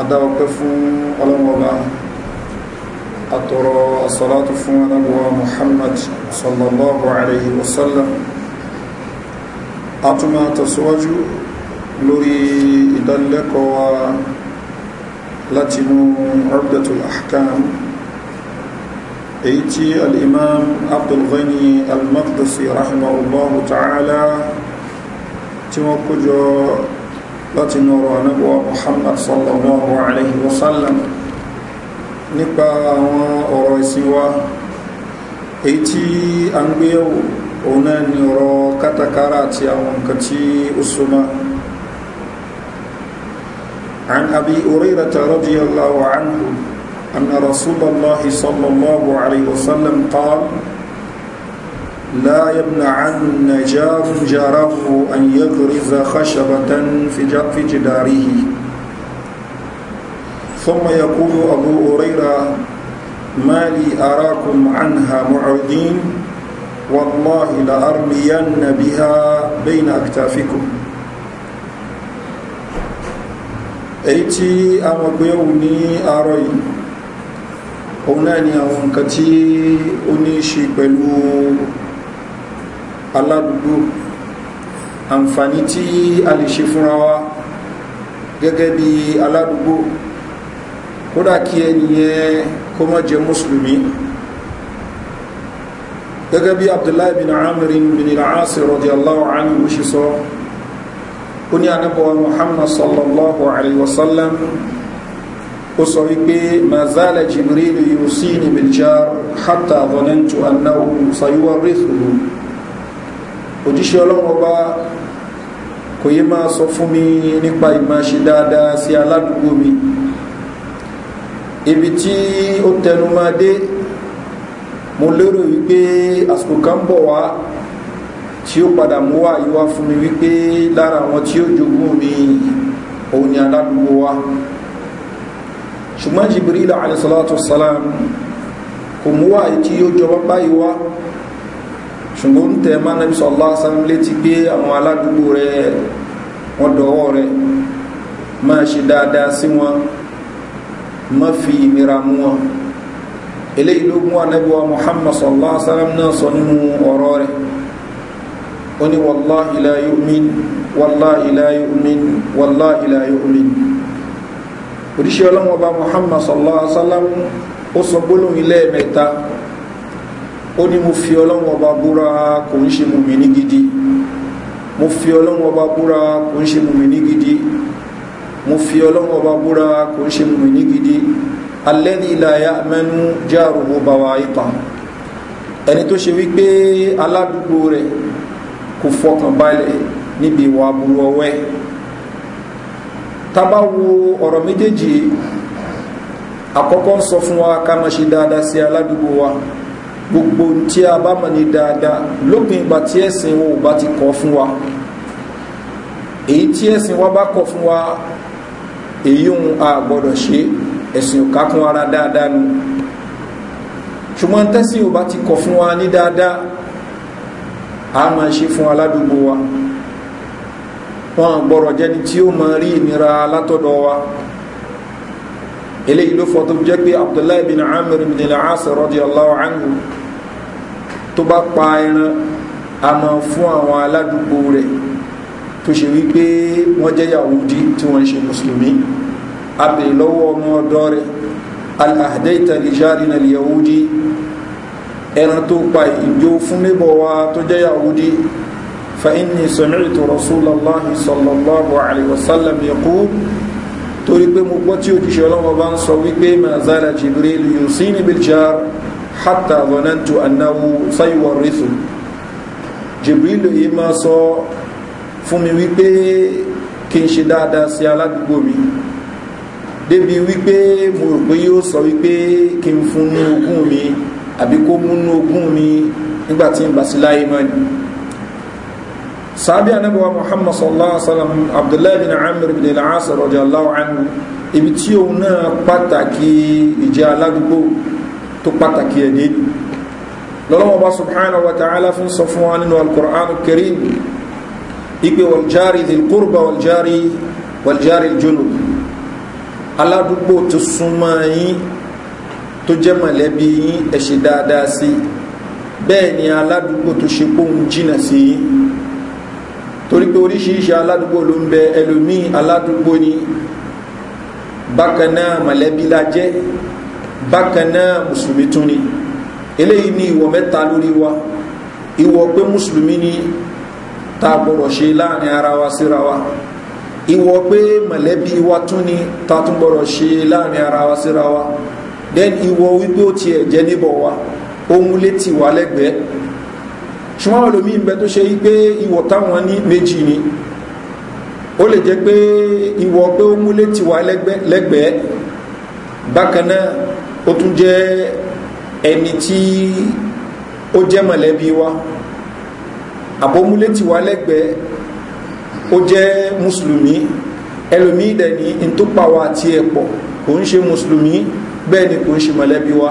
adáwọ̀pẹ́ fún ọlọ́mọba àtọ̀rọ̀ asọ́látù fún anábọ̀wà muhammad sallallahu alayhi wa sallam a tún máa tẹ̀síwájú lórí ìdánilẹ́kọ̀ọ́wa látinú ọ̀rọ̀dẹ̀tul ahkam èyí tí al'imam abdulghani al-maqdisi rahimahullahu ta'ala tí wọ́n kójọ láti inú ọ̀rọ̀ anábọ̀wá muhammad sallallahu alayhi wa sallam nípa àwọn ọ̀rọ̀ ìsìn wa èyí tí a ń gbé òun náà ni ọ̀rọ̀ kátàkárà àti àwọn nǹkan tí ó so mọ́ عن أبي هريرة رضي الله عنه أن رسول الله صلى الله عليه وسلم قال لا يمنعن جار جاره أن يغرز خشبة في جداره ثم يقول أبو هريرة ما لي أراكم عنها معرضين والله لأرمين بها بين أكتافكم أيتي أمبيوني أروي òun náà ni àwọn nǹkan tí ó aládùúgbò àǹfààní tí a lè ṣe fúnra wa gẹ́gẹ́ bí aládùúgbò kódà kí ẹni yẹn kó má jẹ́ mùsùlùmí gẹ́gẹ́ bí abdullahi bin amirin bin al-asir radiyallahu anhu ṣe sọ ó ní anábọ̀wá muhammad sallallahu alaihi wasallam ó sọ wípé mazala jibril yusini biljar hatta zonantu annahu sayuwa rithulu òjíṣẹ́ ọlọ́run ọba kò yé máa sọ fún mi nípa ìmáṣe dáadáa sí aládùúgbò mi ibi tí ó tẹnu máa dé mo lérò wípé àsìkò kan bọ̀ wá tí ó padà mú wá ìwá fún mi wípé lára àwọn tí ó jogún mi òun ni aládùúgbò wa ṣùgbọ́n jibril alayhi salatu wasalam kò mú wá tí ó jọba báyìí wá ṣùgbọ́n tẹ máa nàbí sọ̀lá sánmi létí pé àwọn aládùúgbò rẹ wọ́n dọ̀wọ́ rẹ máa ṣe dáadáa sí wọn má fi ìnira mú wọn eléyìí ló mú anábíwá muhammad sọ̀lá sánmi náà sọ nínú ọ̀rọ̀ rẹ̀ ó ní wàláhì la yu'min wàláhì la yu'min wàláhì la yu'min òdíṣẹ́ ọlọ́wọ́n ọba muhammad sọ̀lá sálám ó sọ gbólóhùn ilé mẹ́ta ó ní mo fi ọlọ́run ọba búra kò ń ṣe mùmí ní gidi mo fi ọlọ́run ọba búra kò ń ṣe mùmí ní gidi mo fi ọlọ́run ọba búra kò ń ṣe mùmí ní gidi alẹ́ni ìlàyà mẹ́nu jáàrò mo bá wa ipa ẹni tó ṣe wípé aládùúgbò rẹ̀ kò fọkàn balẹ̀ níbi ìwà aburú ọwẹ́ tábà ọ̀rọ̀ méjèèjì àkọ́kọ́ ń sọ fún wa ká máa ṣe dáadáa sí aládùúgbò wa gbogbo tí a bá mọ̀ ní dáadáa lópin ìgbà tí ẹ̀sìn wo bá ti kọ́ fún wa èyí tí ẹ̀sìn wa bá kọ́ fún wa èyí ohun a gbọ́dọ̀ ṣe ẹ̀sìn òká kún ara dáadáa nu ṣùgbọ́n tẹ́sìn ò bá ti kọ̀ fún wa ní dáadáa a máa ṣe fún aládùúgbò wa wọn gbọ́rọ̀ jẹ́ni tí ó máa rí ìnira látọ̀dọ̀ wa eléyìí ló fọ́ tó jẹ́ pé abdullahi bin amir bin al-asir radiyallahu anhu tó bá pa ẹran a máa fún àwọn aládùúgbò rẹ̀ tó ṣe wípé wọ́n jẹ́ yahudi tí wọ́n ń ṣe mùsùlùmí a bèèrè lọ́wọ́ ọmọ ọ̀dọ́ rẹ̀ alahdaita lijarina yahudi ẹran tó pa ìjó fún níbọ̀ wa tó jẹ́ yahudi فإني سمعت رسول الله صلى الله عليه وسلم يقول torí pé mo gbọ́ tí òjíṣẹ́ ọlọ́wọ́ bá ń sọ wípé mazala jibril yusini biljar hata zonantu annahu sayuwarithu jibril yìí máa sọ fún mi wípé kí n ṣe dáadáa sí aládùúgbò mi débi wípé mo rò pé yóò sọ wípé kí n fún ní ogún mi àbí kó mú ní ogún mi nígbà tí n bá sí láyé mọ́ ni sábẹ́ anábọ̀wá muhammad sallallahu alaihi wa sallam abdullahi bin amir bin al-asir rajallahu anhu ibi tí òun náà pàtàkì ìjẹ́ aládùúgbò tó pàtàkì ẹ̀ dé lọ́lọ́wọ́ bá subhanahu wa ta'ala fún sọ fún wa nínú alkùránù karim ipe waljari dhil qurba waljari waljari junub aládùúgbò tó súnmọ́ yín tó jẹ́ mọ̀lẹ́bí yín ẹ ṣe dáadáa sí bẹ́ẹ̀ ni aládùúgbò tó ṣe póhun jìnà sí yín torí pé oríṣiríṣi aládùúgbò ló ń bẹ ẹlòmíì aládùúgbò ni bákan náà mọ̀lẹ́bí la jẹ́ bákan náà mùsùlùmí tún ni eléyìí ní ìwọ lórí wa ìwọ pé mùsùlùmí ni ta a ṣe láàrin ara wa síra wa ìwọ pé mọ̀lẹ́bí wa tún ni tún gbọ́dọ̀ ṣe láàrin ara wa síra wa then ìwọ wípé ó jẹ́ wa ohun létí wa olómi tó ṣe ni ó lè pé ìwọ pé létí wa bákan náà ó tún jẹ́ ẹni tí ó jẹ́ mọ̀lẹ́bí wa àbómúlétì wa lẹ́gbẹ̀ẹ́ ó jẹ́ mùsùlùmí ẹlòmí ìdẹ̀ni ìtòpàwà àti ẹ̀pọ̀ kò ń ṣe mùsùlùmí bẹ́ẹ̀ ni kò ń ṣe mọ̀lẹ́bí wa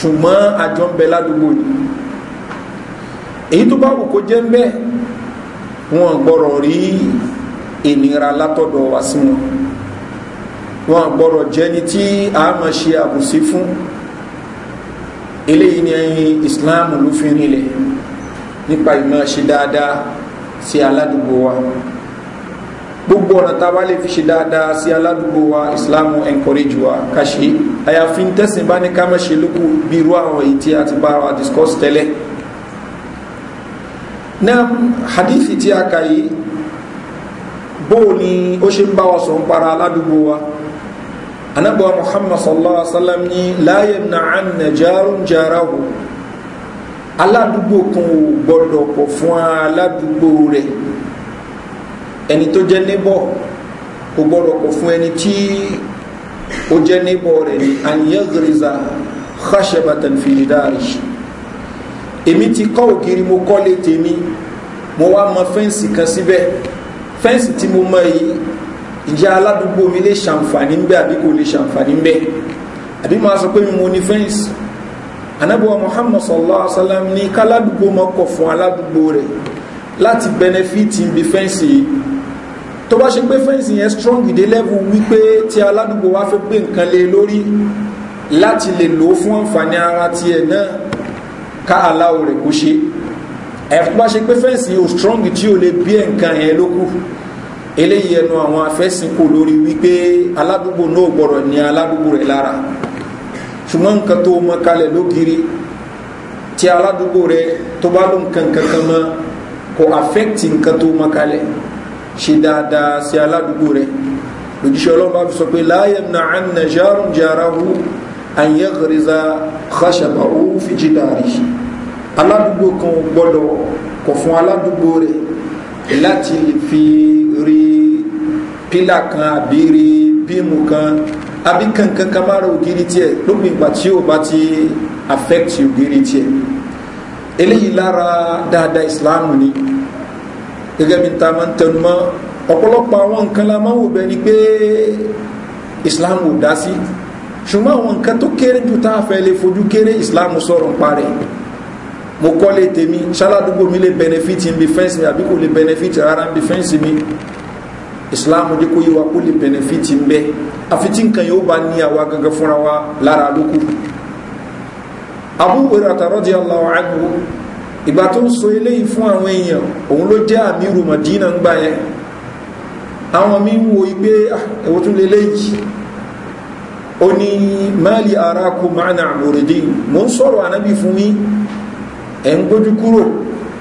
ṣùgbọ́n àjọ ń bẹ ládùúgbò ni èyí tó bá wù kó jẹ́ ń bẹ́ẹ̀ wọn gbọ́rọ̀ rí ìnira látọ̀dọ̀ wá sí wọn wọn gbọ́dọ̀ jẹ́ni tí a máa ṣe àbùsí fún eléyìí ni ẹyin islam ló fi rinlẹ̀ nípa ìmọ̀ ṣe dáadáa sí aládùúgbò wa gbogbo ọ̀nà tá a bá lè fi ṣe dáadáa sí aládùúgbò wa islam encourage wa ká ṣe àyàfi ń tẹ̀sìn bá ní ká má ṣe lóko bí irú àwọn èyí tí a ti bá wa discuss tẹ́lẹ̀ náà hadithi tí a kà yìí bóò ni ó ṣe ń bá wa sọ̀rọ̀ para aládùúgbò wa anabuwa muhammad sallallahu alaihi wasallam ni láyé na an na jarun jarahu aládùúgbò kan ò gbọdọ̀ pọ̀ fún aládùúgbò rẹ̀ ẹni tó jẹ́ níbọ̀ kò gbọdọ̀ pọ̀ fún ẹni tí ó jẹ́ níbọ̀ rẹ̀ ni anyagriza khashabatan filidari èmi ti kọ́ ògiri mo kọ́ lé tèmi mo wá mọ fẹ́ǹsì kan síbẹ̀ fẹ́ǹsì tí mo mọ yìí ìyá aládùúgbò mi lè ṣàǹfààní ń bẹ́ àbí kò lè ṣàǹfààní ń bẹ́ àbí máa sọ pé mi mo ní fẹ́ǹsì anábọ̀wá muhammad sallallahu alaihi wa sallam ní káládùúgbò máa kọ̀ fún aládùúgbò rẹ̀ láti bẹnẹfìtì ibi fẹ́ǹsì yìí tó bá ṣe pé fẹ́ǹsì yẹn strong ìdè level wípé tí aládùúgbò wa fẹ́ gbé nǹkan lé lórí láti lè lò ó fún àǹfààní ara tiẹ̀ náà ká aláwọ̀ rẹ̀ kó ṣe ẹ̀fọ́ bá ṣe pé fẹ́ǹsì yìí ò strong tí ò lè bí ẹ̀ nǹkan yẹn lókù eléyìí ẹnu àwọn afẹ́sìn kò lórí wípé aládùúgbò náà gbọ́dọ̀ ní aládùúgbò rẹ̀ lára ṣùgbọ́n nǹkan tó mọ kalẹ̀ lógiri tí aládùúgbò rẹ̀ tó bá ló nǹkan kankan mọ́ kò àfẹ́kìtì nǹkan tó mọ kalẹ̀ ṣe dáadáa sí aládùúgbò rẹ̀ lójúṣe ọlọ́run bá fi sọ pé láàyè na ànà jarun jarahu àyẹ̀ gẹ̀rẹ́sà xaṣàbàwò fìjìdárì aládùúgbò kan gbọ́dọ̀ kọ̀ fún aládùúgbò rẹ̀ láti fi rí pílà kan àbírí bíìmù kan àbí kankan kan máa ra ògiri tiẹ̀ lópin ìgbà tí ó bá ti affect ògiri tiẹ̀ eléyìí lára dáadáa ìsìláàmù ni gẹ́gẹ́ bí ta máa ń tẹnumọ́ ọ̀pọ̀lọpọ̀ àwọn nǹkan la máa ń wò bẹ́ẹ̀ ni pé islam ò dá sí ṣùgbọ́n àwọn nǹkan tó kéré jù tá a fẹ́ lè fojú kéré islam sọ̀rọ̀ ń parẹ́ mo kọ́lé tèmi ṣáládùúgbò mi lè benefit ń bi fẹ́ǹsì àbí kò lè benefit rárá ń fẹ́ǹsì mi islam jẹ́ kó yí wa kó lè bẹnẹfìtì ń bẹ́ àfitì nǹkan yóò bá ní àwa gangan abu hurairah radiyallahu anhu ìgbà tó ń sọ eléyìí fún àwọn èèyàn òun ló jẹ́ madina ń gbà yẹn àwọn mi ń wo igbe ẹ̀wọ̀ tún lélẹ́yìí ó ní máàlì arákù ma'ana àmúrìdí mo ń sọ̀rọ̀ ànábì fún yín ẹ̀ ń gbójú kúrò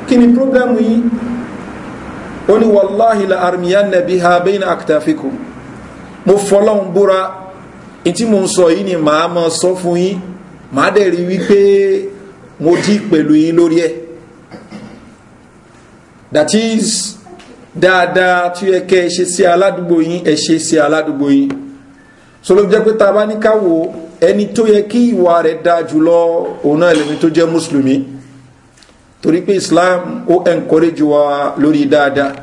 kí ó ní wàláhì la armiyan nàbí ha bẹ́ẹ̀ ní akitafikù mo fọlọ́hún búra ìtí mo ń sọ yìí ni màá ma sọ fún yín màá dẹ̀ rí wípé mo dí pẹ̀lú yín lórí ẹ̀ that is dáadáa tí ẹ kẹ́ ẹ ṣe sí aládùúgbò yín ẹ ṣe sí aládùúgbò yín so ló jẹ́ pé ta bá ní ká wo ẹni tó yẹ kí ìwà rẹ̀ dáa jùlọ òun náà lèmi tó jẹ́ mùsùlùmí torí pé islam ó encourage wa lórí dáadáa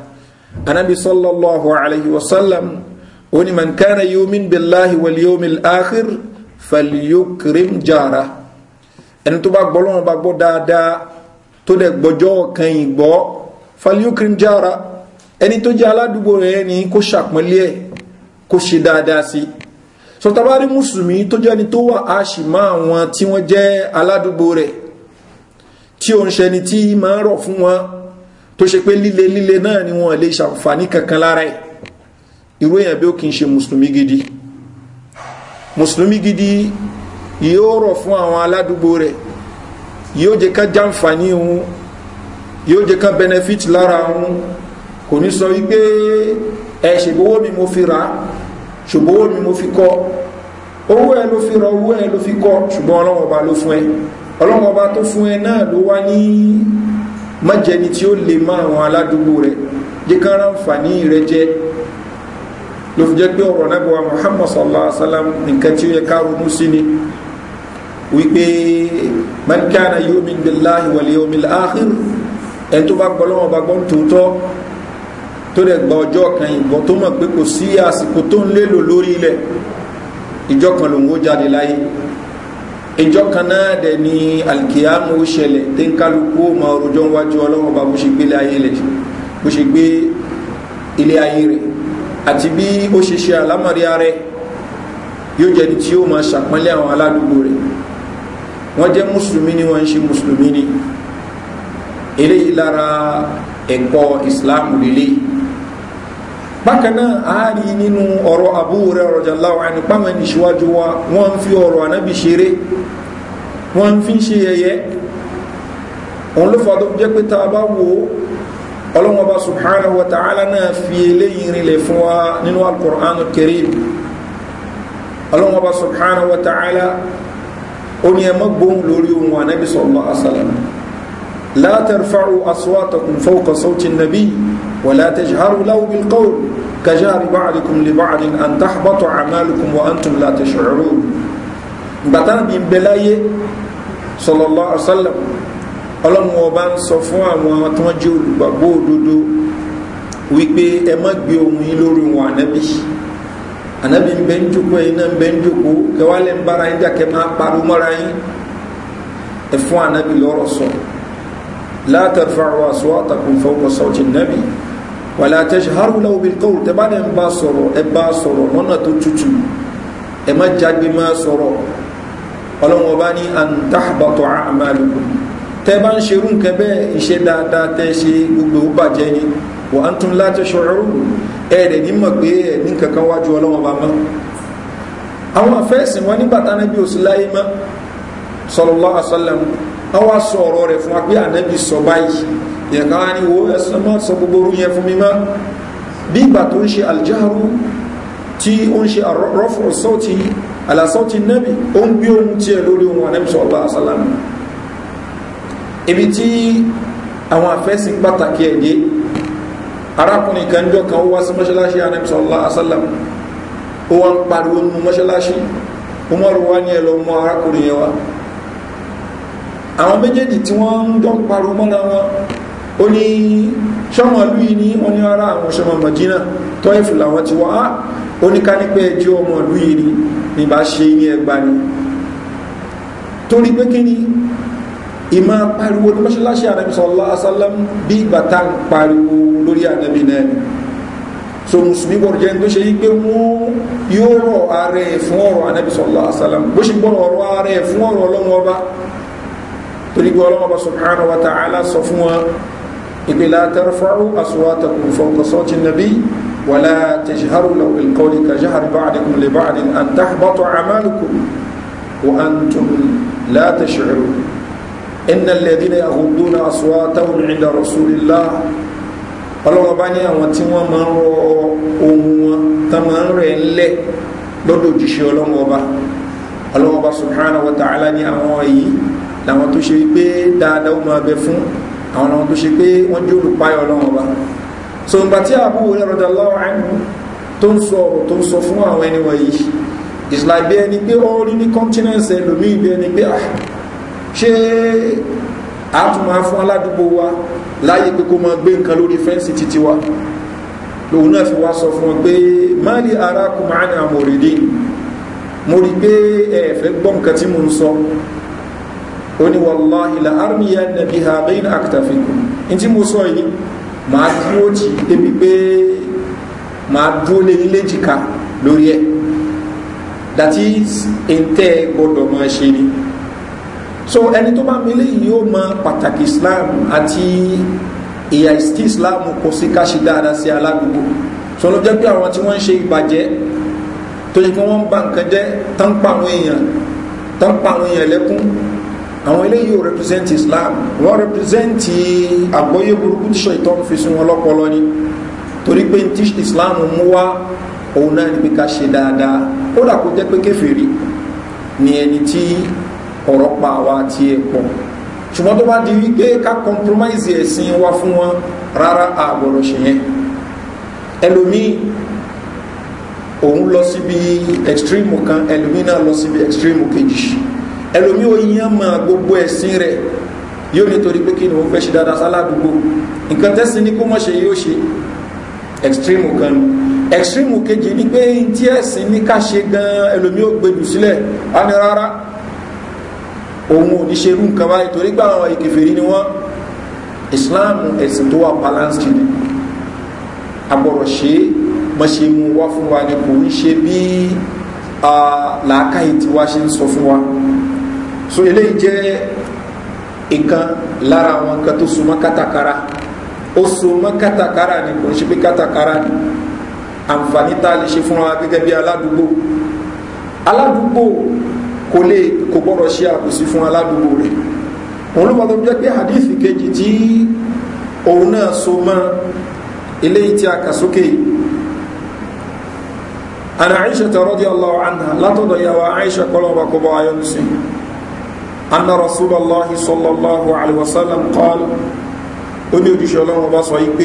anabi sallallahu alayhi wa sallam ó ní man kana yumin billahi wal yawmil akhir falyukrim jara ẹni tó bá gbọ́ lọ́wọ́ bá gbọ́ dáadáa tó dẹ̀ gbọ́jọ́ kan yìí gbọ́ falyukrim jara ẹni tó jẹ́ aládùúgbò rẹ̀ ni kó ṣàpọ́nlé ẹ̀ kó ṣe dáadáa sí sọtabárí mùsùlùmí tó jẹ́ ni tó wà á máa wọn tí wọ́n jẹ́ aládùúgbò rẹ̀ tí ó ń ṣẹni tí máa ń rọ̀ fún wọn tó ṣe pé líle líle náà ni wọn lè ṣàǹfààní kankan lára ẹ̀ irú èèyàn bí ó kì ṣe mùsùlùmí gidi mùsùlùmí gidi yóò rọ̀ fún àwọn aládùúgbò rẹ̀ yóò jẹ́ ká jàǹfààní òun yóò jẹ́ ká benefit lára òun kò ní sọ wípé ẹ ṣègbówó mi mo fi rà ṣògbówó mi mo fi kọ́ owó ẹ ló fi rọ owó ẹ ló fi kọ́ ṣùgbọ́n ọlọ́wọ́n ọba ló fún ẹ ọlọ́wọ́ ọba tó fún ẹ náà ló wá ní májẹni tí ó lè má àwọn aládùúgbò rẹ jẹ́ ká ráǹfààní rẹ jẹ́ ló fi jẹ́ pé ọ̀rọ̀ náà bọ̀ muhammad sallallahu alaihi wasallam sallam nǹkan tí ó yẹ ká ronú sí ni wípé man kana yu'min billahi wal yawmil akhir ẹni tó bá gbọ́ lọ́wọ́ ọba gbọ́ tòótọ́ tó dẹ̀ gba ọjọ́ kan ìgbọ́ tó mọ̀ pé kò sí àsìkò tó ń lélò lórí ilẹ̀ ìjọ kan lòun ó jáde láyé ìjọ kan náà dẹ̀ ni alikiyamu ṣẹlẹ̀ tí ń kálukú ma rojọ́ wájú ọlọ́wọ́ bá bó ṣe gbé ilé ayé rẹ̀ bó ṣe gbé ilé ayé rẹ̀ àti bí ó ṣe ṣe àlámọ̀rí ara yóò jẹ́ ni tí ó ma ṣàpọ́nlé àwọn aládùúgbò rẹ̀ wọ́n jẹ́ mùsùlùmí ni wọ́n ń ṣe mùsùlùmí ni eléyìí lára ẹ̀kọ́ ìsìláàmù lélẹ́yìí bákanáà àárí nínú ọ̀rọ̀ Abu Hurairah radiyallahu anhu pàmò ẹni ṣíwájú wa wọ́n ń fi ọ̀rọ̀ ànábì ṣeré wọ́n ń fi ṣe yẹ̀yẹ́ òun ló fà tó jẹ́ pé tá a bá wo ọlọ́wọ́n bá subhanahu wa ta'ala náà fi eléyìí rinlẹ̀ fún wa nínú al-Qur'anul Karim ọlọ́wọ́n wa ta'ala ó ní ẹ lórí ohun ànábì sallallahu alaihi wasallam la tarfa'u aswatakum fawqa sawti an ولا تجهروا له بالقول كجار بعضكم لبعض أن تحبط أعمالكم وأنتم لا تشعرون بطن بن بلاي صلى الله عليه وسلم ọlọ́run ọba ń sọ fún àwọn tó ń jẹ́ olùgbàgbọ́ òdodo wípé ẹ má gbé ohun yín lórí wọn ànábì ànábì ń bẹ ń jókòó ẹ̀yin náà ń bẹ ń jókòó kẹwàálẹ̀ ń bára yín dàkẹ́ máa pariwo mọ́ra yín ẹ fún ànábì lọ́rọ̀ sọ látàfà àwọn àṣọ àtàkùn fọwọ́ sọ́ọ̀tì nábì wàlá tẹ́síhárù lọ́wọ́ bí kọ́wù tẹ́ bá dẹ̀ ń bá sọ̀rọ̀ ẹ bá sọ̀rọ̀ lọ́nà tó tutù ẹ má jágbe má sọ̀rọ̀ ọlọ́run ọba ní àǹtàbàtọ̀ àmàlùkù tẹ́ bá ń ṣerú nǹkan bẹ́ẹ̀ ìṣe dáadáa tẹ́ ṣe gbogbo ó bàjẹ́ ni wà á tún láti ṣọ̀rọ̀ ẹ̀ẹ́dẹ̀ ní mọ̀ pé ẹ̀ ní kankan wájú ọlọ́run ọba mọ́ àwọn afẹ́sìn wọn nígbà tánábì ò yẹn ká ní wo ẹ̀sán má sọ gbogbo orú yẹn fún mi má bí ìgbà tó ń ṣe aljaharu tí ó ń ṣe rọ́fọ̀ sọ́ọ̀tì alasọ́ọ̀tì nẹ́bì ó ń gbé ohun tí ẹ lórí ohun anẹ́bìsọ̀ ọba asálàmù ibi tí àwọn afẹ́sìn pàtàkì ẹ̀dẹ́ arákùnrin kan jọ kan ó wá sí mọ́ṣáláṣí anẹ́bìsọ̀ ọba asálàmù ó wá ń pariwo nínú mọ́ṣáláṣí umar wa ní ẹlọ mọ́ arákùnrin yẹn wa àwọn méjèèjì tí wọ́n ń jọ pariwo mọ́ra wọn ó ní sọmọ ìlú yìí ní wọn ní ara àwọn sọmọ mọ̀jínà tọ́ìfù làwọn ti wá ah, ó ní ká ní pé ẹjọ́ ọmọ ìlú yìí ni ní bá ṣe ní ẹgbàá ni torí pé kí ni ìmọ̀ pariwo ní mọ́ṣáláṣí ànábì sọ̀lá asálám bí ìgbà tá ń pariwo lórí ànábì náà ni so musulmi gbọ́dọ̀ jẹ́ tó ṣe yí pé wọ́n yóò rọ̀ ààrẹ fún ọ̀rọ̀ ànábì sọ̀lá asálám bó ṣe gbọ́dọ̀ ọ̀rọ̀ ààrẹ fún ọ̀rọ̀ ọlọ́wọ́ torí pé ọlọ́wọ́ ọba subhanahu wa ta'ala sọ fún wọn ibi la tarfa'u aswatakum fawqa sawti nabi wa la tajharu lahu bil qawli ka jahri ba'dikum li ba'din an tahbata a'malukum wa antum la tash'urun inna alladhina yaghudduna aswatahum 'inda rasulillah ọlọ́wọ́ bá ní àwọn tí wọ́n máa ń rọ ohun wọn tán máa ń rẹ̀ ńlẹ̀ lọ́dọ̀ òjíṣẹ́ ọlọ́wọ́ ọba ọlọ́wọ́ ọba subhanahu wa ta'ala ní àwọn yìí làwọn tó ṣe wípé dáadáa ó máa bẹ fún àwọn ọmọ tó ṣe pé wọ́n jẹ́ olùpáyọ̀ ọlọ́run ọba so ǹgbà tí àbú ẹ̀rọ̀dà lọ́wọ́ àìmú tó ń sọ ọ̀rọ̀ tó ń sọ fún àwọn ẹni wọ̀nyí it's like bí ẹni pé all ní continence ẹlòmíì bí ẹni pé ah, ṣé àtúmọ̀ fún aládùúgbò wa láyé pé kó máa gbé nǹkan lórí fẹ́ǹsì títí wa lòun náà fi wá sọ fún wọn pé máàlì arákùnmáà ní àmọ̀rìndín mo rí pé ẹ̀ẹ̀fẹ́ gbọ́ nǹkan tí mo ń sọ ó ní wàláhì la armiya nàbí ha bẹ́yìn àkàtàfikù ní tí mo sọ yìí màá dúró tì débi pé màá dúró lé ilé that is ntẹ́ gbọ́dọ̀ máa ṣe so ẹni tó bá mi léyìí yóò mọ pàtàkì islam àti ìyà ìsìtì islam kò sí ká ṣe dáadáa sí aládùúgbò so ló jẹ́ pé àwọn tí wọ́n ń ṣe ìbàjẹ́ tó yẹ kí wọ́n ń ba nǹkan jẹ́ tán pa àwọn èèyàn tán pa àwọn èèyàn lẹ́kún àwọn eléyìí ò represent islam wọ́n represent àgbọ́yé burúkú tíṣọ ìtọ́n fi sun wọn ni torí pé tí islam mú wá òun náà ni pé ká ṣe dáadáa kódà kó jẹ́ pé kéfèrí ni ẹni tí ọ̀rọ̀ pa àwa àti ẹ̀ pọ̀ ṣùgbọ́n tó bá di wípé ká compromise ẹ̀sìn wa fún wọn rárá àgbọ̀rọ̀ ṣe yẹn ẹlòmíì òun lọ síbi extreme kan ẹlòmíì náà lọ síbi extreme kejì ẹlòmí ò yíyàn mọ gbogbo ẹ̀sìn rẹ̀ yóò nítorí pé kí ni òun fẹ́ ṣe dáadáa sáládùúgbò nǹkan tẹ́sí ní kó mọ̀ ṣe yóò ṣe extreme kan extreme kejì ni pé tí ẹ̀sìn ní ká ṣe gan ẹlòmí ò gbèjù sílẹ̀ á ní rárá òun ò ní ṣe irú nǹkan báyìí torí gbà àwọn ìkèfèrí ni wọ́n islam ẹ̀sìn tó wà balanced ni agbọ̀rọ̀ ṣe mọ̀ ṣe mú wá fún wa ni kò ń ṣe bí làákàyè tí wá ṣe ń sọ fún wa so eléyìí jẹ́ ìkan lára àwọn nǹkan tó súnmọ́ kátàkárà ó súnmọ́ kátàkárà ni kò ń ṣe pé kátàkárà ni àǹfààní tá a lè ṣe fúnra wa gẹ́gẹ́ bí aládùúgbò aládùúgbò kò lè kò gbọ́dọ̀ ṣe àkùsí fún aládùúgbò rẹ̀ òun ló pàtó jẹ́ pé hadithi kejì tí òun náà so eléyìí tí a kà sókè yìí ana aisha ta rọ́dí allahu anha látọ̀dọ̀ yàwó aisha kọlọ́ọ̀bà kọ́bọ̀ ayọ́nusin أن رسول الله صلى الله عليه وسلم قال أن يجيش الله وبصيب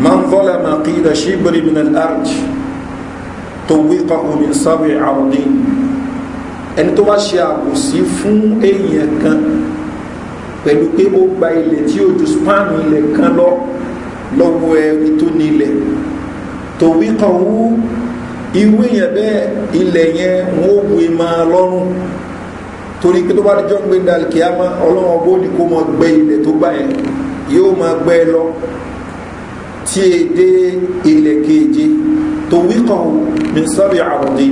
من ظلم قيد شبر من الأرض طوقه من سبع عرضين ẹni tó bá ṣe àbòsí fún èèyàn kan pẹ̀lú pé ó gba ilẹ̀ tí ó ju spáàmù ilẹ̀ kan lọ lọ́wọ́ ẹni tó ní ilẹ̀ tòwí kan wú irú èèyàn bẹ́ẹ̀ ilẹ̀ yẹn wọ́n ó gbé e máa lọ́rùn torí pé tó bá dijọ́ gbé dalí kíámà ọlọ́wọ́n bó ní kó máa gbẹ ilẹ̀ tó gbà yẹn yóò máa gbẹ lọ tí e dé ilẹ̀ keje tó wíkọ̀ ní sábẹ̀ àròdì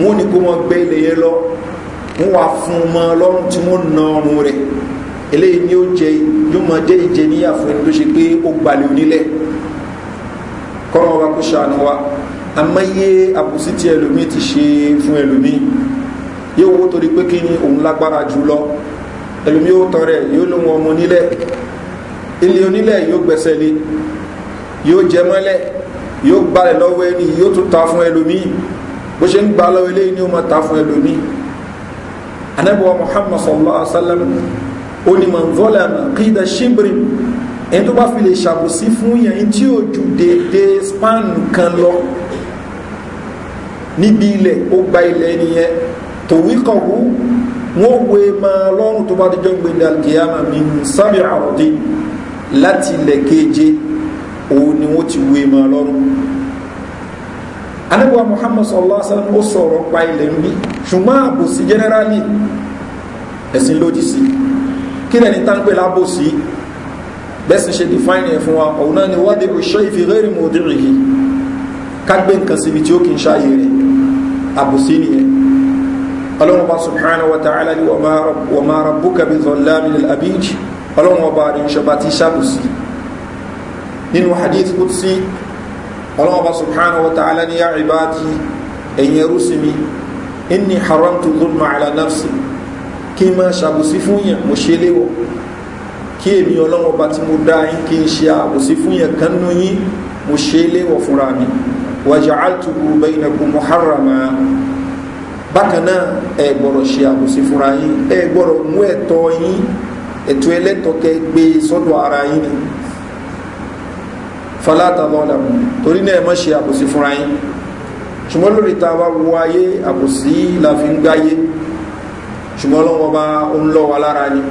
wọn ní kó máa gbẹ ilẹ̀ yẹn lọ wọn wà fún un mọ lọ́rùn tí wọn nà ọrùn rẹ̀ eléyìí ni ó jẹ yóò máa jẹ ìjẹniyà fún ẹni tó ṣe pé ó gbalẹ̀ onílẹ̀ kọ́nà ọba kó ṣàánú wa àmọ́ iye àbùsí tí ẹlòmíì ti ṣe fún ẹlòmíì yóò wó torí pé kí ni òun lágbára jù lọ ẹlòmí yóò tọrẹ yóò ló wọn ọmọ onílẹ̀ ilé onílẹ̀ yóò gbẹ̀sẹ̀ lé yóò jẹ mọ́lẹ̀ yóò gbalẹ̀ lọ́wọ́ ẹni yóò tún ta fún ẹlòmí bó ṣe ń gba lọ́wọ́ eléyìí ni ó máa ta fún ẹlòmí anabiwa muhammad sallallahu alaihi wa sallam ó ní mọ̀ nvọ́lẹ̀ àmà kídà ṣíbrì ẹni tó bá fi lè ṣàbòsí fún yẹn tí ó ju déédéé span kan lọ níbi ilẹ̀ ó gba ilẹ̀ nìyẹn tòwí kan wú wọ́n wé máa lọ́rùn tó bá dẹjọ́ gbẹ̀dẹ̀ alkiyama mi sábẹ̀ àròdé láti ilẹ̀ keje òun ni wọ́n ti wé máa lọ́rùn anabiwa muhammad sallallahu alaihi wa sallam ó sọ̀rọ̀ pa ilẹ̀ ń bí ṣùgbọ́n àbòsí jẹ́nẹ́rálì ẹ̀sìn lòdì sí kí lẹ́ni tá ń pè lábòsí bẹ́sìn ṣe define ẹ̀ fún wa ọ̀hún náà ni wádìí òṣìṣẹ́ ìfìrẹ́rì mọ̀ọ́dìrì yìí ká nǹkan síbi tí ó kì í ṣáàyè rẹ̀ àbòsí nìyẹn ọlọ́run ọba subhanahu wa ta'ala ni wọ́n máa rabbuka bi zọlámi lil abid ọlọ́run ọba rẹ̀ ìṣọba ti ṣàbùsí nínú hadith kutsi ọlọ́run ọba subhanahu wa ta'ala ni ya ibadi ẹ̀yìn ẹrú sí mi inni haramtu dhulma ala nafsi kí n máa ṣàbùsí fún yẹn mo ṣe léwọ̀ kí èmi ọlọ́run ọba tí mo dá yín kí n ṣe àbùsí fún yẹn muharrama bákan náà ẹ gbọ́dọ̀ ṣe àbòsí fúnra yín ẹ gbọ́dọ̀ mú ẹ̀tọ́ yín ẹ̀tọ́ ẹlẹ́tọ́ gbé sọ́dọ̀ ara yín ni falata lọ́làmù torí náà ẹ mọ́ ṣe àbòsí fúnra yín ṣùgbọ́n lórí ta bá wo ayé àbòsí la fi ń gbáyé ṣùgbọ́n ọlọ́wọ́ bá ń lọ wa lára ni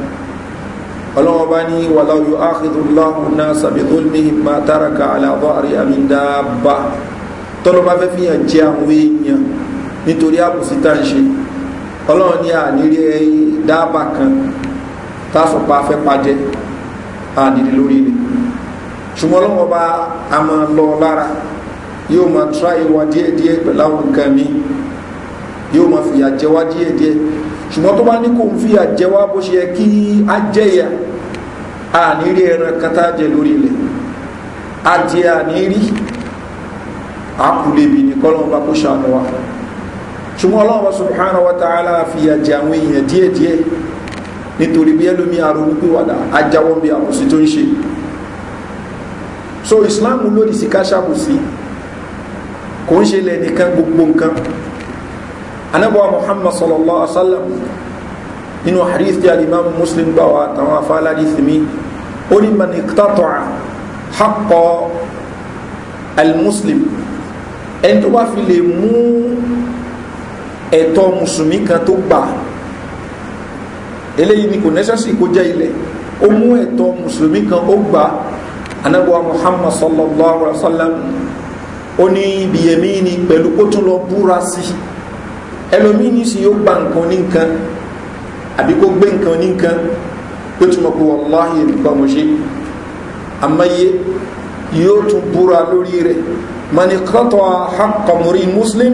ọlọ́wọ́ bá ní wàláwù áhìdùláhùn náà sàbẹ̀dọ́lmihìn máa tàràkà àlàbọ̀ àríyàmí dáàbà tọ́lọ́ bá fẹ́ fi hàn jẹ́ àwọn èèyàn nítorí àbòsíta ń ṣe ọlọ́run ní àníri dáàbà kan tásùpá fẹ́ pàjẹ́ àníri lórí ni ṣùgbọ́n ọlọ́run bá a máa lọ lára yóò máa tra ìwà díẹ̀díẹ̀ pẹ̀lú àwọn nǹkan mi yóò máa fìyà jẹ wá díẹ̀díẹ̀ ṣùgbọ́n tó bá ní kò ń fìyà jẹ wá bó ṣe yẹ kí á jẹ̀yà àníri ẹran kan tá a jẹ lórí ilẹ̀ adìẹ àníri àkùlẹ̀bì ní kọ́lọ́run bá kó ṣàánú wa fún un ṣùgbọ́n ọlọ́run subhanahu wa ta'ala fìyà jẹ àwọn èèyàn díẹ̀díẹ̀ nítorí bí ẹlòmí àrùn pìwàdà ajáwọ́ bí àbòsí tó ń ṣe so islam lòdì sí káṣàbòsí kò ń ṣe lẹ́nìkan gbogbo nǹkan anábọ̀wá muhammad sallallahu alaihi wa sallam nínú hadith tí alimam muslim gbà wá àtàwọn afáàládì sinmi ó ní mani tàtọ̀ àkọ́ ẹni tó bá fi lè mú ẹ̀tọ́ mùsùlùmí kan tó gbà eléyìí ni kò nẹ́sẹ̀sì kó jẹ́ ilẹ̀ ó mú ẹ̀tọ́ mùsùlùmí kan ó gbà anábọ̀wá muhammad sallallahu alaihi wa sallam ó ní ibiyẹ̀mí ni pẹ̀lú ó tún lọ búra sí ẹlòmíì ní sì yóò gba nǹkan ní nǹkan àbí kó gbé nǹkan ní nǹkan ó tún mọ̀ pé wàláhì nǹkan mo ṣe yóò tún búra lórí rẹ̀ mọ̀nìkọ́tọ̀ àkọ̀mọ̀rí muslim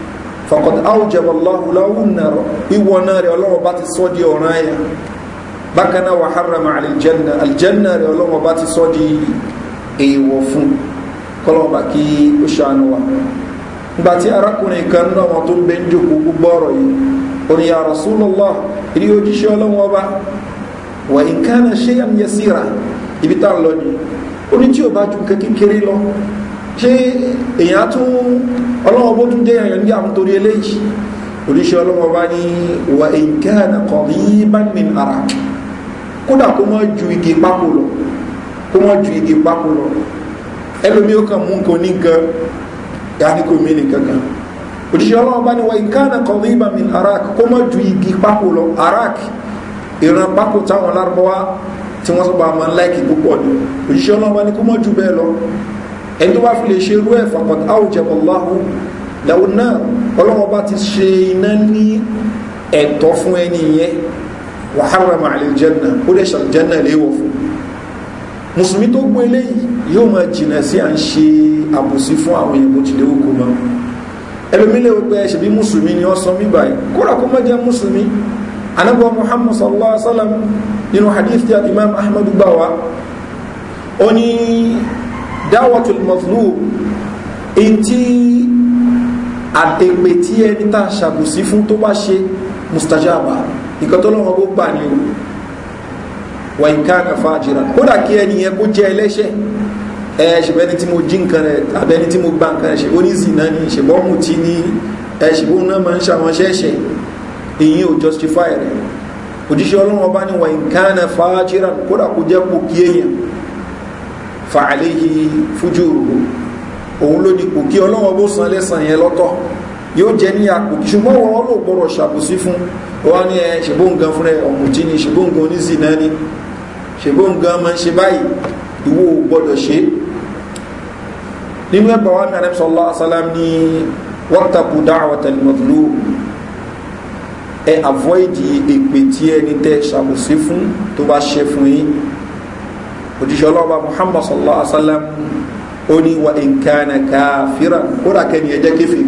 faqad awjaba Allahu lahu an-nar ìwọ náà rẹ̀ ọlọ́wọ́ bá ti sọ́ di ọ̀ràn ẹ̀yà bákan náà wa harrama al-janna al-janna rẹ̀ ọlọ́wọ́ bá ti sọ́ di èèwọ̀ fún kọlọ́ọ̀bà kí ó ṣàánú wa nígbà tí arákùnrin kan náà wọn tó ń bẹ ń jòkó gbogbo ọ̀rọ̀ yìí orin ya Rasulullah wa in kana yasira ibi tá a lọ ni oní tí ju nǹkan kékeré ṣé èèyàn tún ọlọ́wọ́ bó tún dé èèyàn ní àwọn torí eléyìí oríṣi ọlọ́wọ́ bá ní wà ìkẹ́hàn kọ̀rí bánmin ara kódà kó mọ́ ju igi pákó lọ kó mọ́ ju igi pákó lọ ẹlòmí ó kàn mú nǹkan ní nǹkan yàní kò mí nìkan kan oríṣi ọlọ́wọ́ bá ní wà ìkẹ́hàn kọ̀rí bánmin ara kó mọ́ ju igi pákó lọ arak ìran pákó táwọn lárúbáwá tí wọ́n sọ pé a máa ń láìkì púpọ̀ ni òṣìṣẹ́ ọlọ́wọ́ bá ní kó mọ́ ju bẹ́ẹ̀ lọ ẹni tó bá fi lè ṣe irú ẹ̀ fàkọ̀tà àwùjẹ̀bọ̀ láhùn lẹ́wọ̀ náà ọlọ́wọ́ bá ti ṣe iná ní ẹ̀tọ́ fún ẹni yẹn wàhálà màálì jẹ́nà ó dẹ̀ ṣàlùjẹ́nà léwọ̀ fún mùsùlùmí tó gbé eléyìí yóò máa jìnà sí à ń ṣe àbòsí fún àwọn èèyàn bó tilẹ̀ ó kó mọ́ ẹlòmílẹ̀ ó pẹ́ ṣe bí mùsùlùmí ni wọ́n sọ mí báyìí kóra kó má jẹ́ mùsùlùmí anábọ̀ muhammad sallallahu alaihi wa sallam nínú hadith tí imam ahmad gbà wá ó ní dáwọ́tul mọ̀fúlù ìtí àtẹ̀pẹ̀ tí ẹni tá ṣàbùsí fún tó bá ṣe mustajaba nǹkan tó lọ́wọ́ bó gbà ní o wà nǹkan àkàfà àjìrà kódà kí ẹni yẹn kó jẹ́ ẹlẹ́ṣẹ̀ ẹ ṣùgbọ́n ẹni tí mo jí nǹkan rẹ̀ àbẹ́ni tí mo gba nǹkan rẹ̀ ṣe ó ní zìnà ni ṣùgbọ́n mo ti ní ẹ̀ṣìgbóhùn náà máa èyí ò justify rẹ̀ òjíṣẹ́ ọlọ́run ọba ni wà nǹkan àkàfà àjìrà kódà kó jẹ́ pò kí èèyàn fàálẹ́yì fújúrù òun ló dipò kí ọlọ́wọ́ bó san lẹ́sàn yẹn lọ́tọ̀ yóò jẹ́ ní àpò kí ṣùgbọ́n wọn ló gbọ́dọ̀ ṣàbòsí fún wọn ni ẹ ṣègbóǹgan fúnra ọ̀mùtí ni ṣègbóǹgan oníṣì náà ni ṣègbóǹgan máa ń ṣe báyìí ìwọ gbọ́dọ̀ ṣe nínú ẹgbàá wa ní àdẹ́sọ̀lá asálám ní wọ́tàkù dáhùn òjíṣẹ́ ọlọ́ọ̀bá muhammad sallallahu alaihi wa sallam ó ní wa nkánà káfíra ó rà kẹ́ni ẹ̀jẹ̀ kẹfìrí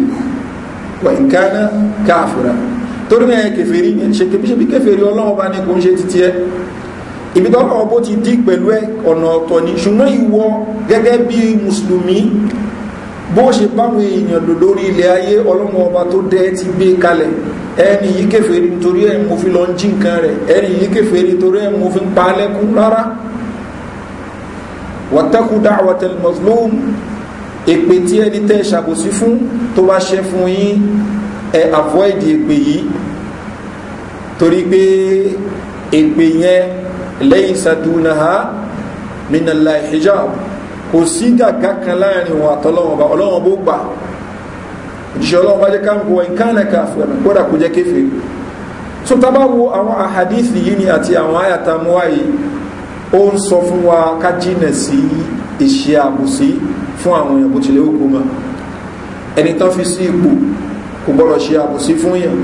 wa nkánà káfíra torí náà kẹfìrí ṣe kẹfìrí kẹfìrí ọlọ́ọ̀bá ni kò ń ṣe títí ẹ ibi tó ọlọ́wọ́ ti dí pẹ̀lú ẹ ọ̀nà ọ̀tọ̀ ni ṣùgbọ́n ìwọ gẹ́gẹ́ bí mùsùlùmí bó ṣe báwọn èèyàn lórí ilẹ̀ ayé ọlọ́mọ tó dẹ́ ti gbé kalẹ̀ ẹni yìí kẹfẹ́ nítorí ẹ̀ mo fi lọ jí nǹkan rẹ̀ ẹni yìí kẹfẹ́ nítorí ẹ̀ mo fi pa á rárá wọ́tẹ́kù dáwọ́ tẹlifọ̀sílóhùn èpè tí ẹni tẹ́ ṣàbòsí fún tó bá ṣẹ fún yín ẹ avoid èpè yìí torí pé èpè yẹn lẹ́yìn sàdúnàá mínàlá hijab kò sí gàgá kan láàrin wọn àtọ́lọ́wọ́n ọlọ́wọ́n bó gbà òjíṣẹ́ ọlọ́wọ́n bá jẹ́ káàkó wọn kánà káàfin kódà kó jẹ́ kéfèé so tábà àwọn àhàdíìsì yìí ni àti àwọn àyàtàmúwá yìí ó ń sọ fún wa ká jìnà sí ìṣe àbòsí fún àwọn èèyàn bó tilẹ̀ òkú mọ́ ẹni tán fi sí ipò kò gbọ́dọ̀ ṣe àbòsí fún yàn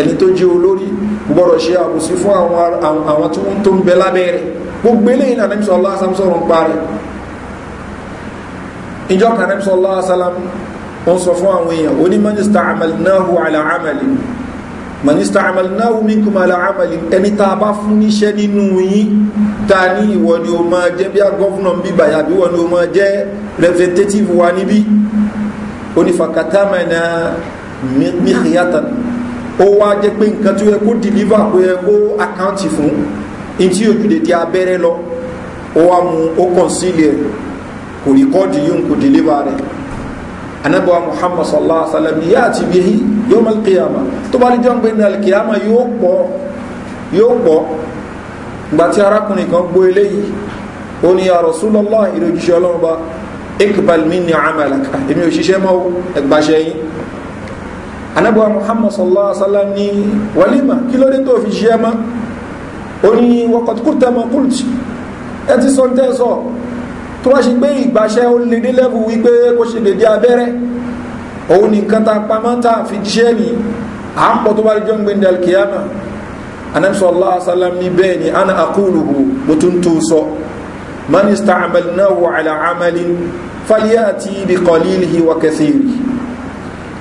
ẹni tó jẹ́ olórí kò gbọ́dọ̀ ṣe àbòsí fún àwọn tí wọ́n tó ń bẹ lábẹ́ rẹ̀ gbogbo eléyìí náà nẹ́bí sọ́lá sọ̀rọ̀ ń parí ìjọ kan nẹ́bí sọ́lá ń sọ fún àwọn èèyàn onímọ̀ mọ̀nísítà amalina minkum ala àmàlì ẹni tá a bá fún níṣẹ́ nínú yín ta ní ìwọ ni o máa jẹ́ bí a gọ́fúnà ń bíbà yàbí wọ́n ni o máa jẹ́ representative wa níbí onífàkàtàmẹ́nà mìíríyàtàn ó wá jẹ́ pé nǹkan tó yẹ kó deliver kó yẹ kó àkáǹtì fún in tí ojú dèdè abẹ́rẹ́ lọ ó wá mu ó kàn sílẹ̀ kò rìkọ́ọ̀dì yóò kò deliver rẹ̀ anabiwa muhammad sallallahu alaihi wa sallam yaati bihi yom alqiyama tó bá dijọ́ gbé ní alqiyama yóò pọ̀ yóò pọ̀ gbàtí arákùnrin kan gbọ́ eléyìí ó ní ya rasulallah ìròjúṣe ọlọ́run bá ikbal mi ni amalaka èmi ò ṣiṣẹ́ mọ́ ẹgbàṣẹ́ yín anabiwa muhammad sallallahu alaihi wa sallam ní walima kí ló dé fi ṣiṣẹ́ mọ́ ó ní wọ́kọ̀tukúta mọ́ kúlùtì ẹ ti sọ ní tó wá ṣe pé ìgbàṣẹ́ ó lè dé lẹ́bù wípé kó ṣe lè dé abẹ́rẹ́ òun nìkan ta pamọ́ ta fi jíṣẹ́ ni à ń pọ̀ tó bá rí jọ́ ń gbé ní alkiyama anamsọ allah asalam ni bẹ́ẹ̀ ni ana akuluhu mo tún tó sọ man istaamalnahu ala amalin faliyati bi qalilihi wa kathiri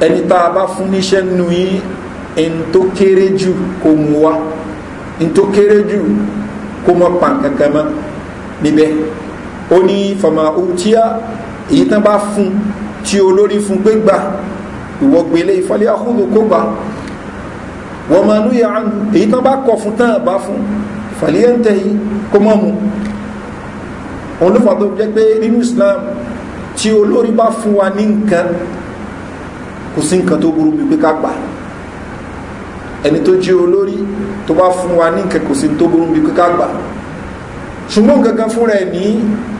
ẹni tá a bá fún níṣẹ́ nù yín ẹni tó kéré jù kò mú wa ẹni tó kéré jù kò mọ pàǹkankan níbẹ̀ ó ní fama utia èyí tán bá fún tí olórí fún pé gbà ìwọ gbélé ìfọlẹ́ àkóso kó gbà wọ́n máa ń yà án èyí tán bá kọ̀ fún tán bá fún ìfọlẹ́ ń tẹ̀ yìí kó mọ́ mu òun ló fà tó jẹ́ pé nínú islam tí olórí bá fún wa ní nǹkan kò sí nǹkan tó burú bí pé gbà ẹni tó jẹ́ olórí tó bá fún wa ní nǹkan kò sí tó burú bí pé gbà ṣùgbọ́n nǹkan kan fúnra ní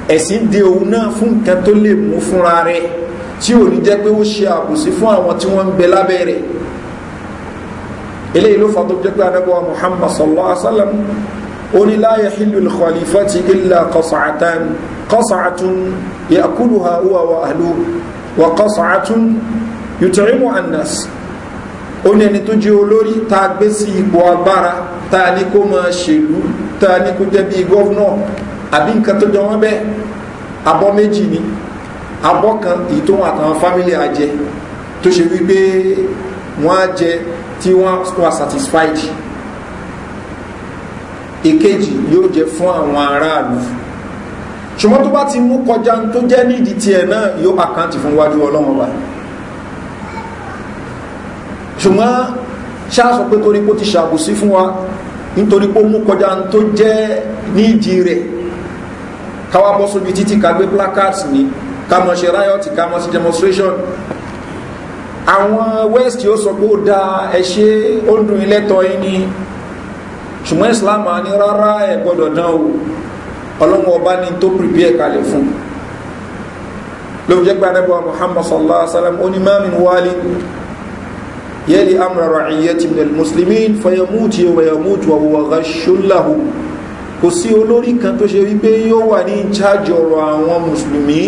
ẹ̀sìn de òun náà fún nǹkan tó lè mú fúnra rẹ̀ tí ò ní jẹ́ pé ó ṣe àbòsí fún àwọn tí wọ́n ń bẹ lábẹ́ rẹ̀ eléyìí ló fa tó jẹ́ pé anábọ̀ muhammad sallallahu alaihi wa sallam oni la yahillu al-khalifati illa qas'atan qas'atun ya'kuluha huwa wa ahluhu wa qas'atun yut'imu an-nas oni ẹni tó jẹ́ olórí tá gbé sí ipò agbára tá ní kó máa ṣèlú tá ní kó jẹ́ bí governor àbí nǹkan tó jọ wọ́n bẹ́ẹ̀ abọ́ méjì ni abọ́ kan èyí tó wọn àtàwọn fámílì á jẹ tó ṣe wípé wọ́n á jẹ tí wọ́n wà satisfied èkejì yóò jẹ fún àwọn aráàlú ṣùgbọ́n tó bá ti mú kọjá tó jẹ́ nídìí tiẹ̀ náà yóò àkáǹtì fún wájú ọlọ́wọ́n wa ṣùgbọ́n ṣáàsọ pé torí pé ó ti ṣàbòsí fún wa nítorí pé ó mú kọjá tó jẹ́ nídìí rẹ̀ káwá bọ́ sóbi títí ká gbé placards ní ká mọ̀ ṣe riot ká mọ̀ ṣe demonstration àwọn west yóò sọ pé ó da ẹ ṣe ó dùn ilé tọ́ yín ni ṣùgbọ́n islam ní rárá ẹ̀ gbọ́dọ̀ dán o ọlọ́run ọba ní tó prepare kalẹ̀ fún ló jẹ́ muhammad sallallahu alaihi wa sallam ó ní yẹ́lì amra ra'iyyati min al-muslimin fayamuti wa yamutu kò sí olórí kan tó ṣe wípé yóò wà ní ìjájọ ọ̀rọ̀ àwọn mùsùlùmí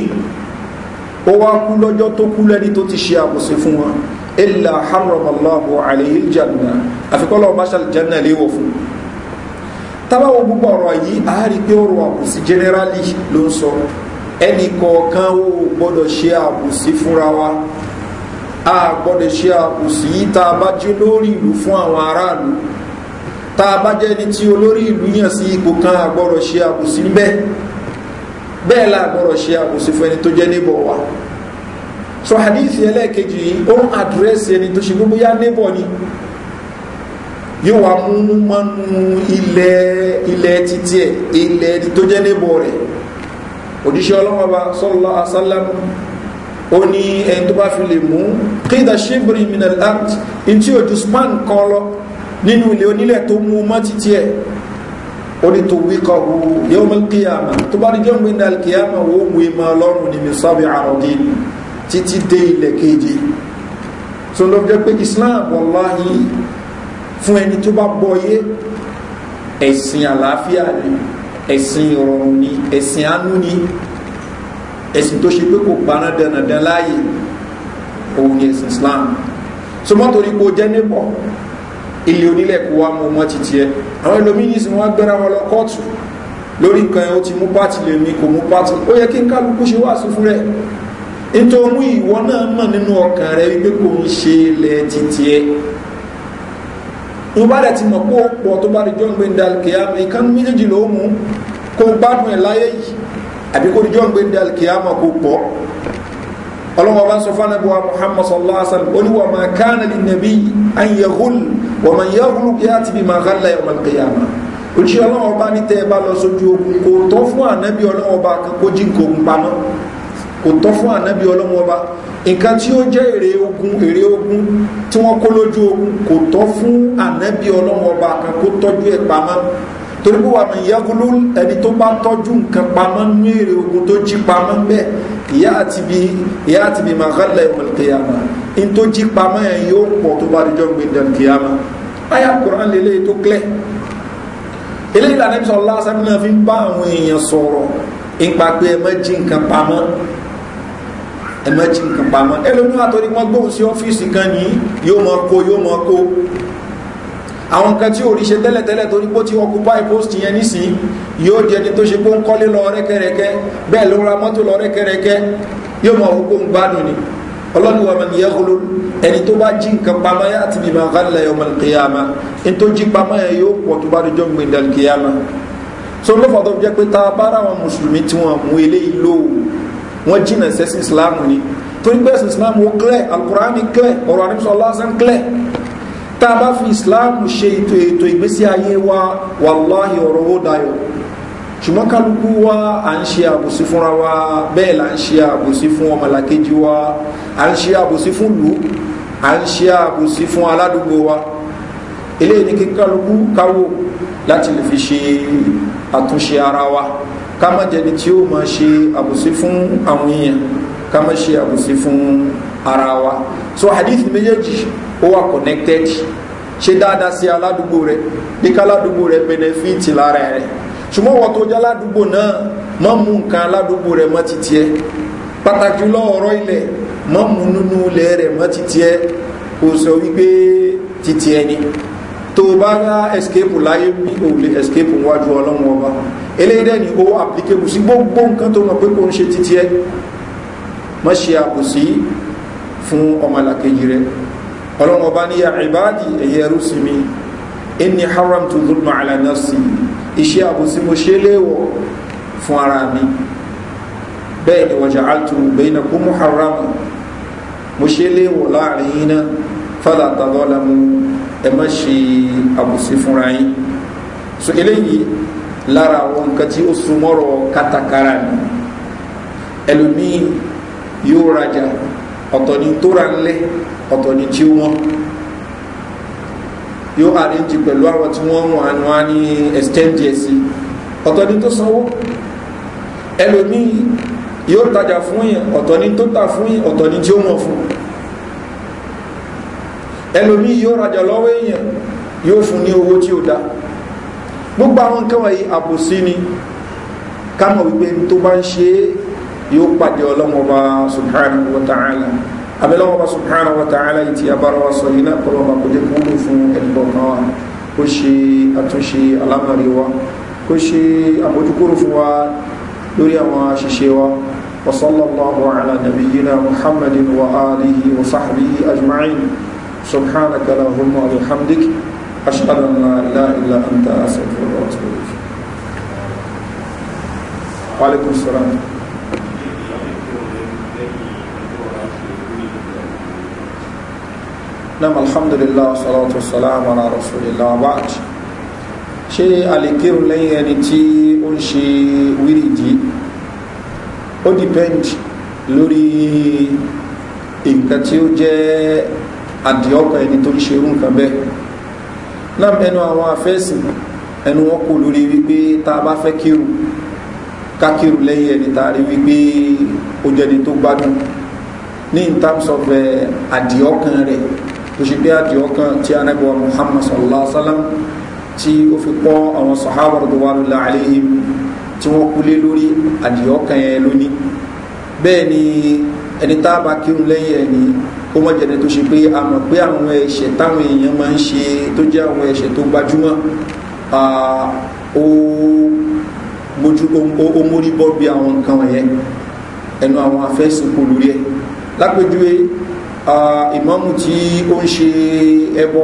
ó wá kú lọ́jọ́ tó kú lẹ́ni tó ti ṣe àbòsí fún wọn ilà haramallahu alayhi janna àfikọ́lọ́ ọba ṣàlìjánà léwọ̀ fún tábàwọ̀ gbogbo ọ̀rọ̀ yìí a rí pé ọ̀rọ̀ àbòsí generally ló ń sọ ẹnì kọ̀ọ̀kan ó gbọ́dọ̀ ṣe àbòsí fúnra wa a gbọ́dọ̀ ṣe àbòsí tá a bá jẹ́ lórí ìlú fún àwọn aráàlú tá a bá jẹ́ ní tí olórí ìlú yàn sí ipò kan àgbọ̀rọ̀ ṣe àbòsí níbẹ̀ bẹ́ẹ̀ la àgbọ̀rọ̀ ṣe àbòsí fún ẹni tó jẹ́ níbọ̀ wa so hadith ẹlẹ́ẹ̀kejì yìí ó ń àdírẹ́sì ẹni tó ṣe gbogbo yá níbọ̀ ni yóò wá mú mọ́nú ilẹ̀ ilẹ̀ títí ẹ̀ ilẹ̀ ẹni tó jẹ́ níbọ̀ rẹ̀ òjíṣẹ́ ọlọ́wọ́ bá sọ́lọ́ asálàmù ó ní ẹni tó bá fi lè mú kíndà ṣíbìrì mìnàlá tí ó ju kan lọ nínú ilé onílẹ̀ tó mú mọ́ títí ẹ̀ ó ní tó wí kọ́ wo yóò mú kíyàmà tó bá ní jẹ́ òun ní kíyàmà wo mú ìmọ̀ ọlọ́run ní misabi àròdì títí dé ilẹ̀ kejì tó lọ jẹ́ pé islam wọláhi fún ẹni tó bá bọyé ẹ̀sìn àlàáfíà ni ẹ̀sìn ìrọ̀rùn ni ẹ̀sìn àánú ni ẹ̀sìn tó ṣe pé kò gbaná dandan láàyè òun ni ẹ̀sìn islam so mọ́tò ní kò jẹ́ nípọ̀ ilé onílẹ̀ kó wá mú ọmọ títí ẹ àwọn ẹlòmíní sì wọ́n gbẹ́ra wọn lọ kóòtù lórí nǹkan ẹ̀ ó ti mú pátì lè mi kò mú pátì ó yẹ kí n kálukú ṣe wá sí fún rẹ̀ nítorí mú ìwọ náà mọ̀ nínú ọkàn rẹ wípé kò ń ṣe ilẹ̀ títí ẹ ìwọ́n bá dẹ̀ ti mọ̀ pé ó pọ̀ tó bá lè jọ́ ń gbé ìkànnì méjèèjì ló mú kó gbádùn ẹ̀ láyé yìí àbí kó dijọ́ ń gbé dalkìá mọ̀ kó pọ̀ ọlọ́wọ́ bá sọ fún anábíwá muhammad sallallahu alaihi wa sallam oníwà máa kánà lè nàbí an wọ́n máa yá wúlò kí á ti bí máa hálà ẹ̀wọ̀n àgbéyàmà òjì ọlọ́wọ́n ọba ní tẹ́ ẹ bá lọ sójú ogun kò tọ́ fún ànábì ọlọ́wọ́n ọba kan kó jí nǹkan ogun paná kò tọ́ fún ànábì ọlọ́wọ́n ọba nǹkan tí ó jẹ́ èrè ogun èrè ogun tí wọ́n kó torí pé wà ní yagolo ẹni tó bá tọ́jú nǹkan pamọ́ ní èrè ogun tó jí pamọ́ bẹ́ẹ̀ ìyá àti bí ìyá àti bí màgálà ìmọ̀lẹ́kẹ̀yàmà ní tó jí pamọ́ yẹn yóò pọ̀ tó bá dijọ́ gbẹ̀dẹ̀ kẹ̀yàmà àyà kùrán lélẹ̀ tó clear eléyìí lànà ìbísọ̀ lásán náà fi ń bá àwọn èèyàn sọ̀rọ̀ nípa pé ẹ má jí nǹkan pamọ́ ẹ má jí nǹkan pamọ́ ẹlòmíràn àtọ́ni wọn gbóhùn sí ọ́fíìsì kan yìí yóò mọ kó yóò mọ kó àwọn nǹkan tí orí ṣe tẹ́lẹ̀tẹ́lẹ̀ torí pé ó ti occupy post yẹn nísìn yóò di ẹni tó ṣe pé ó ń kọ́lé lọ rẹ́kẹ́rẹ́kẹ́ bẹ́ẹ̀ ló ra mọ́tò lọ rẹ́kẹ́rẹ́kẹ́ yóò mọ òkú gbádùn ni ọlọ́niwà man yaghlu ẹni tó bá jí nǹkan pamọ́ yá àti bímọ ghalla yawm al-qiyama ẹni tó jí pamọ́ yẹ yóò pọ̀ tó bá dọjọ́ gbẹ̀dẹ̀ al-qiyama so ló fọ́ tó jẹ́ pé tá a bá ra àwọn mùsùlùmí tí wọ́n mú eléyìí lò wọ́n jìnà sẹ́sìn islam ni torí pé ẹ̀sìn islam ó clear alukurani clear ọ̀rọ̀ àdìsọ́ ọlọ́sán clear tá bá fi islam ṣe ètò ètò ìgbésí ayé wa wàláhì ọ̀rọ̀ ó dayọ̀ ṣùgbọ́n kálukú wa à ń ṣe àbòsí fúnra wa bẹ́ẹ̀ là ń ṣe àbòsí fún ọmọlàkejì wa à ń ṣe àbòsí fún lù ú à ń ṣe àbòsí fún aládùúgbò wa eléyìí ni kíkálukú káwò láti lè fi ṣe àtúnṣe ara wa ká má jẹni tí ó máa ṣe àbòsí fún àwọn èèyàn ká má ṣe àbòsí fún ara wa so hadith méjèèjì ó wà connected ṣe dáadáa sí aládùúgbò rẹ bí káládùúgbò rẹ benefit lára rẹ ṣùgbọ́n wọ́n tó jẹ́ aládùúgbò náà má mú nǹkan aládùúgbò rẹ mọ́ títí ẹ pàtàkì lọ́ọ̀rọ̀ ilẹ̀ mọ́ mú nínú ilẹ̀ rẹ̀ mọ́ títí ẹ kò sọ wípé títí ẹ ni tó bá rá escape láyé bí o lè escape wájú ọlọ́run ọba eléyìí dẹ́ ni ó applicable sí gbogbo nǹkan tó mọ̀ pé kò ń ṣe títí ẹ mọ́ ṣe àbòsí fún ọmọlàkejì rẹ̀ ọlọ́run ọba ní àìbáàdì ẹ̀yẹ ẹrú sí mi inni haram tó dùnmọ̀ àlànà sí iṣẹ́ àbòsí mo ṣe léwọ̀ fún ara mi bẹ́ẹ̀ ni wọ́n jẹ́ àtúnbẹ́yìn kó mú haram mo ṣe léèwọ̀ láàrin yín náà fàlà tàdọ́làmù ẹ má ṣe àbùsí fúnra yín so eléyìí lára àwọn nǹkan tí ó súnmọ́rọ̀ kátàkárà ni ẹlòmíì yóò rajà ọ̀tọ̀ ni tó ra tí ó yóò àríjì pẹ̀lú àwọn tí wọ́n wà ní ní extend díẹ̀ tó sanwó ẹlòmíì yóò tajà fún yẹn ọ̀tọ̀ ni tó tà fún yẹn ọ̀tọ̀ ni tí ó mọ̀ fún ẹlòmí yóò rajà lọ́wọ́ èèyàn yóò fún ní owó tí ó dá gbogbo àwọn nǹkan wọ̀nyí àbòsí ni ká wípé tó bá ń ṣe é yóò pàdé ọlọ́mọba subhanahu wa ta'ala abẹ́lọ́mọba subhanahu wa ta'ala yìí ti abára wa sọ yìí náà kọ́ lọ́mọba kò jẹ́ kó wúlò fún ẹnìbọn kan wa kó ṣe àtúnṣe alámọ̀rí wa kó ṣe àmójúkúrò fún wa lórí àwọn àṣìṣe wa وصلى الله على نبينا محمد وآله وصحبه أجمعين سبحانك اللهم وبحمدك أشهد أن لا إله إلا أنت أستغفرك وأتوب وعليكم السلام نعم الحمد لله والصلاة والسلام على رسول الله وبعد شيء alìkírun lẹ́yìn ẹni tí ó ó depend lórí nǹkan tí ó jẹ́ àdìọ́kàn ẹni tó ń ṣerú nǹkan bẹ́ẹ̀ náà ẹnu àwọn afẹ́sìn ẹnu wọn kò lórí wípé tá a bá fẹ́ kírun ká kírun lẹ́yìn ẹni tá a rí wípé ó jẹni tó gbádùn ní in terms of eh, àdìọ́kàn rẹ̀ tó ṣe pé àdìọ́kàn tí anábọ̀ muhammad sallallahu alaihi wa sallam tí ó fi pọ́ àwọn sahaba rẹ̀ tó wà lọ́la àlehim tí wọ́n kú lé lórí àdìọ́kàn yẹn lónìí bẹ́ẹ̀ ni ẹni tá a bá kírun lẹ́yìn ẹni ó mọ̀ jẹ́ni tó ṣe pé a mọ̀ pé àwọn ẹ̀ṣẹ̀ táwọn èèyàn máa ń ṣe tó jẹ́ àwọn ẹ̀ṣẹ̀ tó gbajúmọ̀ ó mójú ó mórí bọ́ bí àwọn nǹkan wọ̀nyẹn ẹnu àwọn afẹ́sìn lórí ẹ̀ lápèjúwe ìmọ̀mù tí ó ń ṣe ẹbọ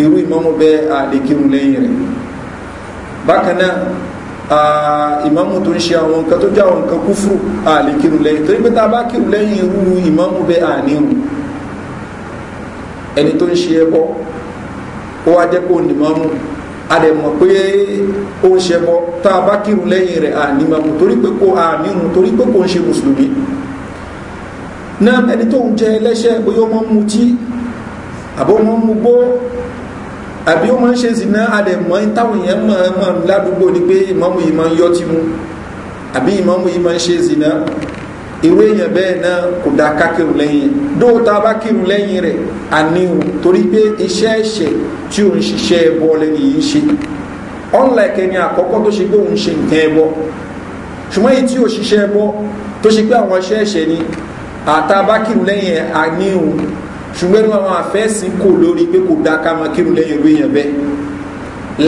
irú ìmọ̀mù bẹ́ẹ̀ àdékírun lẹ́yìn rẹ̀ bákan náà ìmáàmù tó ń ṣe àwọn nǹkan tó jẹ́ àwọn nǹkan kúfùrù lẹ́yìn torí pé a bá kírun lẹ́yìn irú ìmáàmù bẹ́ẹ̀ àníhùn ẹni tó ń ṣe ẹbọ ó wá jẹ́ a pé ó ń ṣe ẹbọ tá a bá torí pé torí pé ń ṣe mùsùlùmí náà ẹni tó ń jẹ bóyá ó mọ́ mu tí àbó gbó àbí ó máa ń ṣe zina alẹ̀ mọ́ táwọn èèyàn máa máa ń ládùúgbò ni pé ìmáàmù yìí máa ń yọ́ tí mu àbí ìmáàmù yìí máa ń ṣe zina irú èèyàn bẹ́ẹ̀ náà kò dáa ká kírun lẹ́yìn dóòtà bá kírun lẹ́yìn rẹ̀ àníhùn torí pé iṣẹ́ ẹ̀ṣẹ̀ tí òun ṣiṣẹ́ ẹbọ lẹ́ni yìí ń ṣe unlike ẹni àkọ́kọ́ tó ṣe pé òun ṣe nǹkan ẹbọ ṣùgbọ́n èyí tí ò ṣiṣẹ́ ẹbọ tó ṣe pé àwọn iṣẹ́ ẹ̀ṣẹ̀ ni àtàbá kírun lẹ́yìn àníhùn ṣùgbọ́n ní àwọn àfẹ́sìn kò lórí pé kò dáká máa kírun lẹ́yìn ìwé yẹn bẹ́ẹ̀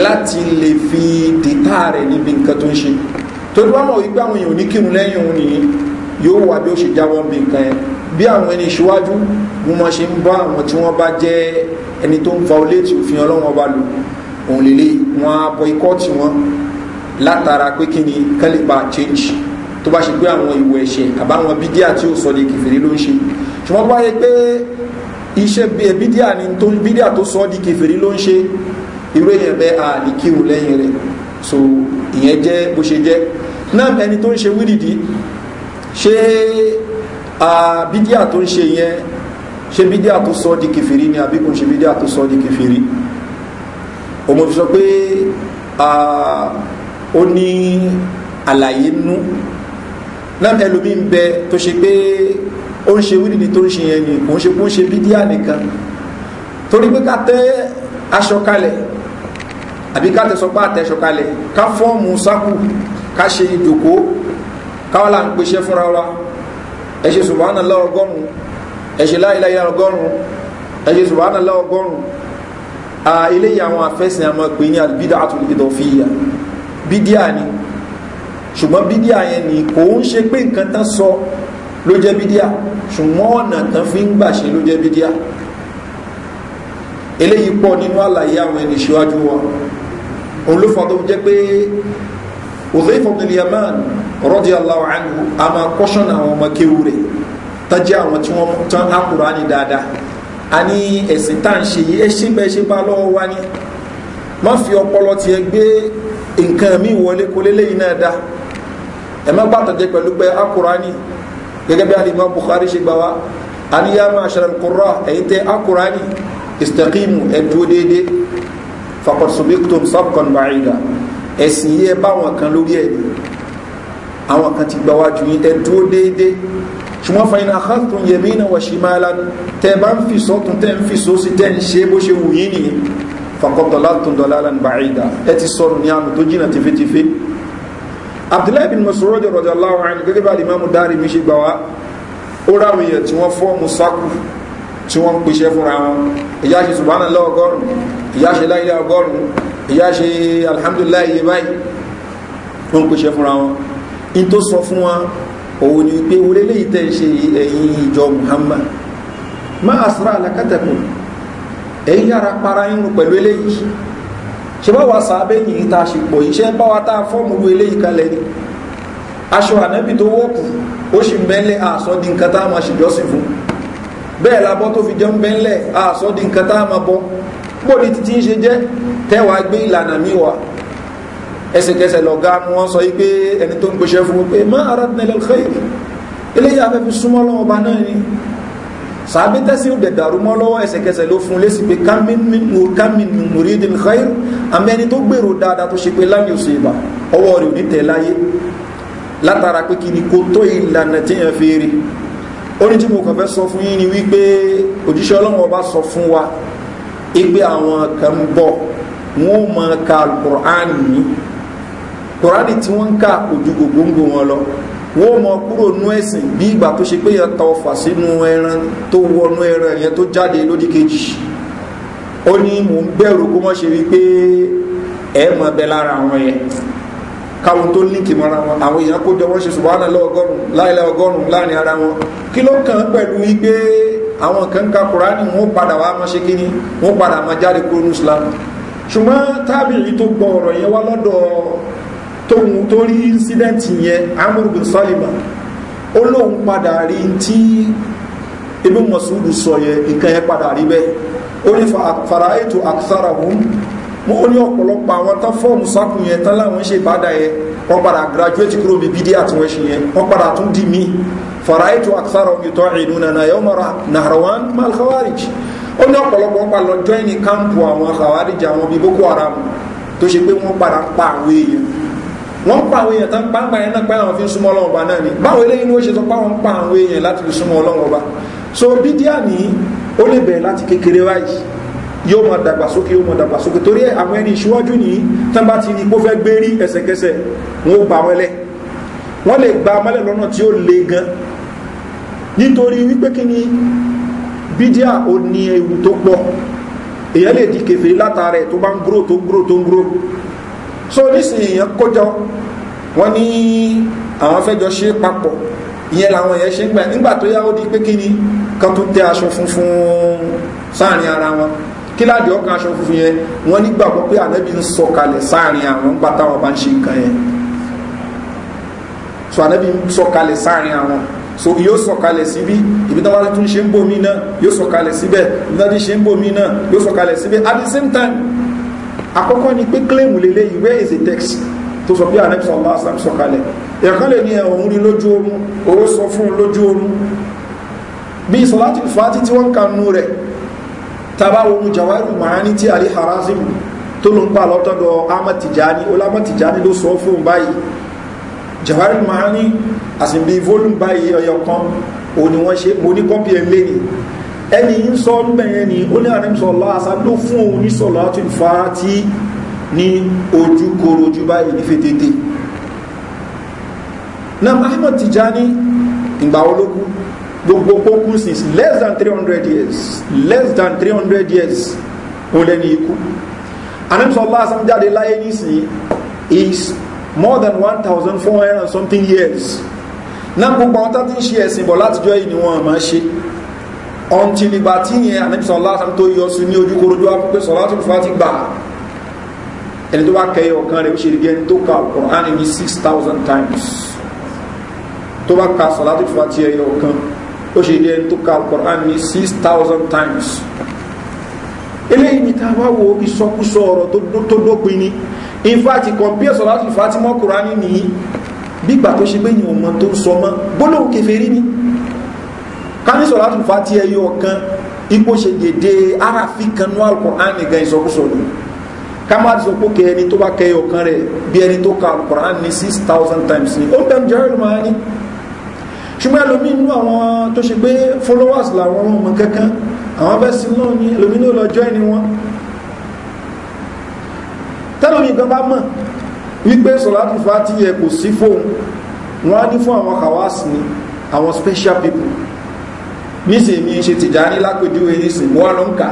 láti lè fi dìtà rẹ̀ níbi nǹkan tó ń ṣe torí wọn mọ̀ wípé àwọn èèyàn ò ní kírun lẹ́yìn òun nìyí yóò wà bí ó ṣe jáwọ́ bí nǹkan yẹn bí àwọn ẹni ìṣíwájú mo máa ṣe ń bá àwọn tí wọ́n bá jẹ́ ẹni tó ń fa oléètì òfin ọlọ́wọ́n bá lò òun lélẹ̀ wọn á bọ ikọ́ tí wọn látara pé kí ni kálípà change tó bá ṣe pé àwọn ìwọ̀ ẹ̀ṣẹ̀ àbáwọn bídíà tí ó sọ di kìfèrè ló ń ṣe ṣùgbọ́n bá pé iṣẹ́ bídíà ni tó bídíà tó sọ́ di kẹfẹ́rí ló ń ṣe irú èèyàn bẹ́ẹ̀ a lẹ́yìn rẹ̀ so ìyẹn jẹ́ bó ṣe jẹ́ náà ẹni tó ń ṣe wídìdí ṣé bídíà tó ń ṣe yẹn ṣé bídíà tó sọ́ di kẹfẹ́rí ni àbí kò ṣe bídíà tó sọ́ di kẹfẹ́rí òmò fi sọ pé ó ní àlàyé nú náà ẹlòmí ń bẹ tó ṣe pé ó ń ṣe wíìlì tó ń ṣe yẹn ni kò ń ṣe kó ń ṣe bídíà nìkan torí pé ká tẹ́ aṣọ kalẹ̀ àbí ká tẹ̀sọ́ pá àtẹ́ṣọ kalẹ̀ ká fọ́ọ̀mù sákù ká ṣe ìjòkó káwà là ń pèṣẹ́ fúnra wa ẹ ṣe subhanallah ọgọ́rùn ẹ ṣe la ilaha illallah ọgọ́rùn ẹ ṣe subhanallah ọgọ́rùn eléyìí àwọn afẹ́sìn àmọ́ pé ní albid'atul idafiyya bídíà ni ṣùgbọ́n bídíà yẹn ni kò ń ṣe pé nǹkan tán sọ ló jẹ́ bídíà ṣùgbọ́n ọ̀nà tán fi ń gbà ṣe ló jẹ́ bídíà eléyìí pọ̀ nínú àlàyé àwọn ẹni ṣíwájú wa òun ló fà tó jẹ́ pé Uzayf ibn al-Yaman radiyallahu anhu a máa kọ́ṣọ́nà àwọn ọmọ kéwú rẹ̀ tá jẹ́ àwọn tí wọ́n tán Al-Qur'ani dáadáa a ní ẹ̀sìn tá à ń ṣe yìí ẹ ṣe bẹ́ẹ̀ ṣe bá lọ́wọ́ wá ní má fi ọpọlọ tiẹ̀ gbé nǹkan mi wọlé kólé lẹ́yìn náà dá ẹ má gbàtọ̀jẹ́ pẹ̀lú pé Al-Qur'ani gẹ́gẹ́ bí alimọ́ bukhari ṣe gbà wá aniyama aṣaralkurra ẹ̀yin tẹ́ akurani istakimu ẹ̀dúró déédéé fakọ̀sùbíktum sabkan bàyìdà ẹ̀sìn yẹ báwọn kan lórí ẹ̀ àwọn kan ti gbà wá ju yín ẹ̀dúró déédéé ṣùgbọ́n fàyín àkàtún yẹmí náà wà ṣìmáàlá tẹ́ bá ń fi sọ́tún tẹ́ ń fi sósì tẹ́ ń ṣe bó ṣe wù yín nìyẹn fakọ̀tọ̀lá tún dọ̀lá lánàá ẹ ti sọ̀rọ̀ ní àmì tó jìnnà tìfetìfe abdullahi bin masoro jẹ rọjò aláwọ àrùn gẹ́gẹ́ bá limamu dárí mi ṣe gbà wá ó ráwọn èèyàn tí wọ́n fọ́ọ̀mù sákù tí wọ́n ń pèsè fúnra wọn ìyá ṣe subhana lọ ọgọ́rùn ìyá ṣe láyé ọgọ́rùn ìyá ṣe alhamdulilayi yé báyìí wọ́n ń pèsè fúnra wọn in tó sọ fún wọn òun ni pé wọlé léyìí tẹ́ ṣe ẹ̀yìn ìjọ muhammad má asra alakatakun ẹ̀yìn yára para yín pẹ̀lú eléyìí ṣe bá wa sàábẹ́ yìí ta ṣe pọ̀ iṣẹ́ bá wa tá a fọ́ọ̀mù lu eléyìí kalẹ̀ ni aṣọ ànábì tó wọ́pù ó sì mẹ́lẹ̀ àṣọ di nǹkan tá a máa ṣèjọ́sìn fún bẹ́ẹ̀ labọ́ tó fi jẹ́ ń bẹ́ńlẹ̀ àṣọ di nǹkan tá a máa bọ́ pọ̀ ní títí ń ṣe jẹ́ tẹ́wàá gbé ìlànà mi wá ẹsẹ̀kẹsẹ̀ lọ̀gá mú wọ́n sọ wípé ẹni tó ń gbéṣẹ́ fún wọn pé má arábìnrin lẹ́lẹ́kẹ́ eléyìí afẹ́fẹ́ súnmọ́ lọ́wọ́ bá náà ni sàbí tẹ́sí ó dẹ̀dàrú mọ́ lọ́wọ́ ẹsẹ̀kẹsẹ̀ ló fún lẹ́sì pé kámin mùrídìn khair àmì ẹni tó gbèrò dáadáa tó ṣe pé láyé òsè ìbà ọwọ́ rẹ̀ òní tẹ̀ láyé látara pé kí ni kò tó ìlànà tí yẹn fi rí tí mo kàn fẹ́ sọ fún yín ni wípé òjíṣẹ́ ọlọ́run ọba sọ fún wa ipe àwọn kan ń bọ̀ wọn ò mọ ka alukur'an yìí kur'an tí wọ́n ń ka ojú gbogbo wọn lọ wọ́n mọ kúrò nú ẹ̀sìn bí ìgbà tó ṣe pé yẹn ta ọfà sínú ẹran tó wọnú ẹran yẹn tó jáde lódì kejì ó ní mò ń bẹ̀rù kó mọ́ ṣe wípé ẹ mọ̀ bẹ lára àwọn yẹn káwọn tó líǹkì mọ́ra wọn àwọn èèyàn kó jọ wọ́n ṣe ṣùgbọ́n lọ́gọ́rùn láìlẹ́ ọgọ́rùn láàrin ara wọn kí ló kàn pẹ̀lú wípé àwọn kan ka kùránì wọn padà wá mọ́ ṣe kíní wọn padà mọ́ jáde kúrò ní islam ṣùgbọ́n tábìlì tó gbọ́ ọ̀rọ̀ yẹn wá lọ́dọ̀ tóun tó rí incident yẹn amúrùbù sọlìmà ó lóun padà rí tí ibi mọ̀súlù sọ yẹn nǹkan yẹn padà rí bẹ́ẹ̀ ó ní fara ètò àkùsára wọn mo ó ní ọ̀pọ̀lọpọ̀ àwọn tán fọ́ọ̀mù sákùn yẹn tán láwọn ṣe ìbádà yẹn wọ́n padà graduate kúrò bí bídí àti wọ́n ṣe yẹn wọ́n padà tún dì mí fara ètò àkùsára wọn ìtọ́ ìlú nana yọ mọ́ra nahrawan malkhawarij ó ní ọ̀pọ̀lọpọ̀ wọn padà lọ join camp àwọn khawarij àwọn bíi boko haram tó ṣe pé wọ́n padà pa àwọn èèyàn wọ́n pa àwọn èèyàn tán pàǹpà yẹn náà pẹ́ àwọn fi ń súnmọ́ ọlọ́run ọba náà ni báwo eléyìí ni ó ṣe sọ pé àwọn ń pa àwọn èèyàn láti fi súnmọ́ ọlọ́run ọba so bídíà ní ó lè bẹ̀rẹ̀ láti kékeré wáyìí yóò mọ dàgbàsókè yóò mọ dàgbàsókè torí àwọn ẹni ìṣíwájú ní tán bá ti ní kó fẹ́ gbé rí ẹsẹ̀kẹsẹ̀ wọn ó gbà wọn lẹ̀ wọ́n lè gba mọ́lẹ̀ lọ́nà tí ó le gan nítorí wípé kí ni bídíà ó ní ewu tó pọ̀ èyàn lè di kèfèrí látara ẹ̀ tó bá ń gúrò tó ń gúrò tó ń gúrò so nísìnyí èèyàn kójọ wọ́n ní àwọn fẹ́jọ ṣe papọ̀ ìyẹn làwọn èèyàn ṣe ń gbà nígbà tó yá ó di pé kíni kan tó tẹ aṣọ funfun sáàrin ara wọn kí láti ọkàn aṣọ funfun yẹn wọ́n nígbàgbọ́ pé ànábì ń sọ kalẹ̀ sáàrin àwọn ń gbàtà wọn bá ń ṣe nǹkan yẹn so ànábì ń sọ kalẹ̀ sáàrin àwọn so yóò sọ̀kalẹ̀ síbí ibi tí wọ́n tún ṣe ń bomi náà yóò sọ̀kalẹ̀ síbẹ̀ ibi tí wọ́n tún ṣe ń bomi náà yóò sọ̀kalẹ̀ síbẹ̀ at the same time àkọ́kọ́ ni pé claim lele yìí where is the text tó sọ bí anabi sọlá asam sọ̀kalẹ̀ ẹ̀kan lè ní ẹ̀hún rí lójú oorun owó sọ fún lójú oorun bí sọláàtì fàátì tí wọ́n kanú rẹ̀ tàbá ohun jawaru mahani tí ali harazim tó ló ń pa lọ́tọ́dọ̀ ahmad tijani olamọ tijani ló sọ fún báyìí jawaru mahani àsìnbí volume báyìí ọyọ kan òní wọ́n ṣe mo ní kọ́mpì ẹ̀ lẹ́yìn ẹni yìí sọ ń bẹ̀yẹn ni ó ní àrẹ́m sọ̀lá àṣà ló fún òun ní sọ̀lá tó ń fara tí ní ojú koro ojú báyìí ní fètètè na mahimad tijani ìgbà ológun gbogbo pókún since less than 300 years less than 300 years ó lẹ́ni ikú àrẹ́m sọ̀lá àṣà jáde láyé nísìnyí is more than 1400 and something years na gbogbo àwọn tá ti ń ṣe ẹ̀sìn bọ̀ látijọ́ yìí ni ṣe until ìgbà tí yẹn anẹ́bísọ̀ lásán tó yọ sí ní ojú korojú apẹ́ sọ̀látù fati gbà ẹni tó bá kẹyọ ọ̀kan rẹ̀ ṣe rí ẹni tó ka Kùránì ní six thousand times tó bá ka sọ̀látù fati ẹyọ ọ̀kan ó ṣe rí ẹni tó ka Kùránì ní six thousand times eléyìí ni tá a bá wo ìsọkúsọ ọ̀rọ̀ tó dópin ni in fact compare sọ̀látù fati mọ́ Kùránì nìyí bí ìgbà tó ṣe gbẹ̀yìn ọmọ tó ń sọ mọ́ gbólóhùn kèfèrí ni kánísọ̀ láti fa ti ẹyọ ọ̀kan ipò ṣe dédé arafi kan ní alukur'an nìkan ìsọkúsọ ni ká má sọ pé ẹni tó bá kẹyọ ọ̀kan rẹ̀ bí ẹni tó ka alukur'an ní six thousand times ni ó ń bẹ̀rù jẹ́rẹ́ ló máa ní ṣùgbọ́n ẹlòmíì nínú àwọn tó ṣe pé followers làwọn ọmọ kankan àwọn bẹ́ẹ̀ sí náà ni ẹlòmíì náà lọ jọ́ ẹni wọn tẹ́lómi gan bá mọ̀ wípé sọ̀látùfà ti yẹ kò sí fóun wọ́n á ní fún àwọn kàwáàsì ni àwọn special people nísìnyí mi ṣe tìjárí lápèjúwe nísìnyí wọ́n ló ń kà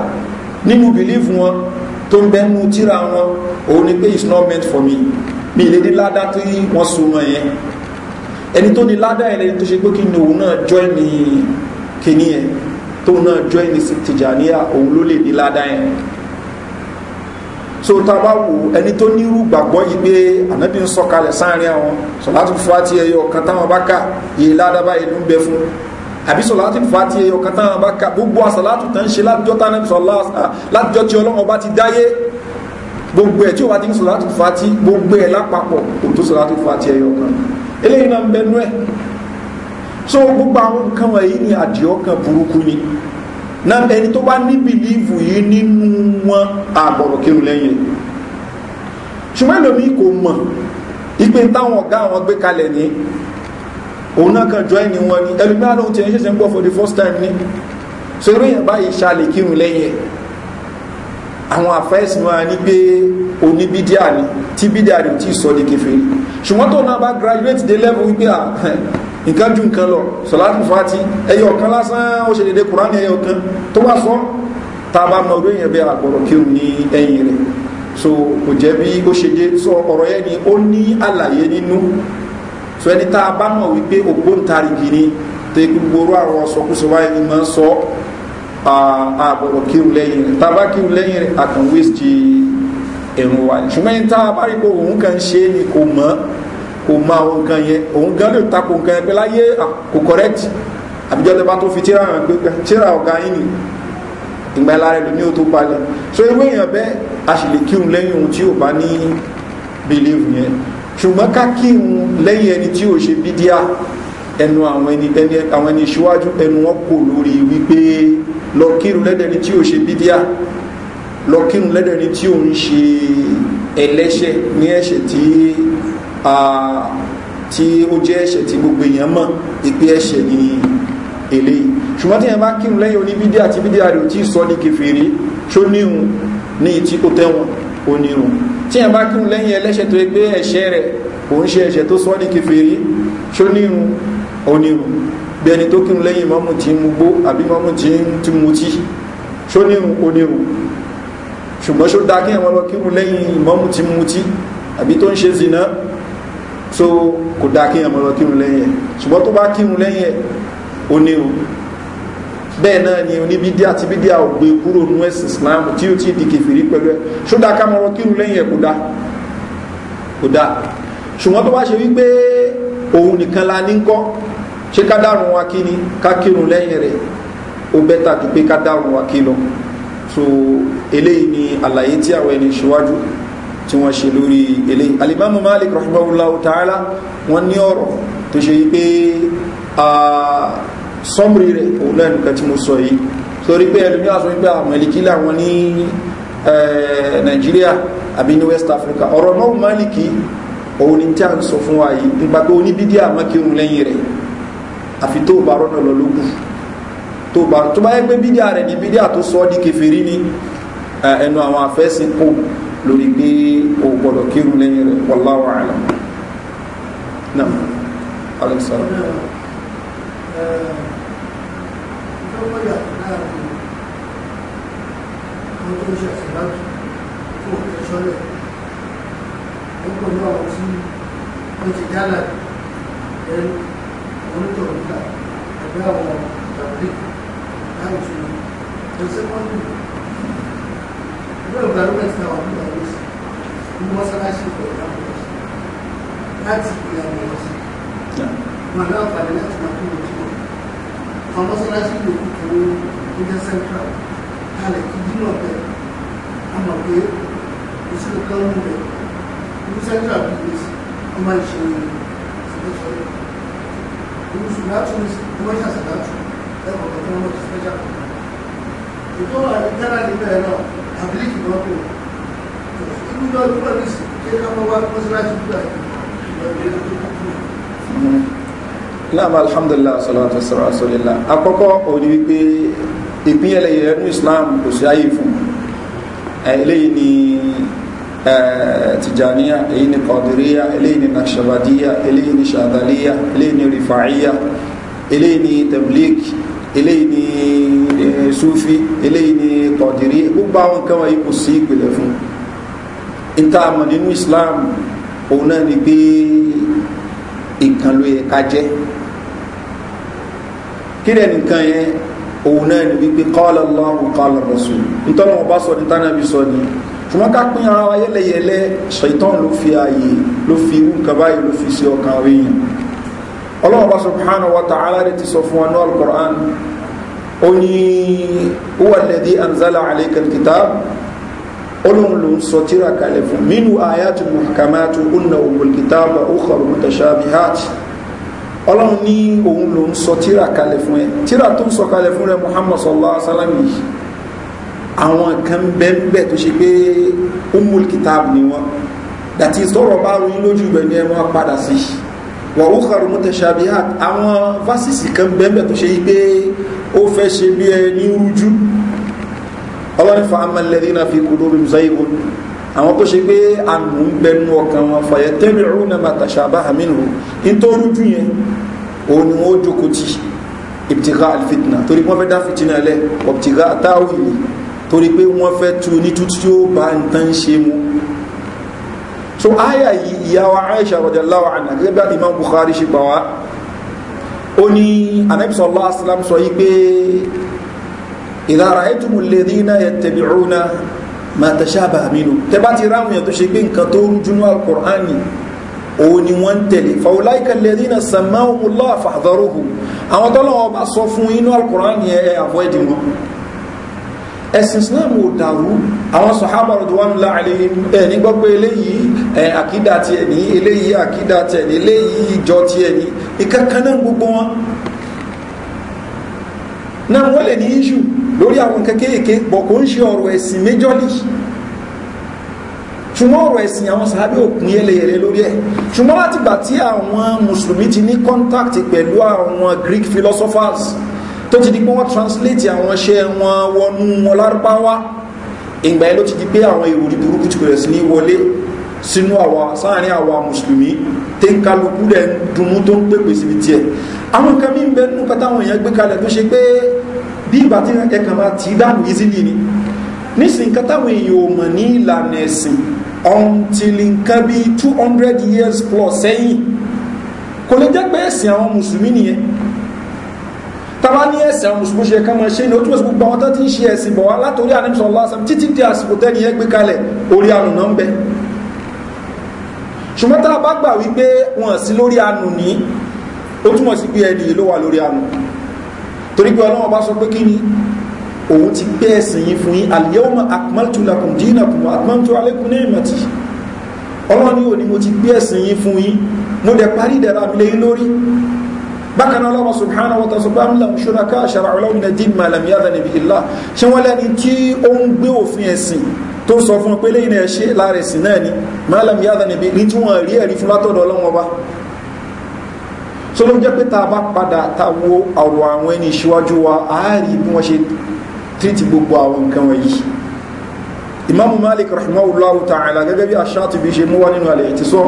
nínú bìlífù wọn tó ń bẹ́nu tíra wọn òun ni pé it's not meant for me mi ìlédè ládá tí wọ́n so mọ́ yẹn ẹni tó ní ládá yẹn lẹ́yìn tó ṣe pé kí ni òun náà join ní kíní yẹn tóun náà join ní tìjáníyà òun ló lè ní ládá yẹn so tá a bá wò ẹni tó nírú gbàgbọ́ yìí pé ànábì ń sọ̀kalẹ̀ sáàrin àwọn sọ̀lá tó fún wa ti ẹyọ kan táwọn bá kà yìí ládá báyìí ló ń bẹ fún un àbí sọ̀láàtì fàtí ẹyọ kan tán bá ka gbogbo àsàlátù tán ṣe látijọ́ tán náà sọ̀lá látijọ́ tí ọlọ́run bá ti dáyé gbogbo ẹ̀ tí ó wá ti ń sọ̀láàtì fàtí gbogbo ẹ̀ lápapọ̀ kò tó sọ̀láàtì fàtí ẹyọ kan eléyìí náà ń bẹnu ẹ̀ so gbogbo àwọn nǹkan wọ̀nyí ni àdìọ́kan burúkú ni na ẹni tó bá ní bìlíìfù yìí nínú wọn àgbọ̀rọ̀ kírun lẹ́yìn ṣùgbọ́n ẹlòmíì kò mọ̀ ìpè táwọn ọ̀gá àwọn gbé kalẹ̀ ní òun náà kan join ni wọn ni ẹlòmíà lóhun ti ẹ̀ ń gbọ́ for the first time ni so eré yẹn báyìí ṣàlè kírun lẹ́yìn ẹ̀ àwọn àfẹ́sì wọn ni pé oníbídíà ni tí bídíà rẹ̀ tí sọ di kẹfẹ́ ṣùgbọ́n tó náà bá graduate dé level wípé à ah, nǹkan ju nǹkan lọ sọláàtù fati ẹyọ kan lásán ó ṣe dédé kùránì ẹyọ kan tó wá sọ tá a bá mọ orí yẹn bẹ́ẹ̀ àgbọ̀rọ̀ kírun ní ẹ̀yìn rẹ̀ so kò jẹ́ bí ó ṣe dé sọ ọ̀rọ̀ yẹn ni ó ní àlàyé nínú so ẹni tá a bá mọ̀ wípé ògbóǹtarìgì ni tó yẹ kí gbogbo àwọn sọkúsọ wáyé ni máa ń sọ àbọ̀rọ̀ kírun lẹ́yìn rẹ̀ tá a bá kírun lẹ́yìn rẹ̀ a kàn wéṣì ẹ̀rùn wa ṣùgbọ́n ẹni tá a bá rí pé òun kàn ń ṣe é ni kò mọ̀ kò mọ àwọn nǹkan yẹn òun gan lè takò nǹkan yẹn pé láyé kò correct àbíjọ́ tó bá tó fi tíra hàn pé tíra ọ̀gá yín ni ìgbà ìlara ẹlòmí ò tó palẹ̀ so ewé èèyàn bẹ́ẹ̀ a sì lè kírun lẹ́yìn ohun tí ò bá ní believe yẹn ṣùgbọ́n ká kírun lẹ́yìn ẹni tí ò ṣe bídíà ẹnu àwọn ẹni àwọn ẹni ìṣíwájú ẹnu wọn kò lórí wípé lọ kírun lẹ́dẹ̀ẹ́ni tí ò ṣe bídíà lọ kírun lẹ́dẹ̀ẹ́ni tí ò ń ṣe ẹlẹ́ṣẹ̀ ní ẹ̀ṣẹ̀ tí tí ó jẹ́ ẹ̀ṣẹ̀ tí gbogbo èèyàn mọ̀ ìpé ẹ̀ṣẹ̀ ni eléyìí ṣùgbọ́n tí ẹ bá kírun lẹ́yìn oníbídíà tí bídíà rẹ̀ ò tí sọ ní kẹfẹ́rẹ́ ṣó níhun ní ìtí tó tẹ́wọ̀n onírun tí ẹ̀ bá kírun lẹ́yìn ẹlẹ́ṣẹ̀ tó gbé ẹ̀ṣẹ̀ rẹ̀ òun ṣe ẹ̀ṣẹ̀ tó sọ́ ní kẹfẹ́rí ṣónírun onírun bí ẹni tó kírun lẹ́yìn mọ́mù tí ń gbó àbí mọ́mù tí ń tí mu tí ṣónírun onírun ṣùgbọ́n ṣó dá kí ẹ̀wọ́n lọ kírun lẹ́yìn onírun bẹ́ẹ̀ náà ni oníbídíà ti bídíà ò gbé kúrò nú ẹ̀sìn islam tí ó ti di kẹfìrí pẹ̀lú ẹ̀ ṣódà kámọ́rọ́ kírù lẹ́yìn ẹ̀ kò dá kò dá ṣùgbọ́n tó bá ṣe wípé òun nìkan la ní ń kọ́ ṣé ká dárun wa kí ni ká kírù lẹ́yìn rẹ̀ ó bẹ́tà ju pé ká dárun wa kí lọ so eléyìí ni àlàyé tí àwọn ẹni ṣíwájú tí wọ́n ṣe lórí eléyìí alimami malik rahimahullah ta'ala wọ́n ní ọ̀rọ̀ tó ṣe wípé ah, sọ́mùrì rẹ̀ òun náà nìkan tí mo sọ yìí torí pé ẹlòmí àṣọ wípé àmàlìkí làwọn ní eh, nàìjíríà àbí ní west africa ọ̀rọ̀ náà málìkì òun ni tí a ń sọ fún wa yìí nípa pé oníbídí àmọ́kírun lẹ́yìn rẹ̀ àfi tó bá rọ́nà lọ lókù tó bá tó bá yẹ pé bídíà rẹ̀ ní bídíà tó sọ ọ́ di kẹfìrí ní eh, ẹnu àwọn afẹ́sìn kò lórí pé o gbọ́dọ̀ kírun lẹ́yìn rẹ̀ wàláwà àlọ́ náà uh, lọ́pọ̀ yàtọ̀ láàrin àwọn tó ń ṣe àṣìwájú fún òkè ṣọ́lẹ̀ lọ́pọ̀ náà wọ́n tí wọ́n ti dálà ẹnu onítọ̀ nígbà ẹgbẹ́ àwọn tàbí láwùjọ ẹ̀ sẹ́kọ́ndì ẹgbẹ́ ìgbàlúmẹ̀tì náà wà nígbà yìí sí ní mọ́sálásí ìfọ̀rọ̀ láti ìgbà mọ́sí wọn láǹfààní láti máa kúrò tí wọ́n àwọn mọ́sálásí yòókù kan ní ilé central kalẹ̀ kí dínà bẹ̀ àmọ̀ pé kò sí nǹkan mú bẹ̀ ní central business wọ́n máa ń ṣe special ní ṣùgbọ́n tún ní commercial sàdáàtù ẹ̀kọ́ kan tó wọ́n ti special kan ètò àwọn ghana níbẹ̀ náà àbílíkì náà kò inú lọ́dún pẹ̀lú ìsìn kí ẹ ká mọ́ wá mọ́sálásí gbúgbà ìgbà ìgbà ìgbà ìgbà naam alhamdulilah salatu wasalaam rasulillah àkọ́kọ́ òní wípé ìpínyẹlẹ ìrẹ́nu islam kò sí ayé fún eléyìí ni tijaniya eléyìí ni kọdiriya eléyìí ni nakshabadiya eléyìí ni shadaliya eléyìí ni rifaiya eléyìí ni tablik eléyìí ni sufi eléyìí ni kọdiriya gbogbo àwọn kan wáyé kò sí ìpìlẹ̀ fún ìta àmọ̀ nínú islam òun ni pé ìkànlò ẹ̀ka jẹ́ kí lẹ́ nìkan yẹn òun náà ni wípé qala Allahu qala rasul nítorí wọn bá sọ ní tánàbí sọ ni ṣùgbọ́n ká pín ara wa yẹ́lẹ́yẹ́lẹ́ ṣètàn ló fi ààyè ló fi irú nǹkan báyìí ló fi ṣe ọkàn àwọn èèyàn ọlọ́wọ́n bá subhanahu wa ta'ala rẹ̀ ti sọ fún wa ní al ó ní huwa alladhi anzala alayka al olóhùn ló ń sọ tíra kalẹ̀ fún minhu ayatun muhkamatun unna ummul kitab wa ukhra mutashabihat ọlọ́run ní òun ló ń sọ tíra kalẹ̀ fún ẹ tíra tó ń sọ kalẹ̀ fún rẹ muhammad sallallahu alaihi wa sallam yìí àwọn kan bẹ́ẹ̀ tó ṣe pé umul kitab ni wọn dàtí sọ̀rọ̀ bá ròyìn lójú ibẹ̀ ni ẹ máa padà sí wà ó kàrò mú tẹ̀sàbíhàt àwọn fásisì kan bẹ́ẹ̀ tó ṣe pé ó fẹ́ ṣe bí ẹ ní rújú ọlọ́run fa amẹ́lẹ́dínà fi kúrò bí musayi àwọn tó ṣe pé àánú ń bẹnu ọkàn wọn fàyẹ tẹ́lẹ̀ ọ̀rùn náà máa tàṣà bá àmínú nítorí jù yẹn òun ni wọ́n jókòó tì ìbìtìká àlìfitìnà torí wọ́n fẹ́ dá fìtìnà lẹ̀ ọ̀bìtìká àtàwìlì torí pé wọ́n fẹ́ tu ní tútù tí ó bá ń tán ṣe mu so aya yìí ìyàwó aisha rọ̀jọ̀láwà àná gẹ́gẹ́ bí imam buhari ṣe gbà wá ó ní anabisọ́lá aslam sọ yí pé ìdára ẹ̀tùmù lè màtàṣàbà àmínú tẹ́bá ti ráwọn èèyàn tó ṣe pé nǹkan tó rújú ní alkùránì òun ni wọ́n ń tẹ̀lé fàwọláìkà lẹ́dínà sàmáhùnmùlá àfàdọ́rọ̀hù àwọn tọ́lọ́wọ́ bá sọ fún inú alkùránì ẹ àbọ̀ ẹ̀dì wọn ẹ̀sìn islam ò dàrú àwọn sọ̀hábà rọ̀dùwánulá ẹ̀ ní gbọ́gbé eléyìí ẹ̀ àkídà tiẹ̀ ní eléyìí àkídà tiẹ̀ ní eléyìí ìjọ tiẹ̀ ní ìkankan náà gbogbo wọn náà wọ́n lè ní iṣu lórí àwọn nǹkan kéèké bọ̀ kò ń ṣe ọ̀rọ̀ ẹ̀sìn méjọ́lì ṣùgbọ́n ọ̀rọ̀ ẹ̀sìn àwọn sàábẹ́ òkun yẹlẹyẹlẹ lórí ẹ̀ ṣùgbọ́n láti gbà tí àwọn mùsùlùmí ti ní contact pẹ̀lú àwọn greek philosophers tó ti di pé wọ́n translate àwọn ṣe wọn wọnú wọn lárúbáwá ìgbà yẹn ló ti di pé àwọn ìròrí burúkú ti bẹ̀rẹ̀ sí ní wọlé sínú àwa sáàrin àwa mùsùlùmí tí ń kalùkù rẹ̀ dùnmú tó ń pèpè síbi tiẹ̀ àwọn kan mí ń bẹ nínú kata àwọn èèyàn gbé kalẹ̀ tó ṣe pé bí ìgbà tí ẹkàn máa tì í dànù yìí sí nìyí nísìnyí kata àwọn èèyàn ò mọ̀ ní ìlànà ẹ̀sìn until nǹkan bí two hundred years plus sẹ́yìn kò lè jẹ́ pé ẹ̀sìn àwọn mùsùlùmí nìyẹn tàbá ní ẹ̀sìn àwọn mùsùlùmí ṣe kán máa ṣe ní ojúmọ̀ sí gbogbo àwọn tó ti ń ṣe ẹ̀sìn bọ̀ wá látòrí àníṣọ́ lásán títí di àsìkò tẹ́ni yẹn gbé kalẹ̀ orí àrùn ń bẹ ṣùgbọ́n tá a bá gbà wípé wọ́n sí lórí anù ní ó túnmọ̀ sí pé ẹni ló wà lórí anù torí pé ọlọ́wọ́ bá sọ pé kí ni òun ti gbé ẹ̀sìn yín fún yín al-yawma akmaltu lakum dinakum wa atmamtu alaykum ni'mati ọlọ́ni ò ní mo ti gbé ẹ̀sìn yín fún yín mo dẹ̀ parí ìdẹ̀ra mi yín lórí bákan náà subhanahu wa ta'ala bá ń lọ ṣúra ká ṣàrà ọlọ́run ní dín tó sọ fún pé lẹ́yìn ẹ̀ ṣe lára ẹ̀sìn náà ni malam yáda níbi ní tí wọ́n rí ẹ̀rí fún látọ̀dọ̀ ọlọ́wọ́n ọba so jẹ́ pé tá bá padà ta wo àwọn ẹni ìṣíwájú wa àárí bí wọ́n ṣe tírìtì gbogbo àwọn nǹkan wọ̀nyí ìmáàmù malik rahimahullahu ta'ala gẹ́gẹ́ bí aṣá ti fi ṣe mú wá nínú alẹ́ ti sọ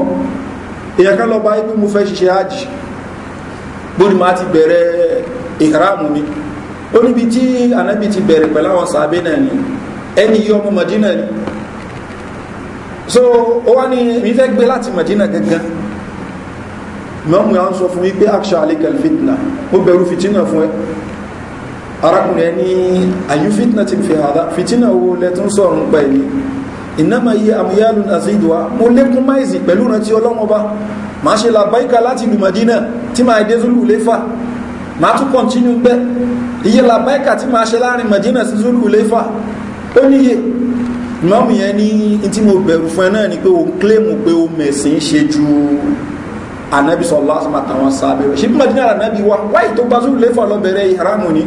èèyàn kan lọ bá yí pé mo fẹ́ ṣiṣẹ́ hajj bóni máa ti bẹ̀rẹ̀ ni ẹni yí ọmọ madina ni so ó wá ní mi fẹ́ gbé láti madina gangan mọ́mù yà ń sọ fún wípé aksha alikal fitna ó bẹ̀rù fitina fún ẹ arákùnrin ẹni àyú fitna ti fi hàdá fitina wo lẹ́tún sọ̀rọ̀ ń pa ẹ̀mí ìnáma yí àmúyálù àzídùá mo lékún máìsì pẹ̀lú rántí ọlọ́mọba ma ṣe làbáìka láti ìlú madina tí ma dé zulu léfà ma tún kọ̀ntínú bẹ́ iye làbáìka tí ma ṣe láàrin madina sí zulu léfà ó níye ìmọ̀mù yẹn ní tí mo bẹ̀rù fún ẹ náà ni pé o kílèmù pé o mẹ̀sìn ṣe ju anabi sọlá àtàwọn sábẹ́ rẹ̀ ṣe bí madina anabi wa wáyé tó gbazú lẹ́fọ̀ lọ́bẹ̀rẹ̀ ìhàrámù ni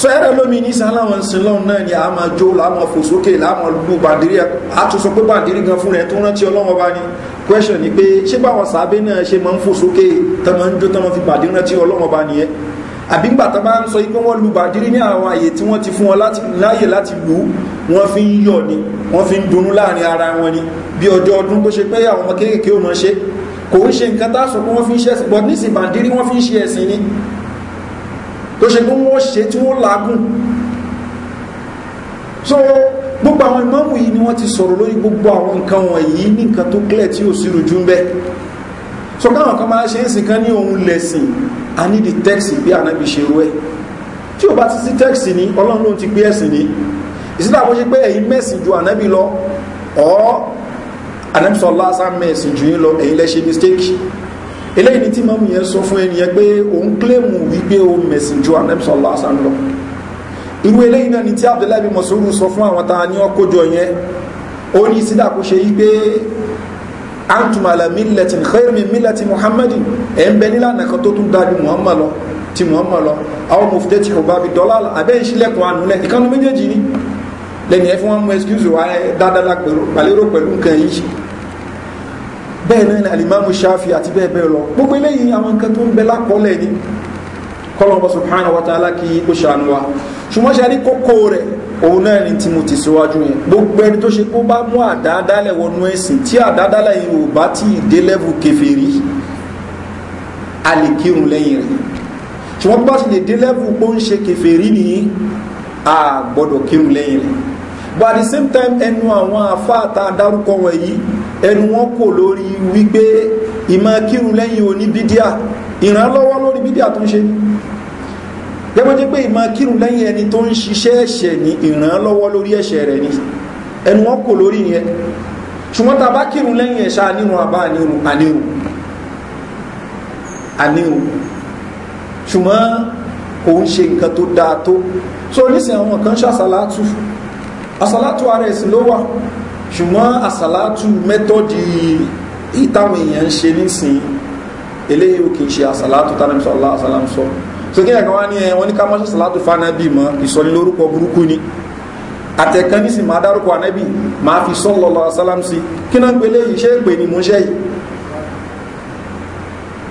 so ẹ̀rọ lómi ní sàn láwọn sinlọ́n náà ni a máa jó láwọn fò sókè láwọn lu bàndírí àtúnṣe pé bàndírí gan fún rẹ̀ tó rántí ọlọ́wọ́n bá ní question ni pé ṣé báwọn sàábé náà ṣe máa ń fò sókè ń jó tó fi bàndírí rántí ọlọ́wọ́n bá nìyẹn àbí gbà tá bá ń sọ pé wọ́n lu bàdírí ní àwọn àyè tí wọ́n ti fún wọn láyè láti lù wọ́n fi ń yọ̀ ni wọ́n fi ń dunnú láàrin ara wọn ni bí ọjọ́ ọdún tó ṣe pé àwọn ọmọ kéékèèké ò mọ̀ ṣe kò ń ṣe nǹkan tá pé wọ́n fi ń ṣe ẹ̀sìn but nísìn bàdírí wọ́n fi ń ṣe ẹ̀sìn ni tó ṣe pé wọ́n ṣe tí wọ́n làágùn so gbogbo àwọn ìmọ̀mù yìí ni wọ́n ti sọ̀rọ̀ lórí gbogbo àwọn nǹkan wọ̀nyí ní nǹkan tó clear tí ò sí rojú ń bẹ́ so káwọn kan máa ṣe é sìn kan ní òun lẹ̀sìn a nídi tẹ́ksì bí ànábi ṣe rú ẹ tí o bá ti sí tẹ́ksì ní ọlọ́run ló ti gbé ẹ̀sìn ní ìsìlẹ̀ àbó ṣe pé ẹ̀yin mẹ́sìn ju ànábi lọ ọ́ ànábi sọ lásán mẹ́sìn ju yín lọ ẹ̀yin lẹ́ṣẹ̀ mistake eléyìí ni tí mọ́mù yẹn sọ fún ẹnìyẹn pé òun kílẹ̀mù wípé o mẹ̀sìn ju ànábi sọ lásán lọ irú eléyìí náà ni tí abdullahi masudu sọ fún àwọn ta ni ọkọjọ yẹn ó ní ìsìlẹ̀ àkóṣe yìí pé antum ala millatin khayr min millati muhammadin ẹ̀ ń bẹ nílànà kan tó tún dájú muhammad lọ ti muhammad lọ àwọn mufti ti ọba bi dọ́là abẹ́ ìṣílẹ̀kùn ànulẹ̀ ìkànnì méjèèjì ni lẹ́yìn ẹ fún wọn mú excuse wa dáadáa pàlérò pẹ̀lú nǹkan yìí bẹ́ẹ̀ náà ni alimamu shafi àti bẹ́ẹ̀ bẹ́ẹ̀ lọ gbogbo eléyìí àwọn nǹkan tó ń bẹ lákọọ́lẹ̀ ni kọlọ̀bọ̀ Subhana wa ta'ala kí ó ṣàánú wa ṣùgbọ́n ṣe rí kókó rẹ̀ òun náà ni tí mo ti síwájú yẹn gbogbo ẹni tó ṣe kó bá mú àdádálẹ̀ wọnú ẹ̀sìn tí àdádálẹ̀ yìí ò bá tí ì dé lẹ́bù kẹfẹ́rí a lè kírun lẹ́yìn rẹ̀ ṣùgbọ́n bá ti lè dé lẹ́bù pó ń ṣe kẹfẹ́rí ni a gbọ́dọ̀ kírun lẹ́yìn rẹ̀ but at the same time ẹnu àwọn afáàtà dárúkọ wọn yìí ẹnu wọn kò lórí wípé ìmọ̀ kírun lẹ́yìn oníbídíà ìrànlọ́wọ́ lórí bídíà tó ń ṣe ni jẹ́gbẹ́jẹ́ pé ìmọ̀ kírun lẹ́yìn ẹni tó ń ṣiṣẹ́ ẹ̀ṣẹ̀ ní ìrànlọ́wọ́ lórí ẹ̀ṣẹ̀ rẹ̀ ni ẹnu wọn kò lórí yẹn ṣùgbọ́n tá a bá kírun lẹ́yìn ẹ̀ṣà nínú àbá àníhùn àníhùn àníhùn ṣùgbọ́n kò ń ṣe nǹkan tó dáa tó so nísìnyí àwọn kan ṣàṣàlátù àṣàlátù ara ẹ̀sìn ló wà ṣùgbọ́n àṣàlátù mẹ́tọ́dì ìtàwọn èèyàn ń ṣe nísìnyí eléyìí ò kì í ṣe àṣàlátù tánàmísọ́ ọlá sókè ẹ̀kan wá ní ẹ wọn ní ká mọ́ṣẹ́ sàlátù fanabi mọ́ ìsọ̀lẹ̀ lórúkọ burúkú ni àtẹ̀kan ní sì máa dárúkọ anabi máa fi sọ́lọ́lọ́ asálám sí kí náà pélé yìí ṣé èpè ni mo ṣe yìí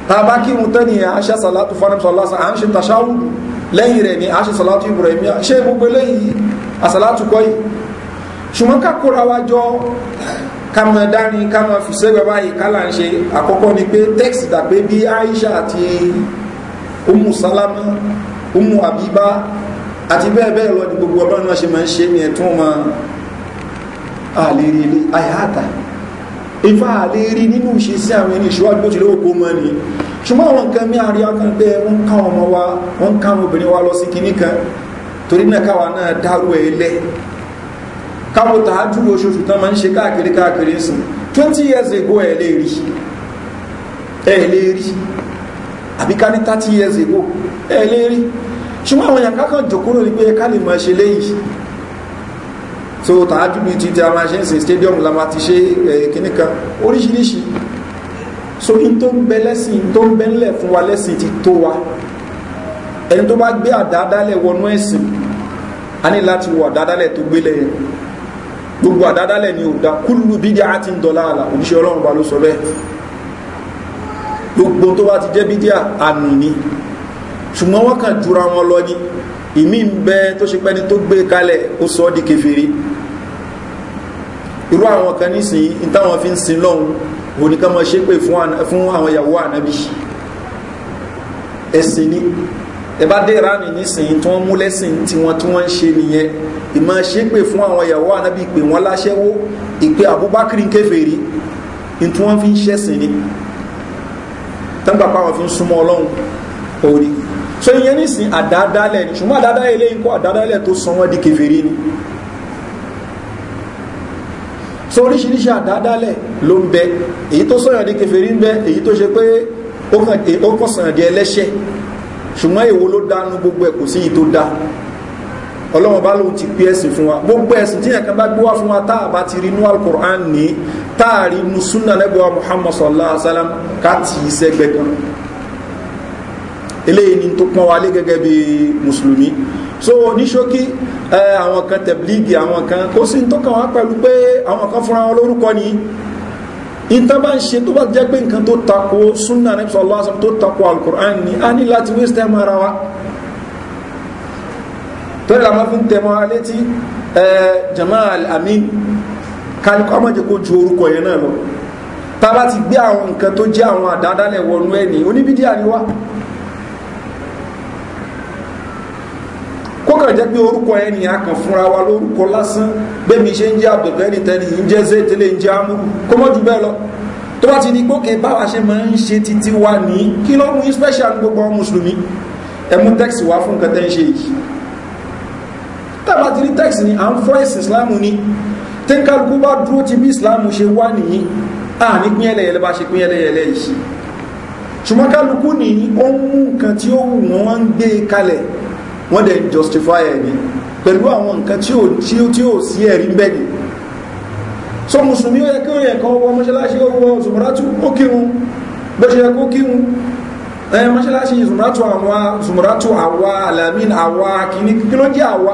tá a bá kí mu tẹ́ni àṣẹ sàlátù fanabi sọ̀lá sàn à ń ṣe tàṣáwù lẹ́yìn rẹ̀ ní àṣẹ sàlátù ibrahim ṣé gbogbo eléyìí àsàlátù kọ́ yìí ṣùgbọ́n ká kóra wá jọ kama dání kama fi sẹ́gbẹ̀ báyìí kálà ń ṣe àkọ́kọ́ ni pé tẹ́ksì dàgbé bí aisha ti umu salama umu abiba àti bẹ́ẹ̀ bẹ́ẹ̀ lọ ní gbogbo ọlọ́run náà ṣe máa ń ṣe ní ẹ̀tún ọmọ àlérí ilé àyàtà ifá àlérí nínú ìṣesí àwọn ẹni ìṣíwájú tó ti lówó kó mọ́ ni ṣùgbọ́n àwọn nǹkan mí àríyá kan pé wọ́n ká ọmọ wa wọ́n ká àwọn obìnrin wa lọ sí kinní kan torí náà káwa náà dárú ẹ̀ lẹ̀ káwọn tààjú oṣooṣù tán máa ń ṣe káàkiri káàkiri sùn twenty years ago ẹ̀ lè rí ẹ̀ lè rí àbí ká ní 30 years ago ẹ lè rí ṣùgbọ́n àwọn èèyàn kákan jòkúrò ní pé ká lè máa ṣe léyìí so tàájú bíi ti ti a máa ṣe ń ṣe stadium la máa ti ṣe kíní kan oríṣiríṣi so in tó ń bẹ lẹ́sìn tó ń bẹ ńlẹ̀ fún wa lẹ́sìn ti tó wa ẹni tó bá gbé àdáadáalẹ̀ wọnú ẹ̀sìn a ní láti wọ àdáadáalẹ̀ tó gbélé yẹn gbogbo àdáadáalẹ̀ ni ò dá kúlù bídí àti ń dọ̀lá àlà òjíṣẹ́ ọlọ́run ba ló sọ bẹ́ẹ̀ gbogbo tó bá ti jẹ́ bídíà ànù ni ṣùgbọ́n wọ́n kàn jura wọn lọ ní ìmí ń bẹ tó ṣe pẹ́ni tó gbé kalẹ̀ ó sọ ọ́ di kẹfìrí irú àwọn kan nísìnyí ní táwọn fi ń sin lọ́hùn òun mọ̀ ṣe pé fún àwọn ìyàwó ànábì ẹ̀sìn ni ẹ̀bá dé ìránì nísìnyí tí wọ́n mú lẹ́sìn tí wọ́n tí wọ́n ń ṣe nìyẹn ìmọ̀ ṣe pé fún àwọn ìyàwó ànábì pé wọ́n láṣẹ́wó ìpè àbúbákírí kẹfìrí ní tí wọ́n fi ń ṣẹ̀sìn ni tẹ́gbà pàwọn fi ń súnmọ́ ọlọ́run orí so ìyẹn nísìn àdádálẹ̀ ni ṣùgbọ́n àdádálẹ̀ ilé ikú àdádálẹ̀ tó san wọ́n di kèfèrí ni so oríṣiríṣi àdádálẹ̀ ló ń bẹ èyí tó sọ̀yàn di kèfèrí ń bẹ èyí tó ṣe pé ó kàn sàn ṣùgbọ́n èwo ló dánú gbogbo ẹ̀ sí èyí tó dá ọlọ́wọ́n bá lóun ti pé ẹ̀sìn fún wa gbogbo ẹ̀sìn tí yẹn bá gbé fún wa tá a bá ti rí inú alukur'an ní tá inú sunna lẹ́gbẹ̀ẹ́ wa muhammad sallallahu alaihi wasallam sallam ká tì í sẹ́gbẹ̀ kan eléyìí ni tó pọ́n wálé gẹ́gẹ́ bí mùsùlùmí so ní ṣókí àwọn kan tẹ̀blígì àwọn kan kó sí tó kàn wá pẹ̀lú pé àwọn kan fúnra wọn lórúkọ ni ìta bá ń ṣe tó bá jẹ́ pé nǹkan tó tako sunna nabi sallallahu alayhi wa sallam tó tako alukur'an ni a ní láti waste torí àwọn fi ń tẹmọ alétí jamal amin kálukọ́ ọmọ jẹ́ kó ju orúkọ yẹn náà lọ tá a ti gbé àwọn nǹkan tó jẹ́ àwọn àdádálẹ̀ wọnú ẹ̀ oníbídí àríwá kókàn jẹ́ pé orúkọ ẹni akàn fúnra wa lórúkọ lásán bẹ́mi ṣe ń jẹ́ àbẹ̀bẹ̀ ní tẹ́ni ń jẹ́ zé tẹ́lẹ̀ ń jẹ́ amúrù kó mọ́ jù bẹ́ẹ̀ lọ tó bá ti ní gbókè báwa ṣe máa ń ṣe títí wa ní kí ló special gbogbo mùsùlùmí ẹ̀mú tẹ́kisì wá fún nǹkan tẹ́ ń ṣe yìí tàbá ti rí text ni à ń fọ́ ẹ̀sìn islam ni tẹ́ńkálukú bá dúró ti bí islam ṣe wá nìyí à ní pín ẹlẹ́yẹlẹ́ bá ṣe pín ẹlẹ́yẹlẹ́ yìí ṣùgbọ́n kálukú ni ó ń mú nǹkan tí ó wù wọ́n ń gbé e kalẹ̀ wọ́n dẹ̀ justify ẹ̀ ni pẹ̀lú àwọn nǹkan tí ó tí ó tí ó sí ẹ̀rí ń bẹ̀gì so musulmi ó yẹ kí ó yẹ kan wọ mọ́ṣáláṣí owó zùmùrátù ó kírun bó ṣe yẹ kó kírun ẹ mọ́ṣáláṣí zùmùrátù àwa zùmùrátù àwa alamin àwa kìíní kí ló jẹ́ àwa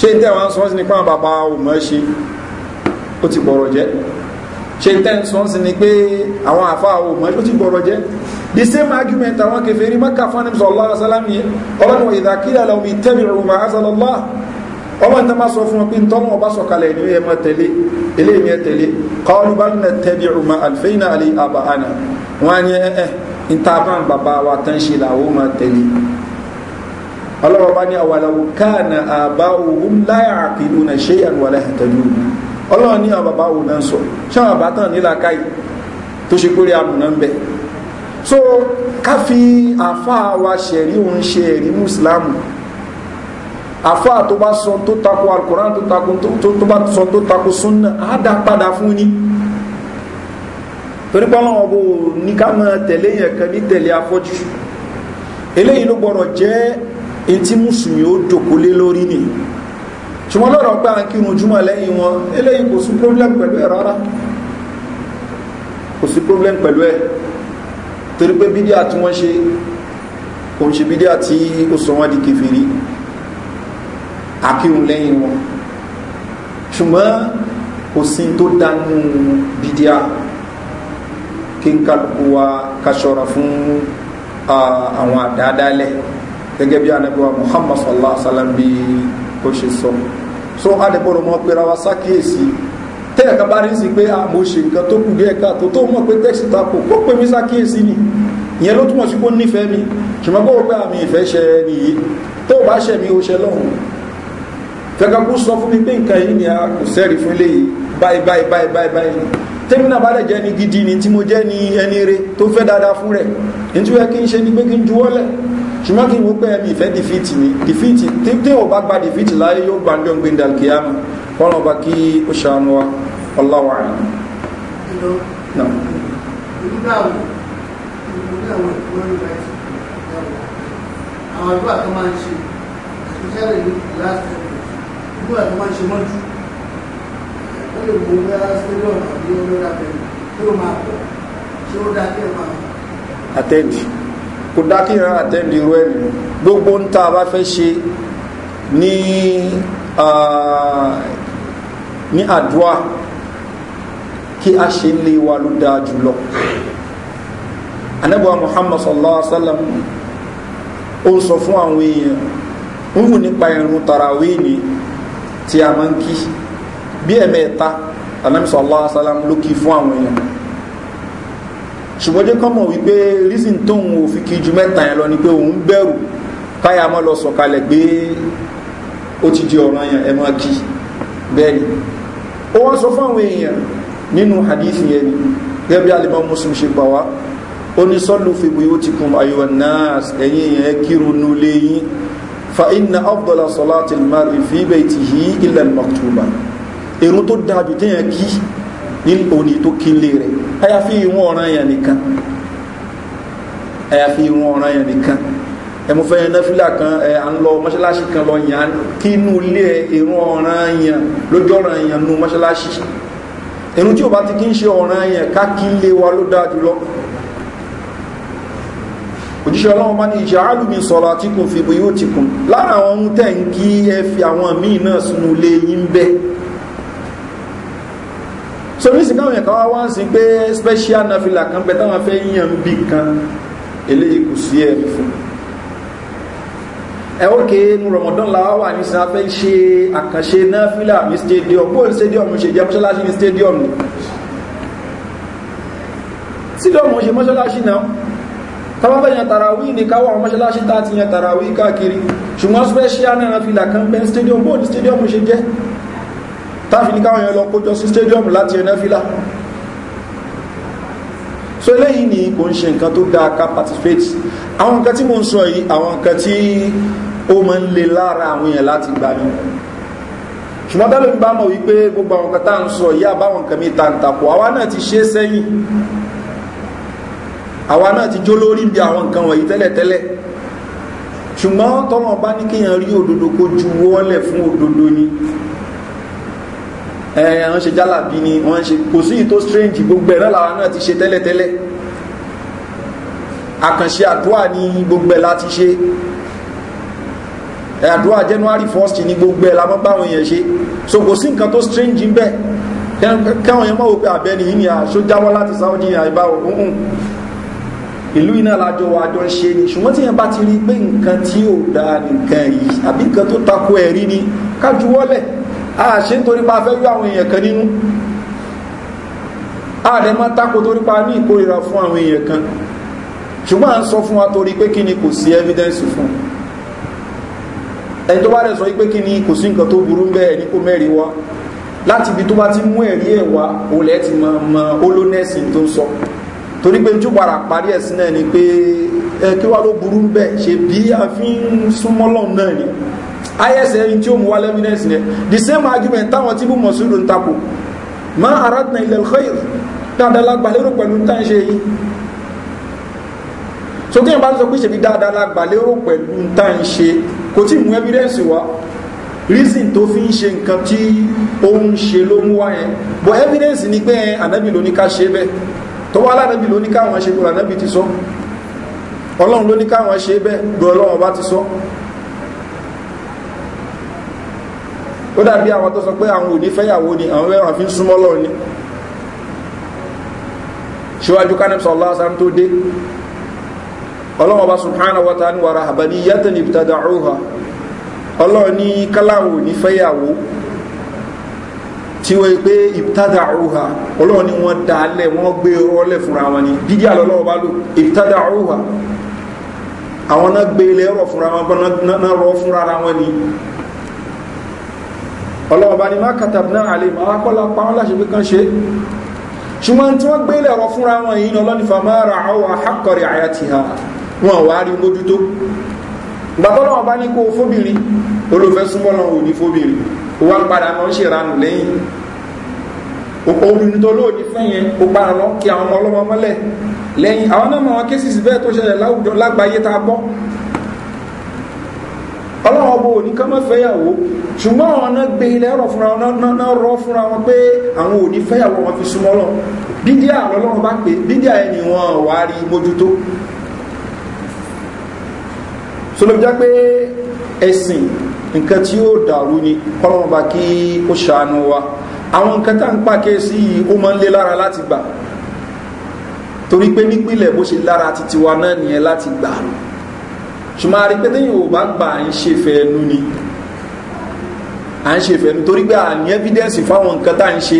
ṣé n tẹ́wọ́n sọ sí ni pé àwọn bàbá ò mọ̀ ṣe ó ti bọ̀rọ̀ jẹ́ ṣé n tẹ́wọ́n sọ sí ni pé àwọn àfa ò mọ̀ ṣe ó ti bọ̀rọ̀ jẹ́ the same argument àwọn kẹfẹ́rí mẹ́ka fún ẹnìmọ̀ sọ̀lá asálám yẹn ọlọ́run ìdákìlá lọ́wọ́ ìtẹ́bí rùmọ̀ asálọ́lá ọmọ ìta máa sọ fún wọn pé ń tọ́nà ọba sọ̀kalẹ̀ ní ẹ mọ́ tẹ̀lé ilé ìyẹn tẹ̀lé kọ́ọ̀lù bá nà tẹ̀bí rùmọ̀ àlùfẹ́yìn àlè àbáhánà wọn á ní ẹ ń ta bá ń bàbá wa tán ṣe làwọn máa tẹ̀lé ọlọ́wọ́ bá ní àwàlàwò káàna àbá òun láyà àpìlú na ṣe yàn wà láhìtàjú ọlọ́wọ́ ní àbàbá òun náà sọ ṣáwọn tó so ká fi àfá wa ṣẹ̀rí òun ṣe ẹ̀rí mùsùlámù àfá tó bá sọ tó tako alukoran tó tako tó bá sọ tó tako súnà á dá padà fún ni torí pọ́nlọ́wọ́ ní ká máa tẹ̀lé yẹn ní tẹ̀lé afọ́jú eléyìí ló gbọ́dọ̀ jẹ́ in tí mùsùlùmí ó dòkólé lórí ni ṣùgbọ́n lọ́rọ̀ pé à ń lẹ́yìn wọn eléyìí kò sí problem pẹ̀lú ẹ̀ rárá kò sí problem pẹ̀lú ẹ̀ torí pé bídíà tí wọ́n ṣe kò ń ṣe bídíà tí ó sọ wọ́n di kẹfìrí àkírun lẹ́yìn wọn ṣùgbọ́n kò sí tó dánú bídíà kí n kálukú wa ká fún àwọn àdáadáa lẹ́yìn gẹ́gẹ́ bí anabiwa muhammad sallallahu alaihi wa sallam bí ó ṣe sọ so adẹ́gbọ́dọ̀ mọ́ pera wa sákìyèsí tẹ́yà kan bá rí sí pé àmọ́ ṣe nǹkan tó kù díẹ̀ káàtó tó mọ̀ pé tẹ́kì tako kó pè mí sákìyèsí ni ìyẹn ló túmọ̀ sí pé nífẹ̀ẹ́ mi ṣùgbọ́n o pé àmì ìfẹ́ ṣe nìyí tó o bá ṣẹ̀ mi o ṣe lọ́hùn fẹ́kakú sọ fún mi pé nǹkan yìí ni a kò sẹ́rì fún ilé yìí báyìí báyìí báyìí báyìí báyìí tẹ́mi náà bá lẹ̀ jẹ́ ni gidi ni tí mo jẹ́ ni ẹni re tó fẹ́ dáadáa fún rẹ̀ nítorí kí n ṣe ni pé kí n juwọ́lẹ̀ ṣùgbọ́n kí n mú pé ẹni ìfẹ́ dìfíìtì ni dìfíìtì tí ò bá gba dìfíìtì láyé yóò gba ní ọgbẹ́ ìdàlùkìyàmù wọn lọ bá kí ó ṣàánú wa ọláwà rẹ̀. àwọn àdúrà tó máa ń ṣe especially ní last time àdúrà tó máa ń ṣe mọ́jú ó lè mú bá stadium àbí ọlọ́dà bẹ̀rẹ̀ tí ó máa pọ̀ ṣé ó dá kí ẹ máa. àtẹ́ǹdì kò dákìyàn àtẹ́ndì irú ẹni gbogbo ń ta bá fẹ́ ṣe ní ní àdúrà kí a ṣe lè wà ló dáa jùlọ anábọ̀ muhammad sallallahu alaihi wasallam ó ń sọ fún àwọn èèyàn ń wù nípa irun tàràwé ni tí a máa ń kí bí ẹ̀mẹ́ta anamisa allah salam ló kí fún àwọn èèyàn ṣùgbọ́n jẹ́ kọ́mọ̀ wípé reason tóun ò fi kí ju mẹ́ta yẹn lọ ni pé òun bẹ̀rù káyà mọ́ lọ sọ̀kalẹ̀ pé ó ti di ọ̀ràn yẹn ẹ̀ máa kí bẹ́ẹ̀ ni ó wá sọ fún àwọn èèyàn nínú hadithi yẹn ni gẹ́gẹ́ bí alimọ́ muslim ṣe gbà wá ó ní sọ́lù fi buyó ti kun ayọ̀ náà ẹ̀yìn yẹn kírun nulẹ̀ yín fa inna abdullah salati mari fi bẹ́ẹ̀ ti yí ilẹ̀ maktuba èrò tó dáa ju téèyàn kí ní òní tó kí rẹ̀ àyàfi ìwọ̀n ọ̀ràn yẹn nìkan àyàfi ìwọ̀n ọ̀ràn yẹn nìkan ẹmu fẹ́ nafila kan ẹ à ń lọ mọ́ṣáláṣí kan lọ yàn kí inú ilé irun ọ̀ràn yẹn lójú ọ̀ràn yẹn nu mọ́ṣáláṣí irun tí o bá ti kí ń ṣe ọ̀ràn yẹn ká kí ń lé wa ló dáa jùlọ òjíṣẹ́ ọlọ́run bá ní ìṣe alùmí sọ̀rọ̀ àti fìbò yóò ti kùn lára àwọn ohun tẹ̀ ń kí ẹ fi àwọn míì náà sínú ilé yín bẹ́ẹ̀ so nísìnyí káwọn yẹn káwọn wá ń sin pé special nafila kan bẹ táwọn fẹ́ yíyan bí kan eléyìí kò sí ẹ̀rí fún ẹ ó ké nu rọmọdán la wà ní sin afẹ́ ṣe àkànṣe nafila ní stadium bó ní stadium ṣe jẹ́ mọ́ṣáláṣí ní stadium ni stadium ṣe mọ́ṣáláṣí náà tọ́wọ́bẹ̀ yan tàràwí ní káwọ́ àwọn mọ́ṣáláṣí tá ti yan tàràwí káàkiri ṣùgbọ́n special náà fi làkán bẹ́ stadium bó ní stadium ṣe jẹ́ táàfin ní káwọn yẹn lọ kójọ sí stadium láti ẹ̀nà fílà so eléyìí ni kò ń ṣe nǹkan tó dáa ká participate àwọn nǹkan tí mo ń sọ yìí àwọn nǹkan tí ó máa ń le lára àwọn èèyàn láti gbà ní ṣùgbọ́n tẹ́lẹ̀ ń bá mọ̀ wípé gbogbo àwọn nǹkan tá ṣùgbọ́n tọ́wọ́n bá ní kéèyàn rí òdodo kó ju wọ́lẹ̀ fún òdodo ni ẹ eh, wọ́n ṣe jálàbí ni wọ́n ṣe kò sí ìtò strange gbogbo ẹ̀rọ làwọn náà ti ṣe tẹ́lẹ̀tẹ́lẹ̀ àkànṣe àdúrà ní gbogbo ẹ̀ láti ṣe eh, àdúrà january 1st ní gbogbo ẹ̀ lámọ́ báwọn èèyàn ṣe so kò sí nǹkan tó strange ń bẹ̀ káwọn èèyàn mọ̀ wò pé àbẹ́ni yìí ni àṣó jáwọ́ láti saudi àìbáwò ìlú iná lájọ wa jọ ń ṣe ni ṣùgbọ́n tí yẹn bá ti rí pé nǹkan tí ò dáa nìkan yìí àbí nǹkan tó takò ẹ̀rí ni ká juwọ́lẹ̀ a ṣe nítorí pa afẹ́ yọ àwọn èèyàn kan nínú a dẹ̀ máa tako torí ní ìkórira fún àwọn èèyàn kan ṣùgbọ́n à ń sọ fún wa torí pé kí ni kò sí evidence fún ẹni tó bá rẹ̀ sọ pé kí ni kò sí nǹkan tó burú bẹ́ẹ̀ ní kò mẹ́rin wá láti ibi tó bá ti mú ẹ̀rí ẹ̀ wá olè ti mọ mọ olónẹ́sì tó ń sọ torí pé ojú parí ẹ̀sìn náà ni pé kí wá ló burú bẹ́ẹ̀ ṣe bí a fi ń súnmọ́ náà ni ayẹsẹ̀ tí ó mú wálẹ̀ evidence yẹn the same argument táwọn tí bú mọ̀súlù ń takò ma aradna ilẹ̀ alkhair dáadáa la gbàlérò pẹ̀lú tá ń ṣe yìí so kí n bá sọ pé ṣe fi dáadáa la gbàlérò pẹ̀lú tá ń ṣe kò tí mú evidence wá reason tó fi ń ṣe nǹkan tí ó ń ṣe ló mú wá yẹn but evidence ni pé ànábì ló ní ká ṣe bẹ́ẹ̀ tó wá ló ní káwọn ṣe kó lànàbì ti sọ ọlọ́run ló ní káwọn ṣe bẹ́ẹ̀ gbọ́ ọlọ́run bá ti sọ ó dàbí àwọn tó sọ pé àwọn ò ní fẹ́yàwó ni àwọn fẹ́ wọn fi ń súnmọ́ lọ ni ṣíwájú kánẹ́bí sọ̀lá tó dé ọlọ́wọ́n bá subhana wa ta ni wa rahabani ọ̀hà ọlọ́wọ́n ní ní fẹ́yàwó tí wọ́n pé ibùtàdà ọ̀hà ọlọ́wọ́n wọ́n dalẹ̀ wọ́n gbé ọlẹ̀ ni dídí lò ọ̀hà àwọn ni ọlọ́ọ̀bá ni má katabna alim alákọ́lá pàwọn láṣẹ pé kán ṣe ṣùgbọ́n tí wọ́n gbé ilẹ̀ ọ̀rọ̀ fúnra wọn yìí ọlọ́nifà máa ra àwọn àkọrẹ̀ àyà ti ha wọn wà á rí mójútó gbàtọ́lọ́wọ́ bá ní kó fóbìnrin olùfẹ́ súnmọ́ lọ ò ní fóbìnrin ó wá ń padà mọ́ ṣe ìranù lẹ́yìn obìnrin tó lóòdì ọlọ́run ọbọ̀ òní ká má fẹ́yàwó ṣùgbọ́n àwọn náà gbé ilẹ̀ ọ̀rọ̀ fúnra wọn náà rọ́ fúnra wọn pé àwọn òní fẹ́yàwó wọn fi súnmọ́ lọ dídí àlọ́ ọlọ́run bá pè dídí àyẹ̀ni wọn wà á rí mójútó sọlọ́jà pé ẹ̀sìn nǹkan tí ó dàrú ni ọlọ́run bá kí ó ṣàánú wa àwọn nǹkan tá ń pàkẹ́ sí ó máa ń lé lára láti gbà torí pé nípìnlẹ̀ bó ṣe lára titiwa náà nìyẹn láti gbà ṣùgbọ́n a rí pé ba ò bá gbà ń ṣe fẹ́ẹ́nu ni à ń ṣe fẹ́ẹ́nu torí pé àní evidence fáwọn nǹkan tá à ń ṣe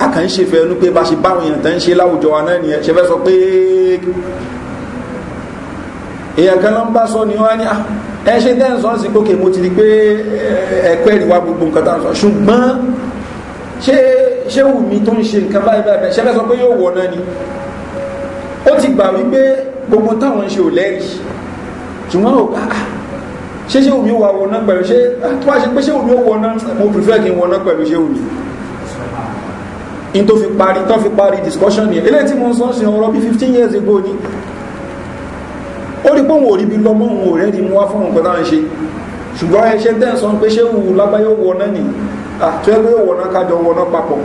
a kàn ń ṣe fẹ́ẹ́nu pé bá ṣe báwọn èèyàn tán ń ṣe láwùjọ wa náà nìyẹn ṣe fẹ́ sọ pé èèyàn kan ló ń bá sọ ni wọ́n á ní ah, ẹ ṣe tẹ́ ń sọ sí kókè mo ti di pé eh, ẹ̀pẹ́ ìwà gbogbo nǹkan tá à ń sọ ṣùgbọ́n ṣé ṣé wù mí tó ń ṣe nǹkan báyìí báyìí ṣe sọ pé yóò wọ̀ náà ni ó ti gbà wípé gbogbo táwọn ṣe ò lẹ́rìí ṣùgbọ́n ah, ah, ò ah, bá ṣe ṣe omi wà wọná pẹ̀lú ṣe tó wá ṣe pé ṣe omi ó wọná mo prefer kí n wọná pẹ̀lú ṣe omi in tó fi parí tó fi parí discussion yẹn eléyìí tí mo ń sọ ṣe ọ̀rọ̀ bí fifteen years ago ni ó rí pé òun ò rí bí lọ́mọ òun ò rẹ́ẹ̀dì mú wá fún nǹkan táwọn ṣe ṣùgbọ́n ẹṣẹ́ tẹ́ ń sọ pé ṣé òun lágbáyé wọná nìyí àtúwẹ́gbẹ́ wọná kájọ wọná papọ̀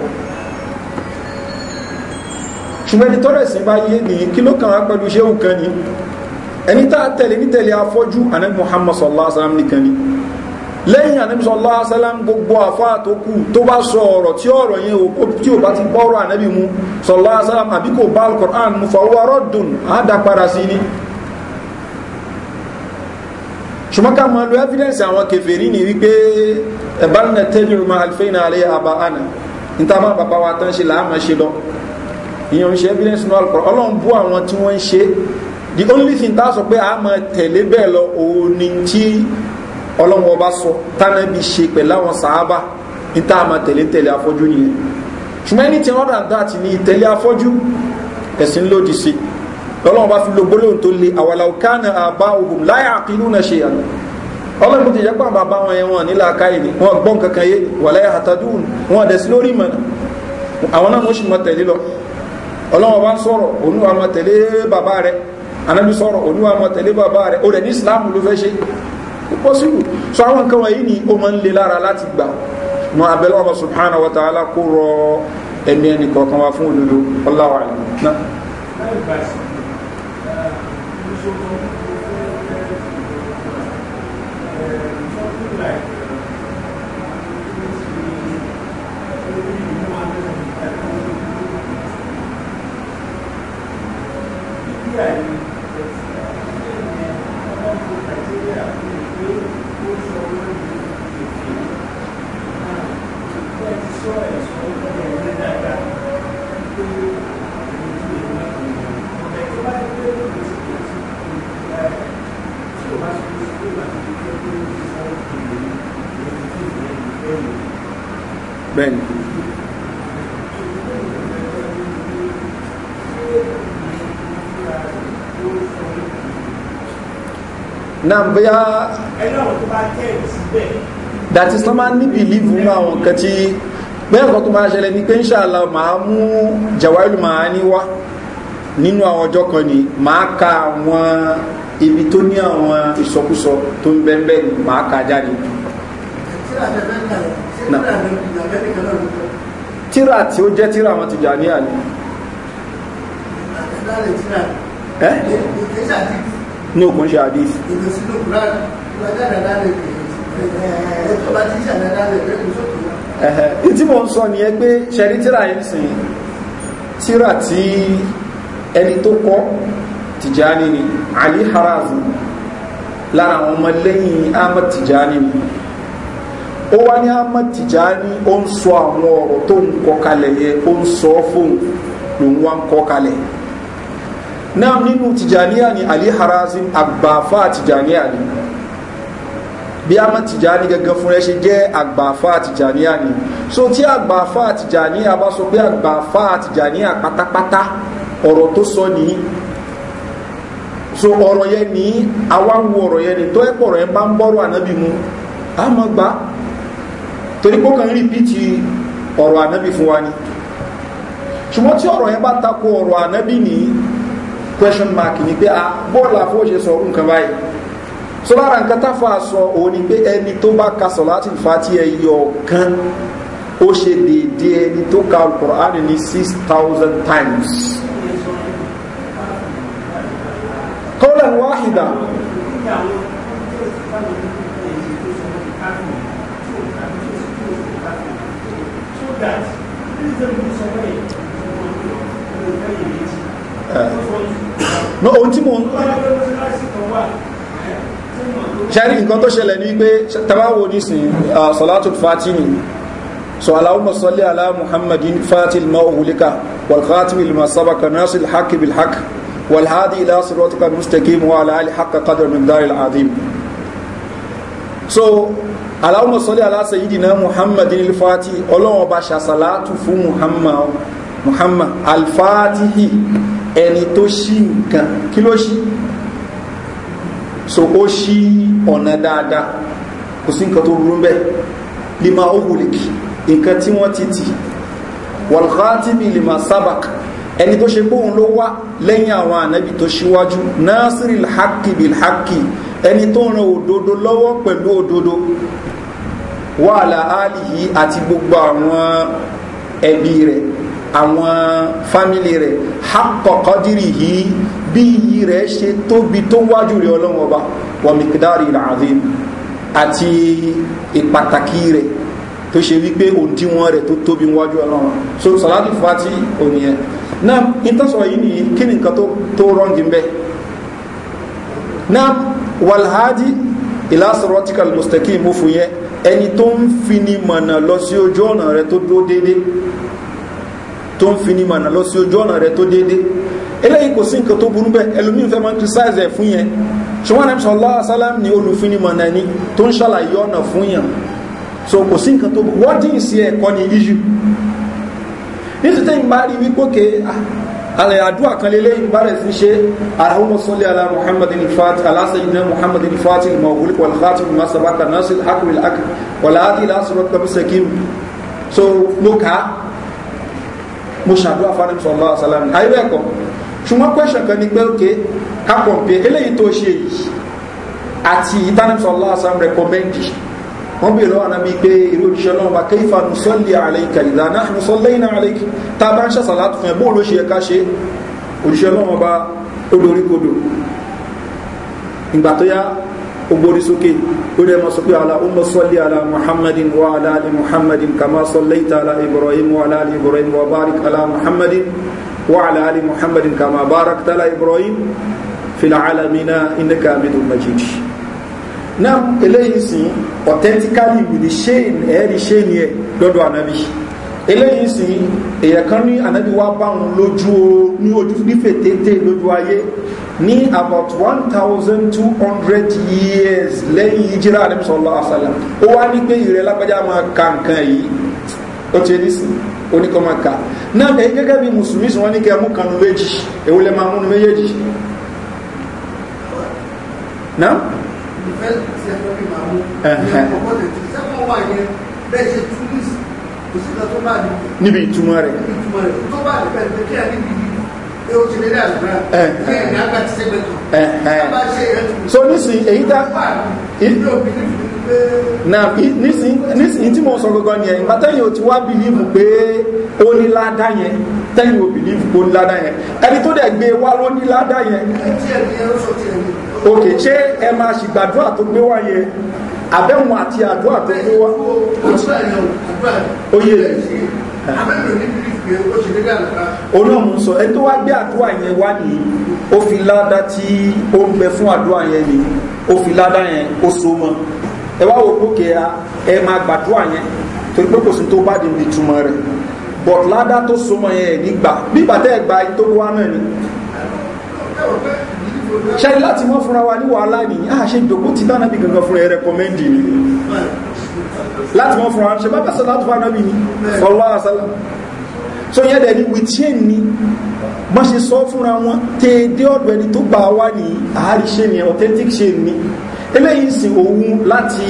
ṣùgbọ́n ẹni tọ́rọ̀ ẹ̀sìn bá yé ní kí ló kàn án pẹ̀lú ṣéwù kan ni ẹni tá a tẹ̀lé ní tẹ̀lé afọ́jú anabi muhammad sallallahu alaihi wasallam nìkan ni lẹ́yìn anabi sallallahu alaihi wasallam gbogbo àfa tó kù tó bá sọ ọ̀rọ̀ tí ọ̀rọ̀ yẹn o tí o bá ti gbọ́rọ̀ anabi mu sallallahu alaihi wasallam àbí kò bá alukur'an mu fa wà rọ́dùn á dá ni ṣùgbọ́n ká máa lo evidence àwọn kẹfẹ́rí ni wípé ẹ̀bá nà tẹ́lẹ̀ ìyẹn ń ṣe evidence náà Al-Qur'an ọlọ́run bú àwọn tí wọ́n ń ṣe the only thing tá a sọ pé a máa tẹ̀lé bẹ́ẹ̀ lọ òun ni tí ọlọ́run ọba sọ tánàbí ṣe pẹ̀lú àwọn sàábà ní tá a máa tẹ̀lé tẹ̀lé afọ́jú nìyẹn ṣùgbọ́n ẹni tí wọ́n dà dá ti ní ìtẹ̀lé afọ́jú ẹ̀sìn lòdì sí ọlọ́run bá fi lo gbólóhùn tó le àwàlà òkàna àbá ohùn láyà àpínú náà ṣe àná ọlọ́run ti yẹpọ̀ bàbá wọn ẹ̀wọ̀n nílà káyì ni wọn gbọ́n kankan yé wàlẹ́ àtàdúhùn wọn dẹ̀ sí lórí ìmọ̀nà àwọn náà wọ́n sì mọ tẹ̀lé lọ ọlọ́wọ́ bá sọ̀rọ̀ oníwà máa tẹ̀lé bàbá rẹ̀ anábì sọ̀rọ̀ oníwà máa tẹ̀lé bàbá rẹ̀ ó rẹ̀ ní ìsìláàmù ló fẹ́ ṣe púpọ̀ sílù sọ àwọn nǹkan wọ̀nyí ni ó máa ń le lára láti gbà mọ abẹ́lẹ́ ọmọ subhanahu wa ta'ala kó rọ ẹ̀mí ẹnì kọ̀ọ̀kan wa fún olùlò ọláwà náà. náà bóyá dàtí sọ máa ní bìlíìfù mú àwọn nǹkan tí bẹ́ẹ̀ kan tó máa ṣẹlẹ̀ ní pé inshallah máa mú jawailu máa ní wá nínú àwọn ọjọ́ kan ni máa ka àwọn ibi tó ní àwọn ìsọkúsọ tó ń bẹ́ẹ̀ máa ka jáde tíra tí ó jẹ́ tíra àwọn tìjà ní àná ẹ́ ní òkun ṣe hadith. ìlú sínú Quran ìgbà jáde lálẹ́ ẹ̀ẹ́ tó bá ti ṣàlẹ́ lálẹ́ ẹ̀ẹ́ kò sókè ẹ̀hẹ̀ tí mo ń sọ ni ẹ pé ṣẹ̀rí tíra ẹ̀ sìn tíra tí ẹni tó kọ́ Tìjání ni Ali Harazi lára àwọn ọmọ lẹ́yìn Ahmad Tìjání ni ó wá ní Ahmad Tìjání ó ń sọ àwọn ọ̀rọ̀ tó ń kọ kalẹ̀ yẹ ó ń sọ fóun lòun wá ń kọ kalẹ̀ yẹ náà nínú tìjàníyà ni ali harazim àgbàfà tìjàníyà ni bí a ma tìjàní gangan fún ẹ jẹ́ àgbàfà tìjàníyà ni so tí àgbàfà tìjàníyà bá sọ pé àgbàfà tìjàníyà pátápátá ọ̀rọ̀ tó sọ nìyí so ọ̀rọ̀ yẹn ní awáwo ọ̀rọ̀ yẹn ní tó ẹ̀pọ̀ rẹ̀ bá ń bọ́rọ̀ ànábì mu a mọ̀ gbá torí pé ó rìpíìtì ọ̀rọ̀ ànábì fún wa ni ṣùgbọ́n tí ọ̀rọ̀ yẹn bá tako ọ̀rọ̀ ànábì nìyí question mark ni pé ah bọ́ọ̀lù àfọwọ́ṣe sọ nǹkan báyìí so lára nǹkan táfà sọ òun ni pé ẹni tó bá ka sọ láti fa tí ẹ yọ kan ó ṣe déédé ẹni tó ka alukur'an ní six thousand times kọ́lẹ̀ wáhìdá that reason is a way to no ohun tí mo ń ṣẹ́rí nǹkan tó ṣẹlẹ̀ ní pé tàbáwò nísìn salatu fati ni so allahumma salli ala muhammadin fatil ma'ulika wal khatim lil masabaka nasil haqqi bil haqq wal hadi ila siratika mustaqim wa ala ali haqqa qadra min daril azim so allahumma salli ala sayyidina muhammadin al fati ọlọ́wọ́n ba ṣàṣàlátù fún muhammad muhammad ẹni tó ṣí nǹkan kí ló ṣí so ó ṣí ọ̀nà dáadáa kò sí nǹkan tó burú bẹ́ẹ̀ lima ohulik nǹkan tí wọ́n ti tì wàlúkátìmí lima sábàk ẹni tó ṣe pé òun ló wá lẹ́yìn àwọn ànábì tó ṣíwájú nasiri alhaki bilhaki ẹni tó ran òdodo lọ́wọ́ pẹ̀lú òdodo wàhálà alihi àti gbogbo àwọn ẹbí rẹ̀ àwọn fámìlì rẹ̀ hakọ̀kọ́dìrì yìí bí iyì rẹ̀ ṣe tóbi tó wájú rẹ̀ ọlọ́run ọba wàmíkìdárì ràdìm àti ìpàtàkì rẹ̀ tó ṣe wípé òdiwọ̀n rẹ̀ tó tóbi wájú ọlọ́run so sàlátì fati ònìyẹn náà ìtọ́sọ̀rọ̀ yìí nìyí kí ni nǹkan tó rọ́ǹgì ń bẹ́ náà wàlhádi ìlàsọ̀rọ̀tìkàl mustaqim mú fún yẹn ẹni tó ń fini mọ̀nà lọ sí ojú ọ̀nà rẹ̀ tó dúró déédéé tó ń fini mọ̀nà lọ sí ojú ọ̀nà rẹ tó déédé eléyìí kò sí nǹkan tó burú bẹ́ẹ̀ ẹlòmíín fẹ́ máa ń criticize ẹ̀ fún yẹn ṣùgbọ́n àmì sọ̀lá asálàm ni olùfini mọ̀nà ni tó ń ṣàlàyé ọ̀nà fún yẹn so kò sí nǹkan tó burú wọ́dìn sí ẹ̀kọ́ ni issue nítorí tẹ́yìn bá rí wípókè alẹ́ ah, àdúrà kan lélẹ́ ìbárẹ̀ sí ṣe Allahumma salli ala muhammadin fati alásẹ̀yìnà muhammadin fati mawulik walhati masabaka nasir hakumil akar wàlá adìlá sọ̀rọ̀ kamisẹ̀kìm so ló kàá mo ṣàdúrà fáwọn sọlá àṣàlámì ayébẹ̀ ẹ̀kọ́ ṣùgbọ́n pẹ́ṣọ̀ kan ni pé òkè kápọ̀ pé eléyìí tó ṣe yìí àti ìtànàm sọlá àṣàlámì rẹ̀kọ́mẹ́ndì wọ́n bèèrè lọ́wọ́ àná bíi pé ìró ìṣẹ́ lọ́wọ́ bá kéfà nùsọ́lì àlẹ́kà ìlànà nùsọ́lẹ̀ iná àlẹ́kì tá a bá ń ṣàṣàlá fún ẹ bó ló ṣe ẹ̀ka ṣe òṣìṣẹ́ ìgbà tó yá ó gbórí sókè ó dẹ̀ máa sọ pé ala ó mọ sọ́lé ala muhammadin wa ala ali muhammadin kama sọ́lẹ́ta ala ibrahim wa ala ali ibrahim wa barik ala muhammadin wa ala ali muhammadin kama barakta ala ibrahim fìlà alamina innaka hamidun majid náà eléyìí sìn authentically with the shame ẹ̀ẹ́rì shame yẹ lọ́dọ̀ anabi eléyìí sì èyàn kan ní ànábì wá báwọn lójú ní ojú nífẹ̀ téńté lójú ayé ní about one thousand two hundred years lẹ́yìn ìjírá ànábì sọ̀rọ̀ àṣàlà ó wá ní pé ìrẹ́ lágbájá máa ka nǹkan yìí ó ti ní sí oníkan máa ka náà ẹ̀yìn gẹ́gẹ́ bí mùsùlùmí sọ wọ́n ní kí ẹ mú kanu méjì èwo lẹ máa múnu méjèèjì náà ẹ̀hẹ̀ níbi ìtumọ̀ rẹ̀ so nísìn èyí tá na nísìn tí mo sọ gọ́gọ́ ni ẹ̀yìn bá ò ti wá bìlífù pé ó ní ládá yẹn tẹ́yìn ò bìlífù pé ó ní ládá yẹn ẹni tó dẹ̀ gbé wá ló ní ládá yẹn ok ṣé ẹ máa ṣìgbàdúrà tó gbé abẹ́wọn àti àdó àtọ́jú wa. oyè olóòmù sọ ẹ tó wá gbé àdúrà yẹn wá nìyí ó fi ládá tí ó ń bẹ fún àdúrà yẹn nìyí ó fi ládá yẹn ó so mọ ẹ wá wò ó kẹ ẹ máa gbàdúrà yẹn torí pé kò sí tó bá di ibi rẹ̀ bọ̀t ládá tó so mọ yẹn nígbà bí bàtẹ́ ẹ̀ gba ìtókòwá náà ni ṣẹ́rí láti mọ́ fúnra wa ní wàhálà ní àṣẹ ah, ìjòkó ti dáná bí gangan fún ẹrẹ kọmẹ́ndì ni láti mọ́ fúnra ṣe bábá sọ́lá tó fánà bí ní fọ́lá àṣálà so yẹ́ dẹ̀ ní wìtíẹ̀ ní mọ́ ṣe sọ fúnra wọn tẹ́ẹ̀dé ọ̀dọ̀ ẹni tó gbà wá ní àárí ṣe ní authentic ṣe ní eléyìí sì òun láti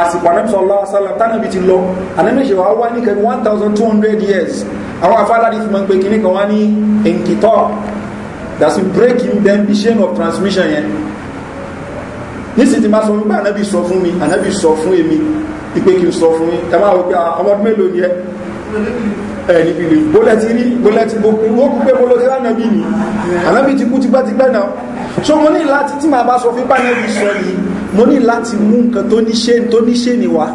àsìkò anẹ́bìsọ̀lá àṣálà tánàbí ti lọ anẹ́bìsọ̀ wa wá ní kẹ́ 1200 years àwọn afárá that will break him then the chain of transmission yẹn nísìtì máa sọ wípé ànábì sọ fún mi ànábì sọ fún èmi ipe kí n sọ fún yín ẹ máa wọ pé ọmọdún mélòó ni ẹ ẹ níbi rè bólẹ̀ ti rí bólẹ̀ ti gbogbo ó kú pé bólẹ̀ ti rá ànábì ni ànábì ti kú tipẹ́tipẹ́ náà so mo ní láti tí màá bá sọ fún pànábì sọ yìí mo ní láti mú nǹkan tó ní ṣe tó ní ṣe ni wa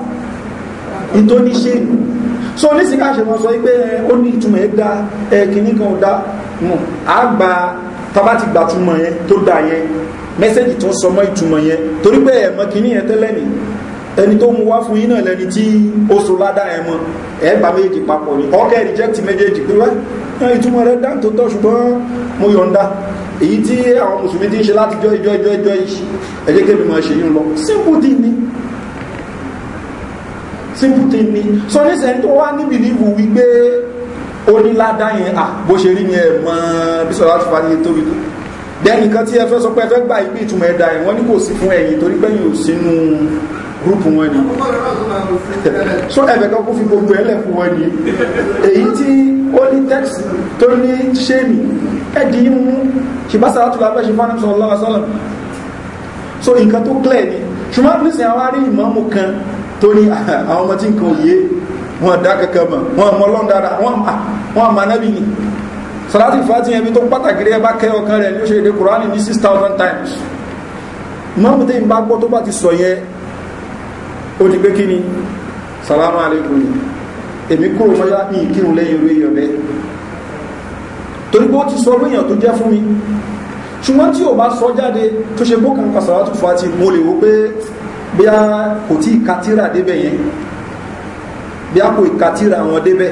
ní tó ní ṣe so nísìnyí ká ṣe mọ sọ pé ó ní ìtumọ̀ ẹ dá ẹ kìnnìkan ò dá mọ̀ àgbà tàbá ti gbà túmọ̀ yẹn tó dà yẹn mẹ́sẹ̀jì tó sọ mọ́ ìtumọ̀ yẹn torí pé ẹ̀mọ́ kìíní yẹn tẹ́lẹ̀ ni ẹni tó mú wá fún yín náà lẹni tí ó so ládá ẹ̀ mọ́ ẹ̀ bá méjèèjì papọ̀ ni ọkẹ́ rìjẹ́tì méjèèjì pé wá ìtumọ̀ rẹ̀ dá tó tọ́ ṣùgbọ́n mo yọ̀ǹda èyí tí àwọn mùsùlùmí ti ń ṣe láti jọ ìjọ ìjọ ìjọ ìṣì ẹjẹ́ kébì máa ṣe yín lọ simple thing ni simple thing ni so nísìnyí tó wá níbi níbu wípé oníládá yẹn à bó ṣe rí yẹn mọ́ bí sọ̀rọ̀ láti fa níye tóbi tó dẹ́nì kan tí ẹ fẹ́ sọ pé ẹ fẹ́ gbà ibi ìtumọ̀ ẹ̀dá yẹn wọ́n ní kò sí fún ẹ̀yìn torí pé yìí ò sínú gúrùpù wọn ni so ẹ̀bẹ̀ kan kó fi gbogbo ẹlẹ́kùn wọn ni èyí tí ó ní tẹ́kìsì tó ní ṣéèmì ẹ̀dì mú ṣìbáṣà láti lábẹ́ ṣe fánà sọ lọ́wọ́ sọ́lọ̀ so nǹkan tó clear ni ṣùgbọ́n nísìn àwọn arí ìmọ̀mù kan tó ní ah, àwọn ọmọ tí nǹkan òye wọn dá kankan mọ̀ wọn mọ́ lọ́ndára wọn ah, wọn àmà nábì ni sàlátì fati ẹbí tó pàtàkì rẹ bá kẹ́ ọkàn rẹ ní ó ṣe èdè kùránì ní 6000 times mọ́mù tí ń bá gbọ́ tó bá ti sọ yẹn ó ti gbé kí ni salamu alaikum èmi kúrò mọ́yá ní ìkírun lẹ́yìn orí èèyàn torí pé ó ti sọ lóyìn tó jẹ́ fún mi ṣùgbọ́n tí ò bá sọ jáde tó ṣe bó kan kàsàlátù fàtí mo lè wo pé bí a kò tí ìkatírà débẹ̀ yẹn bí a kò ìkatírà wọn débẹ̀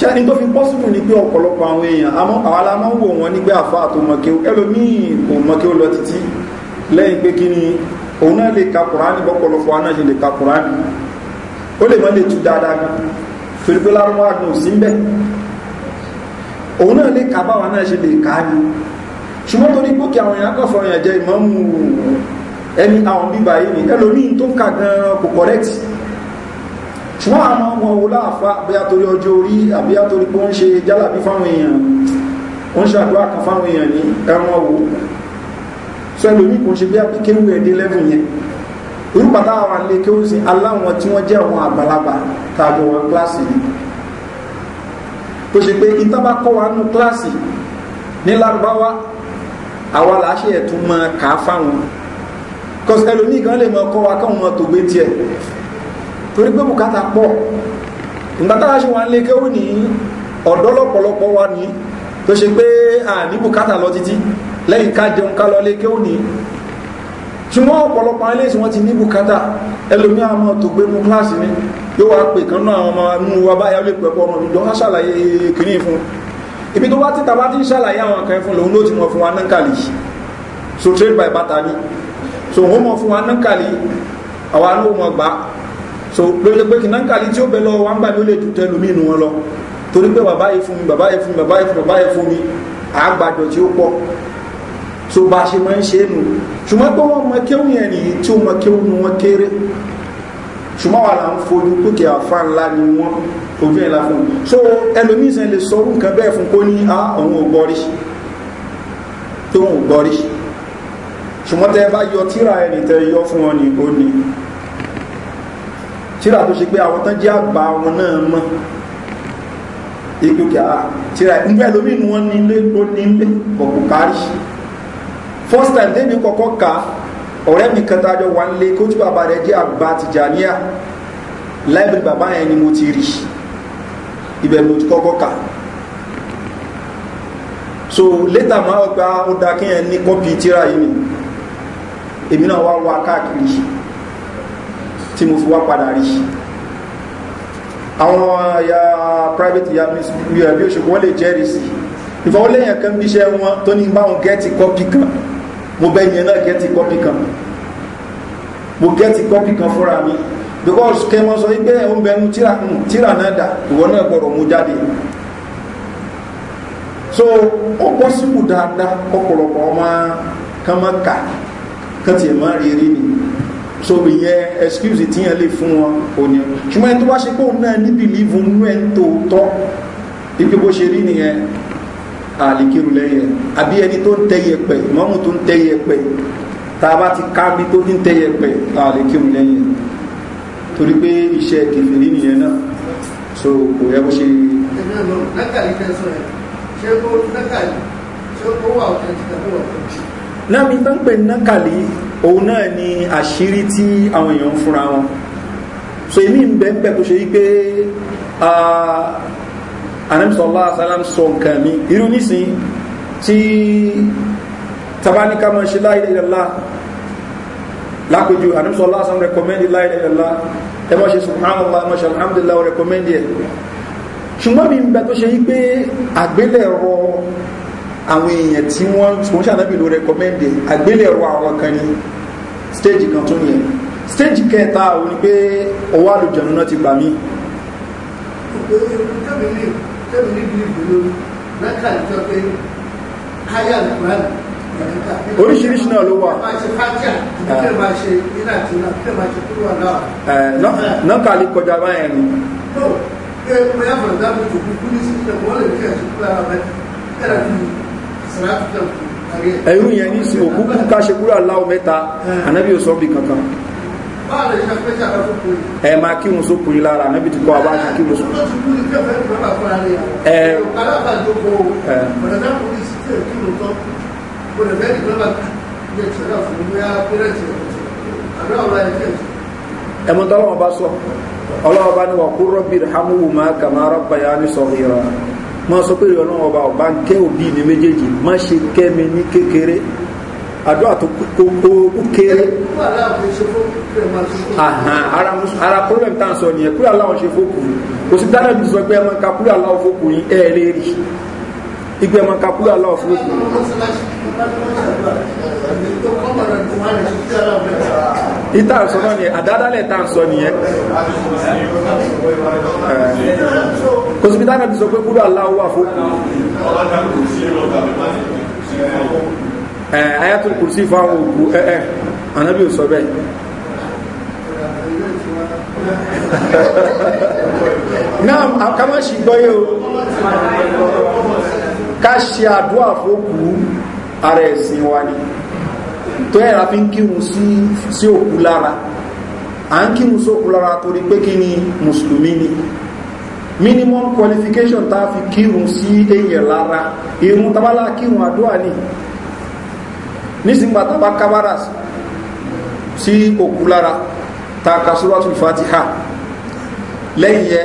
sẹ́ni tó fi pọ́sùmù ní pé ọ̀pọ̀lọpọ̀ àwọn èèyàn àmọ́ àwọn alámọ́ wò wọ́n nígbé àfá àtò mọ̀kéwò ẹlòmíì kò mọ̀kéwò lọ títí lẹ́yìn pé kí ni òun náà lè ka kùránì bọ́pọ̀lọpọ̀ aná ṣe lè ka kùránì ó lè mọ́ lè tú dáadáa torí pé lárúbáwá gùn sí ń bẹ̀ òun náà lè ka báwa náà ṣe lè ka ni ṣùgbọ́n àwọn ọmọ wo láàfá àbíyátorí ọjọ́ orí àbíyátorí pé wọ́n ṣe jálàbí fáwọn èèyàn wọ́n ṣàdúrà kan fáwọn èèyàn ní ẹran ọ̀wọ́ sọ ẹlòmí kò ń ṣe bí akéwù ẹ̀dẹ́ lẹ́bùn yẹn irú bàtà àwọn alẹ́ kéwù sí aláwọn tí wọ́n jẹ́ àwọn àgbàlagbà tàbí wọn kíláàsì yìí tó ṣe pé ìtàbà kọ́ wa nù kíláàsì ní lárúbáwá àwa làáṣẹ ẹ̀tún mọ kàá fáwọn kọ́sẹ̀ torí pé bùkátà pọ̀ ìgbàtàrà ṣe wà ń lé kéwù ní ọ̀dọ́ lọ́pọ̀lọpọ̀ wa ní tó ṣe pé à ní bùkátà lọ títí lẹ́yìn ká jẹun ká lọ lé kéwù ní ṣùgbọ́n ọ̀pọ̀lọpọ̀ aléṣì wọ́n ti ní bùkátà ẹlòmí àmọ́ tó gbé mú kíláàsì ní yóò wá pè kan náà ọmọ mú wa báyà lè pẹ̀pọ̀ ọmọ mi dán ṣàlàyé kìíní fún ibi tó bá ti tàbá ti ń ṣàlàyé àwọn kan fún lòun ló ti mọ̀ fún wa nánkàlì so trade by bata ni so wọ́n mọ̀ fún wa nánkàlì àwa ló mọ̀ gbà so lórí pé kìnnáńkàlì tí ó bẹ lọ wá ń gbà mí ó lè dùn tẹlómi inú wọn lọ torí pé bàbá yìí fún mi bàbá yìí fún mi bàbá yìí fún mi bàbá yìí fún mi àgbàdọ̀ tí ó pọ̀ so bá a ṣe máa ń ṣe é nù ṣùgbọ́n pé wọ́n mọ kéwù yẹn nìyí tí ó mọ kéwù nu wọn kéré ṣùgbọ́n wà là ń fojú pé àfa ńlá ni wọ́n ojú ẹ̀ la fún un so ẹlòmíì sẹ́n lè sọ nǹkan bẹ́ẹ̀ fún kó ní á òun ò gbọ́rí tóun ò gbọ́rí ṣùgbọ́n tẹ́ bá yọ tíra ẹni tẹ́ yọ fún wọn ni ó ní tíra tó ṣe pé àwọn tán jẹ́ àgbà wọn náà mọ́ ìgbòkè àá tíra ìgbẹ́ lómi ni wọ́n nílé ló nílé bọ̀kù kárí first time débi kọ́kọ́ ka ọ̀rẹ́ mi kan tájọ wà nílé kó tí bàbá rẹ̀ jẹ́ àgbà tìjàníà láìpẹ́ bàbá yẹn ni mo ti rí ibẹ̀ mo ti kọ́kọ́ ka so later máa gba ó da kéèyàn ní kọ́pì tíra yìí ni èmi náà wá wá káàkiri yìí tí mo fi wá padà rí àwọn ya private ya bí òṣèlú wọ́n lè jẹ́rìí sí ìfọwọ́lẹ́yìn kan bí iṣẹ́ wọn tó ní báwọn gẹ́ẹ̀tì kọ́pì kan mo bẹ́ yẹn náà gẹ́ẹ̀tì kọ́pì kan mo gẹ́ẹ̀tì kọ́pì kan fúnra mi because kẹmọ sọ wípé ẹ̀hún bẹnu tíra náà dà ìwọ náà gbọ́dọ̀ mú jáde so ó bọ́ síkù dáadáa ọ̀pọ̀lọpọ̀ ọmọ kan máa kà kan tiẹ̀ máa rí rí ni so ìyẹn excuse tí yẹn lè fún wọn ò ní ṣùgbọ́n ẹni tó bá ṣe pé òun náà ní bìlíìfù nínú ẹ̀ ń tó tọ́ ipe bó ṣe rí nìyẹn àlìkírù lẹ́yẹ àbí ẹni tó ń tẹ́yẹ pẹ̀ mọ́mù tó ń tẹ́yẹ pẹ̀ tá a bá ti ká bí tó ń tẹ́yẹ pẹ̀ àlìkírù lẹ́yẹ torí pé iṣẹ́ kìfìrí nìyẹn náà so kò yẹ bó ṣe rí. ẹ̀mí ọ̀nà lákàlí tẹ́sán ẹ̀ ṣé ó lákàlí ṣé ó wà ọ̀tẹ̀ ti tàbí wà ọ̀tẹ̀ ti. náà mi tán òun náà ni àṣírí tí àwọn èèyàn ń fúnra wọn so èmi ń bẹ́ ń bẹ́ tó ṣe wípé anamsọ́lá asálám sọ nǹkan mi irú nísìn tí tabaníkà máa ṣe láìlẹ̀ ìlàlá lápẹjù anamsọ́lá asálám rẹ̀kọ́mẹ́ndì láìlẹ̀ ìlàlá ẹ máa ṣe subhanallah ẹ máa ṣe alhamdulillah rẹ̀kọ́mẹ́ndì ẹ̀ ṣùgbọ́n mi ń bẹ́ tó ṣe wípé àgbélẹ̀rọ àwọn èèyàn tí wọ́n wọ́n ṣànábì ló rẹkọmẹ́ndì àgbélẹ̀rọ àwọn kan ní stéèjì kan tó nìyẹn stéèjì kẹta òun ni pé ọwọ́ àlùjọ̀nù náà ti gbà mí. oríṣiríṣi náà ló wà. nọ́ọ̀kà lè kọjá báyẹn ni pé pé àfọ̀dá mi tòkú kú ní sílẹ̀ wọ́n lè kí kúlára bẹ́ẹ̀ ẹ̀rọ ẹ̀rú yẹn ní ìsìn òkú kú ká ṣe kúrò aláwọ̀ mẹ́ta ànábì ò sọ́bì kankan ẹ máa kírun sókùnrin lára ànábì ti kọ́ àbá ṣe kírun sókùnrin ẹ ẹmọ tọ́lọ́wọ́ bá sọ ọlọ́wọ́ bá ní wà kú rọ́bì hàmúhùmá kàmá rọ́bà yá ní sọ̀rọ̀ mọ́ sọ pé ọlọ́run ọba ọba ń kẹ́ òbí mi méjèèjì má ṣe kẹ́ mi ní kékeré àdúrà tó kó kéré ara problem tá à ń sọ nìyẹn kúrò aláwọ̀ ṣe fókù kò sí dáná bí sọ pé ẹ máa ka kúrò aláwọ̀ fókù yín ẹ̀ẹ́rẹ́rì ìgbẹ́ máa ka kúrò aláwọ̀ fókù yín. ìta ń sọ náà nìyẹn àdádálẹ̀ ta ń sọ nìyẹn kò sí pítánà ti sọ pé kúrò aláwọ̀ àfókù ayatul kursi fún àwọn òkú ẹ̀ẹ́ ànábì ò sọ bẹ́ẹ̀ náà àkámáṣì gbọ́yé o ká ṣe àdúà àfókù ara ẹ̀sìn wa ni tẹ́ẹ̀rà fi ń kírun sí òkú lára à ń kírun sókú lára torí pé kí ni mùsùlùmí ni minimum qualification tá a fi kírun sí èèyàn lára irun tabálá kírun àdúrà ni nísìngbà tábà kábàrà sí òkú lára ta kasúrọ́tù fatiha lẹ́yìn yẹ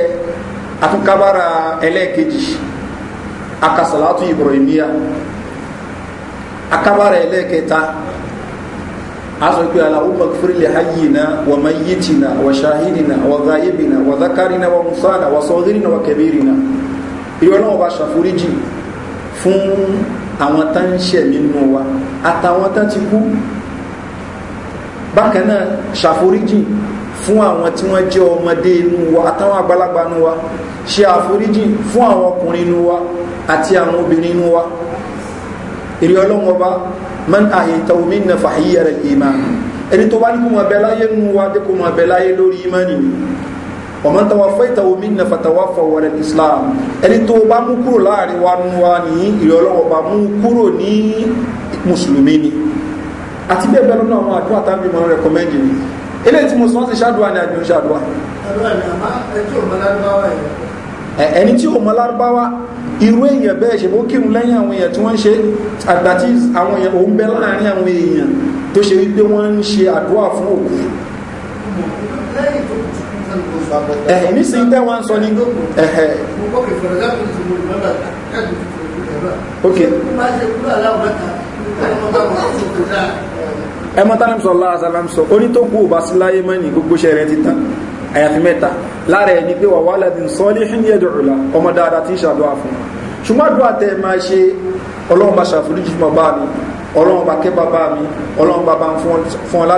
àtúnkábára ẹlẹ́ẹ̀kejì akasalatu ibrahimiya akabara ẹlẹ́ẹ̀kẹta aso pe allahumma ighfir li hayyina wa mayyitina wa shahidina wa ghaibina wa dhakarina wa musana wa saghirina wa kabirina ìwọ náà bá ṣàforíjì fún àwọn tán ń ṣẹ̀ wa àtàwọn tán ti kú bákan náà ṣàforíjì fún àwọn tí wọ́n jẹ́ ọmọdé inú wa àtàwọn àgbàlagbà inú wa ṣe àforíjì fún àwọn ọkùnrin inú wa àti àwọn obìnrin inú wa èrè ọlọ́wọ́n bá man àyètà omi nà fàáyé rẹ̀ ìmá ẹni tó bá ní kó máa bẹ láyé nu wa dé kó máa bẹ láyé lórí ìmá nìyí ọmọ tó wà fẹ́ ìtàwọn mi nà fàtàwà fọwọ́ rẹ̀ islam ẹni tó bá mú kúrò láàrin wa nu wa ní ìrẹ̀ ọlọ́wọ́ mú kúrò ní mùsùlùmí ni àti bẹ́ẹ̀ bẹ́ẹ̀ lọ́nà àwọn àdúrà tábí mọ́ rẹ̀kọ́mẹ́ndì ni eléyìí tí mo sọ́n ti ṣáàdùà ni àbí ó ṣáàdùà. àdúrà ni àmá ẹjọ́ ìmọ̀lá ẹni tí ó mọ lárúbáwá irú èèyàn bẹ́ẹ̀ ṣe bó kírun lẹ́yìn àwọn èèyàn tí wọ́n ṣe àgbà tí àwọn èèyàn òun bẹ láàrin àwọn èèyàn tó ṣe wípé wọ́n ń ṣe àdúrà fún òkú ẹ̀hìn nísìnyí tẹ́ wọ́n ń ok ẹmọ tánàmùsọ̀ láàzàlámùsọ̀ onítọ́kù ò bá sí láyé mọ́ ní gbogbo ṣẹ̀rẹ̀ ti tán àyàfi mẹ́ta lára ẹni pé wàwá lẹ́dìn sọ́líhìn yẹ́dùrùlá ọmọ dáadáa tí ń ṣàdúrà fún ṣùgbọ́n àdúrà tẹ́ máa ṣe ọlọ́run bá ṣàforíjì fún ọba mi ọlọ́run bá kẹ́ bàbá mi ọlọ́run bàbá ń fún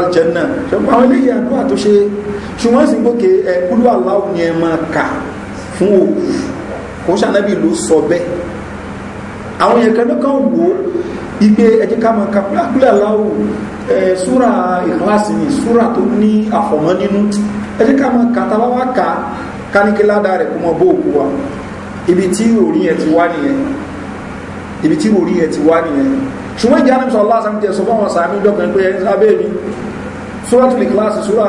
igbe ẹjẹ́ ká máa kàkúlẹ̀ àkúlẹ̀ aláwò ṣúra ìkláàsì ni ṣúra tó ní àfọ̀mọ́ nínú ẹjẹ́ ká máa kàtà bá wá ká káníkíládà rẹ̀ kó mọ bó òkú wa ibi tí ìròyìn ẹ̀ ti wá nìyẹn ibi tí ìròyìn ẹ̀ ti wá nìyẹn ṣùgbọ́n ìjà ní sọ̀rọ̀ lásán sọ fún sàmì dọ́gbọ̀n pé ẹni sábẹ́ mi ṣúra tó lè kíláàsì ṣúra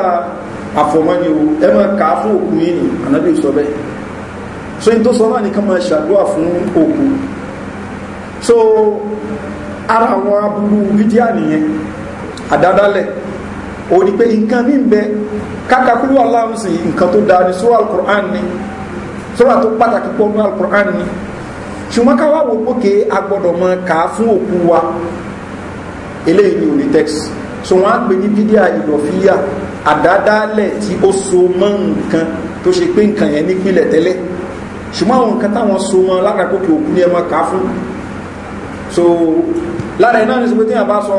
àfọ̀mọ́ ni o ẹ máa kà á fún òkú yìí ni ànábì sọ bẹ́ẹ̀ so in tó sọ náà nìkan máa ṣàdúrà fún òkú so ara àwọn aburú bídíà nìyẹn àdádálẹ̀ ò ní pé nǹkan ní bẹ kákàkúrú aláhùnsì nǹkan tó dáa ní sórà alukur'an ni sórà tó pàtàkì pọ̀ ní alukur'an ni ṣùgbọ́n káwá wo gbókè agbọ́dọ̀ mọ kàá fún òkú wa eléyìí ni olitex so wọ́n á gbé ní bídíà ìdọ̀fíyà àdádálẹ̀ tí ó so mọ́ nǹkan tó ṣe pé nǹkan yẹn nípìnlẹ̀ tẹ́lẹ̀ ṣùgbọ́n àwọn nǹkan táwọn so mọ́ lára òkú ni ẹ so lára iná ní sọpẹ́tẹ́ àbá sọ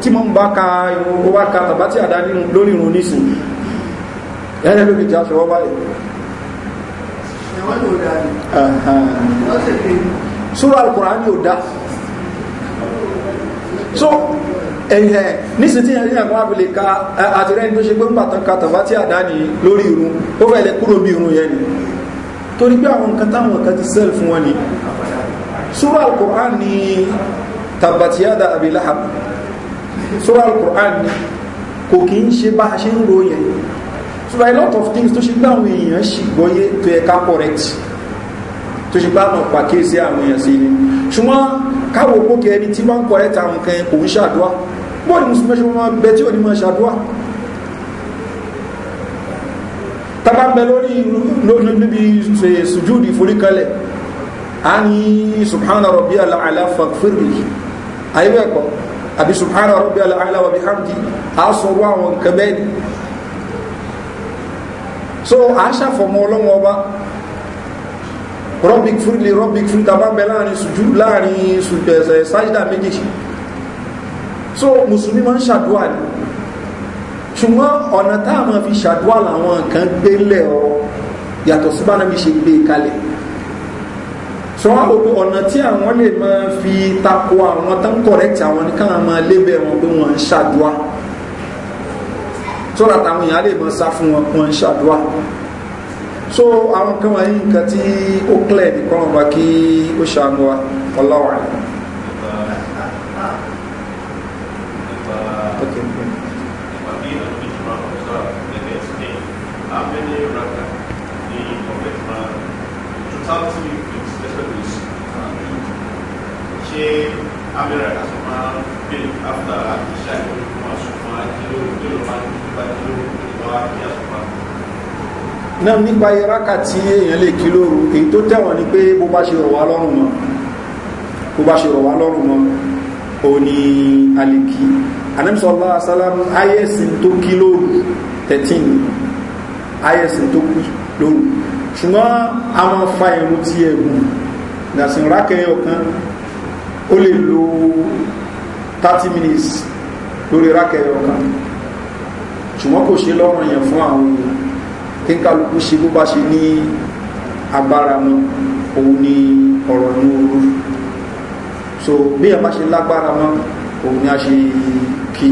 tí mọ́ ń bá ka irun ó bá ka tàbá tí àdá lórí irun nísìn ẹ̀rẹ́ ló fi jà ṣọwọ́ báyìí sura al-Qur'an yóò dá so ẹ̀yẹ̀ nísìn tí ẹ̀rí àwọn abúlé ka àtìrẹ́ tó ṣe pé ń bàtàn ka tàbá tí àdá ní lórí irun ó fẹ́ lẹ kúrò bí irun yẹn ni torí pé àwọn nǹkan táwọn nǹkan ti sẹ́ẹ̀lì fún wọn ni sura al-Qur'an tabbatiyada abi lahab sura al-qur'an ni kò kí ń ṣe so a lot of things tó ṣe pé àwọn èèyàn ṣì gbọ́yé tó yẹ ká correct tó ṣe pé àwọn pàkíyèsí àwọn èèyàn sí ni ṣùgbọ́n káwọ gbókè ẹni tí wọ́n ń correct àwọn kan kò ń ṣàdúrà bọ́ọ̀lù mùsùlùmí ṣe wọ́n bẹ tí ò ní máa ṣàdúrà tábà ń bẹ lórí níbi sùjúdì foríkalẹ̀ a ní subhanahu rabbi ala fagfirli àyẹ̀wò ẹ̀kọ́ àbí subhana rabbi ala wa bihamdi a sọ̀rọ̀ àwọn so a ṣàfọ̀mọ́ ọlọ́wọ́ ọba rọ́bì fúrìlì rọ́bì fún tababẹ láàrin sùjú láàrin sùjú ẹ̀sẹ̀ sájídà méjèèjì so musulmi ma ń ṣàdúwà ní ṣùgbọ́n ọ̀nà táà ma fi ṣàdúwà làwọn kan gbélẹ̀ ọ yàtọ̀ síbánabi ṣe gbé e kalẹ̀ so wọn rò pé ọ̀nà tí àwọn lè máa fi tako àwọn tó ń kọ̀rẹ́tì àwọn ní káwọn máa lébẹ̀ wọn pé wọ́n ń ṣàdúrà tó rà táwọn èèyàn lè máa sá fún wọn wọ́n ń ṣàdúrà so àwọn kan wáyé nǹkan tí ó clear ní kọ́nà bá kí ó ṣàánú wa ọláwà rẹ̀. ṣé amẹ́rẹ́ àti máa ń pè áfítà iṣẹ́ ìwọ̀n fún àṣùfún àjẹlò ìjọba máa ń nípa ìjọba ìjọba ní àṣùfún. náà nípa iraka tí èèyàn lè kí lóru èyí tó tẹ̀wọ̀n ni pé bó bá ṣe rọ̀ wá lọ́rùn mọ́ bó bá ṣe rọ̀ wá lọ́rùn mọ́ òní alìkí anamsọ́lá asálàmù ayẹ́sìn tó kí lóru thirteen ayẹ́sìn tó kí lóru ṣùgbọ́n àwọn fa irun tí ẹ̀gùn nàṣìnrákẹ́ ọ̀kan ó lè lo thirty minutes lórí rákẹyọ kan ṣùgbọ́n kò ṣe lọ́rùn yẹn fún àwọn èèyàn kí n kálukú ṣe bó bá ṣe ní agbára mu òun ni ọ̀rọ̀ ní ooru so bí ẹ bá ṣe lágbára mọ́ òun ni a ṣe kí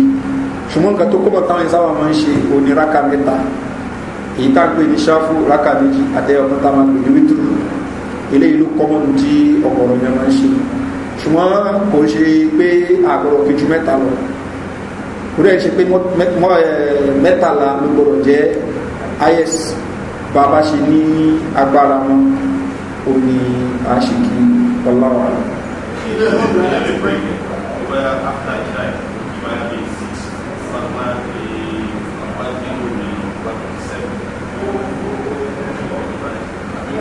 ṣùgbọ́n nǹkan tó kọ́bọ̀ táwọn ìsáwà máa ń ṣe òun ni rákà mẹ́ta èyí tá à ń pè ní ṣáfù rákà méjì àtẹ́yọ̀kan tá a máa pè ní wítìrù eléyìí ló kọ́mọ́nù tí ọ̀pọ̀lọpọ̀ máa ń ṣe ṣùgbọ́n kò ṣe pé àgbọ̀rọ̀ kejì mẹ́ta lọ kò dẹ̀ ṣe pé mẹ́tàlá ló gbọ́dọ̀ jẹ́ is bàbá ṣe ní agbára wọn ò ní àṣìkí ọláwà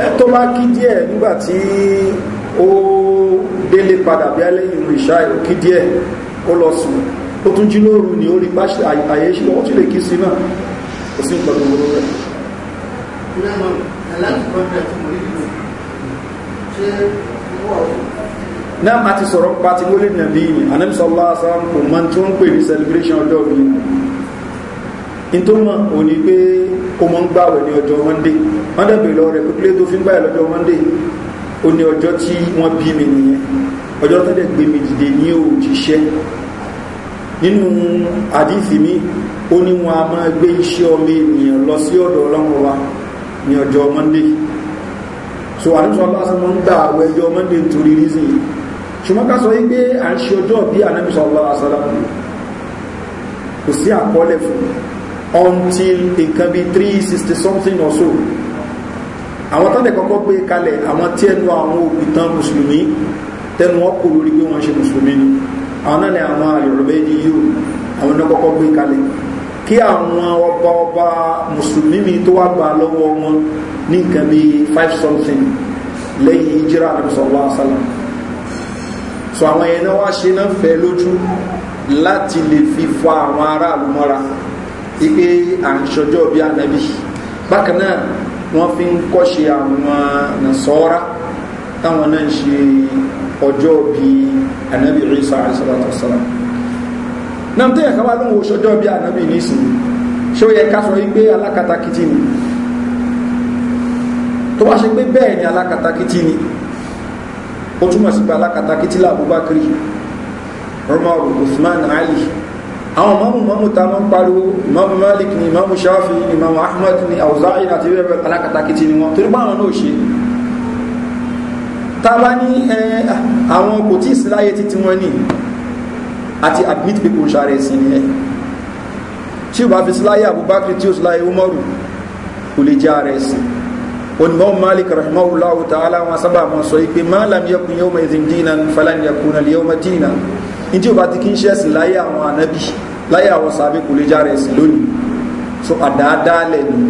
ẹ tó bá kí díẹ̀ nígbàtí ó délé padà bí alẹ́yìn ìrìn ìṣá ìròkí díẹ̀ ó lọ sùn ó tún jí lóru ni ó rí bá àyè ṣe wọ́n tí lè kí sí náà kò sí nǹkan tó wọ́n rẹ̀. náà máa ti sọ̀rọ̀ pa ti wọlé nàbí anamsọ́lá sáà kò máa tí wọ́n ń pè ní celebration ọjọ́ mi nítorí wọn ò ní pé ó mọ́ ń gbàwẹ̀ ní ọjọ́ monday wọ́n dẹ̀ lọ rẹ̀ pípílẹ̀ tó fi ń gbàwẹ̀ lọ́jọ́ monday ó ní ọjọ́ tí wọ́n bí mi nìyẹn ọjọ́ tó dẹ̀ gbé mi dìde ní òjíṣẹ́ nínú àdífì mi ó ní wọn a máa gbé iṣẹ́ ọmọ ènìyàn lọ sí ọ̀dọ̀ ọlọ́run wa ní ọjọ́ monday so àdúgbò aláṣẹ máa ń gbà àwọ ẹjọ́ monday nítorí reason yìí ṣùgbọ́n ká sọ wípé à ń ṣe ọjọ́ bí ànábìsọ aláṣẹ kò sí àkọọ́lẹ̀ fún until nǹkan bíi three sixty something or so àwọn tó ń dẹ̀ kọ́kọ́ gbé kalẹ̀ àwọn tí ẹnu àwọn òbítán mùsùlùmí tẹnu wọn kò lórí pé wọn ṣe mùsùlùmí ni àwọn náà ni àwọn àlùrọ̀bẹ́ di yíò àwọn náà kọ́kọ́ gbé kalẹ̀ kí àwọn ọba ọba mùsùlùmí mi tó wá gbà lọ́wọ́ wọn ní nǹkan bí five something lẹ́yìn ìjírà àdùsọ̀lá àsálà so àwọn yẹn náà wá ṣe náà fẹ́ lójú láti lè fi fa àwọn aráàlú mọ́ra wípé à ń ṣọjọ́ bí bákan náà wọ́n fi ń kọ́ṣe àwọn nàṣọ́ra táwọn náà ń ṣe ọjọ́ bí anabi isa alayhisalaam náà tó yẹ ká wá ló ń wo ṣọjọ́ bí anabi nísìnyí ṣé ó yẹ ká sọ wípé alákatakítí ni tó bá ṣe pé bẹ́ẹ̀ ni alákatakítí ni ó túmọ̀ sí pé alákatakítí làbúbákiri Umar Uthman Ali àwọn mọ́mù mọ́mù ta mọ́ pariwo mọ́mù malik ni mọ́mù shafi ni mọ́mù ahmed ni auza'i àti bẹ́ẹ̀ alákatakiti ni wọ́n torí báwọn náà ṣe ta bá ní àwọn kò tí ìsìláyé títí wọ́n ní àti admit pé kò ṣàrẹ̀ sí ni ẹ̀ tí ó bá fi síláyé abubakar tí ó síláyé umaru kò lè jẹ́ ààrẹ sí onímọ̀ malik rahimahullah ta'ala wọn sábà mọ́ sọ ipé malam yakun yawma idhin ní tí o bá ti kí ń ṣẹ̀sìn láyé àwọn ànábì láyé àwọn sàbí kò lè jára ẹ̀sìn lónìí so àdáadáalẹ̀ ni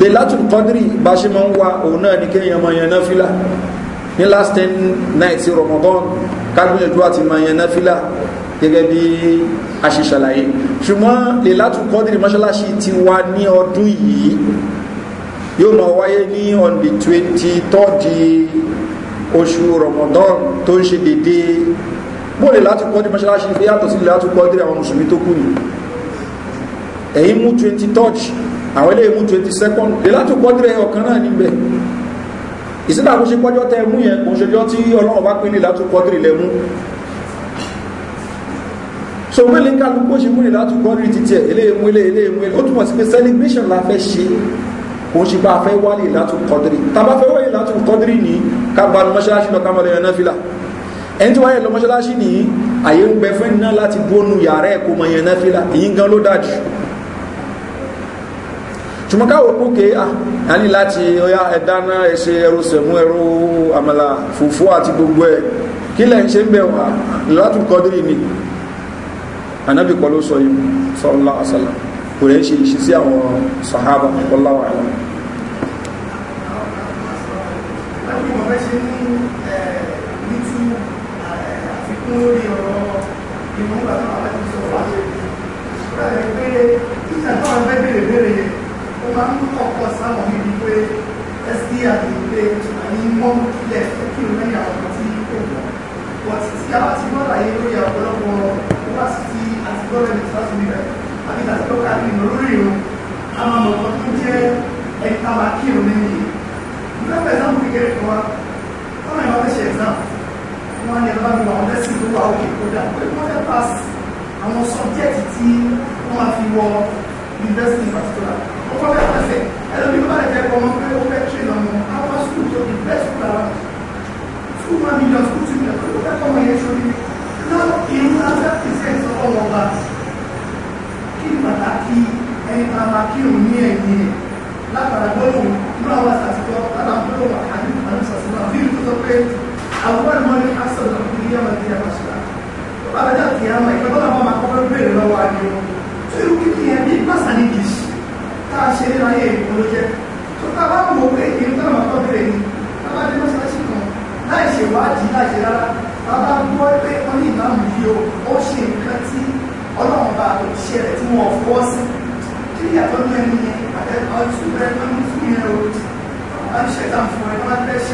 lè látún kọ́dírì bá ṣe máa ń wa òun náà ní kéèyàn máa yan náfìlà ní last ten night ramadan kágbìyànjú àti máa yan náfìlà gẹ́gẹ́ bí a ṣe ṣàlàyé ṣùgbọ́n lè látún kọ́dírì mọ́ṣáláṣí ti wá ní ọdún yìí yóò máa wáyé ní on the twenty third oṣù ramadan tó ń ṣe dédé bóòlè láti kọ́dí mọ́ṣáláṣí fi yàtọ̀ sílẹ̀ láti kọ́dí àwọn mùsùlùmí tó kú ni ẹ̀yìn mú 20 touch àwọn ilé mú 20 second lè láti kọ́dí rẹ̀ ọ̀kan náà níbẹ̀ ìsìnkà kó ṣe pọ́jọ́ tẹ́ mú yẹn kò ṣejọ́ tí ọlọ́run bá pín ní láti kọ́dí rẹ̀ mú so mẹ́lẹ̀ kálù kó ṣe mú ní láti kọ́dí rẹ̀ títí ẹ̀ ilé mú ilé ilé mú ilé ó túnmọ̀ sí pé celebration la fẹ́ ṣe wálé láti kọ́dí tàbá fẹ́ wálé láti kọ́dí ní ká mọ́ṣáláṣí lọ náà fìlà ẹni tí wọ́n yẹ lọ mọ́ṣáláṣí nìyí àyè ń gbẹ fún iná láti bónú yàrá ẹ̀kọ́ mọ̀ yẹn náfìlà èyí gan ló dájú ṣùgbọ́n káwọ̀ pókè á ah, ní láti ọya ẹ̀dáná ẹ̀ṣẹ̀ ẹ̀rọ sẹ̀mú ẹ̀rọ àmàlà fùfú àti gbogbo ẹ̀ kí lẹ́ ń ṣe ń bẹ̀ wá látù kọ́dírì ni anábì kọ́ ló lórí ọ̀rọ̀ ìmúgbà tó wà láti sọ wá rẹ̀ pé títà tó wà fẹ́ bèrè bèrè yẹn ó máa ń kọ́kọ́ sáwọn níbi pé ẹsí àti pé àní mọ́ ilẹ̀ kí o lẹ́yìn àwọn ọmọ tí ó wọ̀ wọ́n ti ti àwọn àti gbọ́dọ̀ ayé lórí ọ̀pọ̀lọpọ̀ wá sí ti àti gbọ́dọ̀ ẹni tó ti rẹ̀ àbí tàbí tó ká nínú lórí ìrún wọ́n lè bá mi wà lẹ́sìn tó wà òkè kódà pé wọ́n lè pass àwọn sọ́jẹ́tì tí wọ́n máa fi wọ university in particular ó kọ́ bẹ́ẹ̀ pẹ́sẹ̀ ẹlòmíì bá lè fẹ́ kọ́ wọn pé ó fẹ́ train ọmọ àwọn school tó di best school ara school one million school two million ó fẹ́ kọ́ wọn yẹn sórí náà irú afẹ́ percent ọmọ ọba kí ni pàtàkì ẹni tá a máa kí òun ní ẹ̀yìn ẹ̀ látara gbọ́dọ̀ náà wá sàtìkọ́ àbúrò mọ́ ní asọ̀ náà kú ní yàmà ní yàmà ṣùgbọ́n tó bá dájọ́ ti yàmà ìkan tó làwọn máa kọ́kọ́ béèrè lọ́wọ́ adé wọn tó irú kíkì yẹn bí pàṣà ní gìṣì tá a ṣe nínú ayé ìlú ló jẹ́ tó tá a bá mọ̀ pé èyí tó làwọn kọ́ béèrè ni tá a bá dé mọ́ṣáláṣí kan láì ṣe wádìí láì ṣe rárá tá a bá gbọ́ pé wọ́n ní ìmáàmù yìí o ó ṣe nǹkan tí ọlọ́run bá òṣìṣẹ́ rẹ̀ tí wọ́n fọwọ́ sí kí ìyàtọ̀ ní ẹni yẹn àtẹ́kọ̀ọ́ tún bẹ́ẹ̀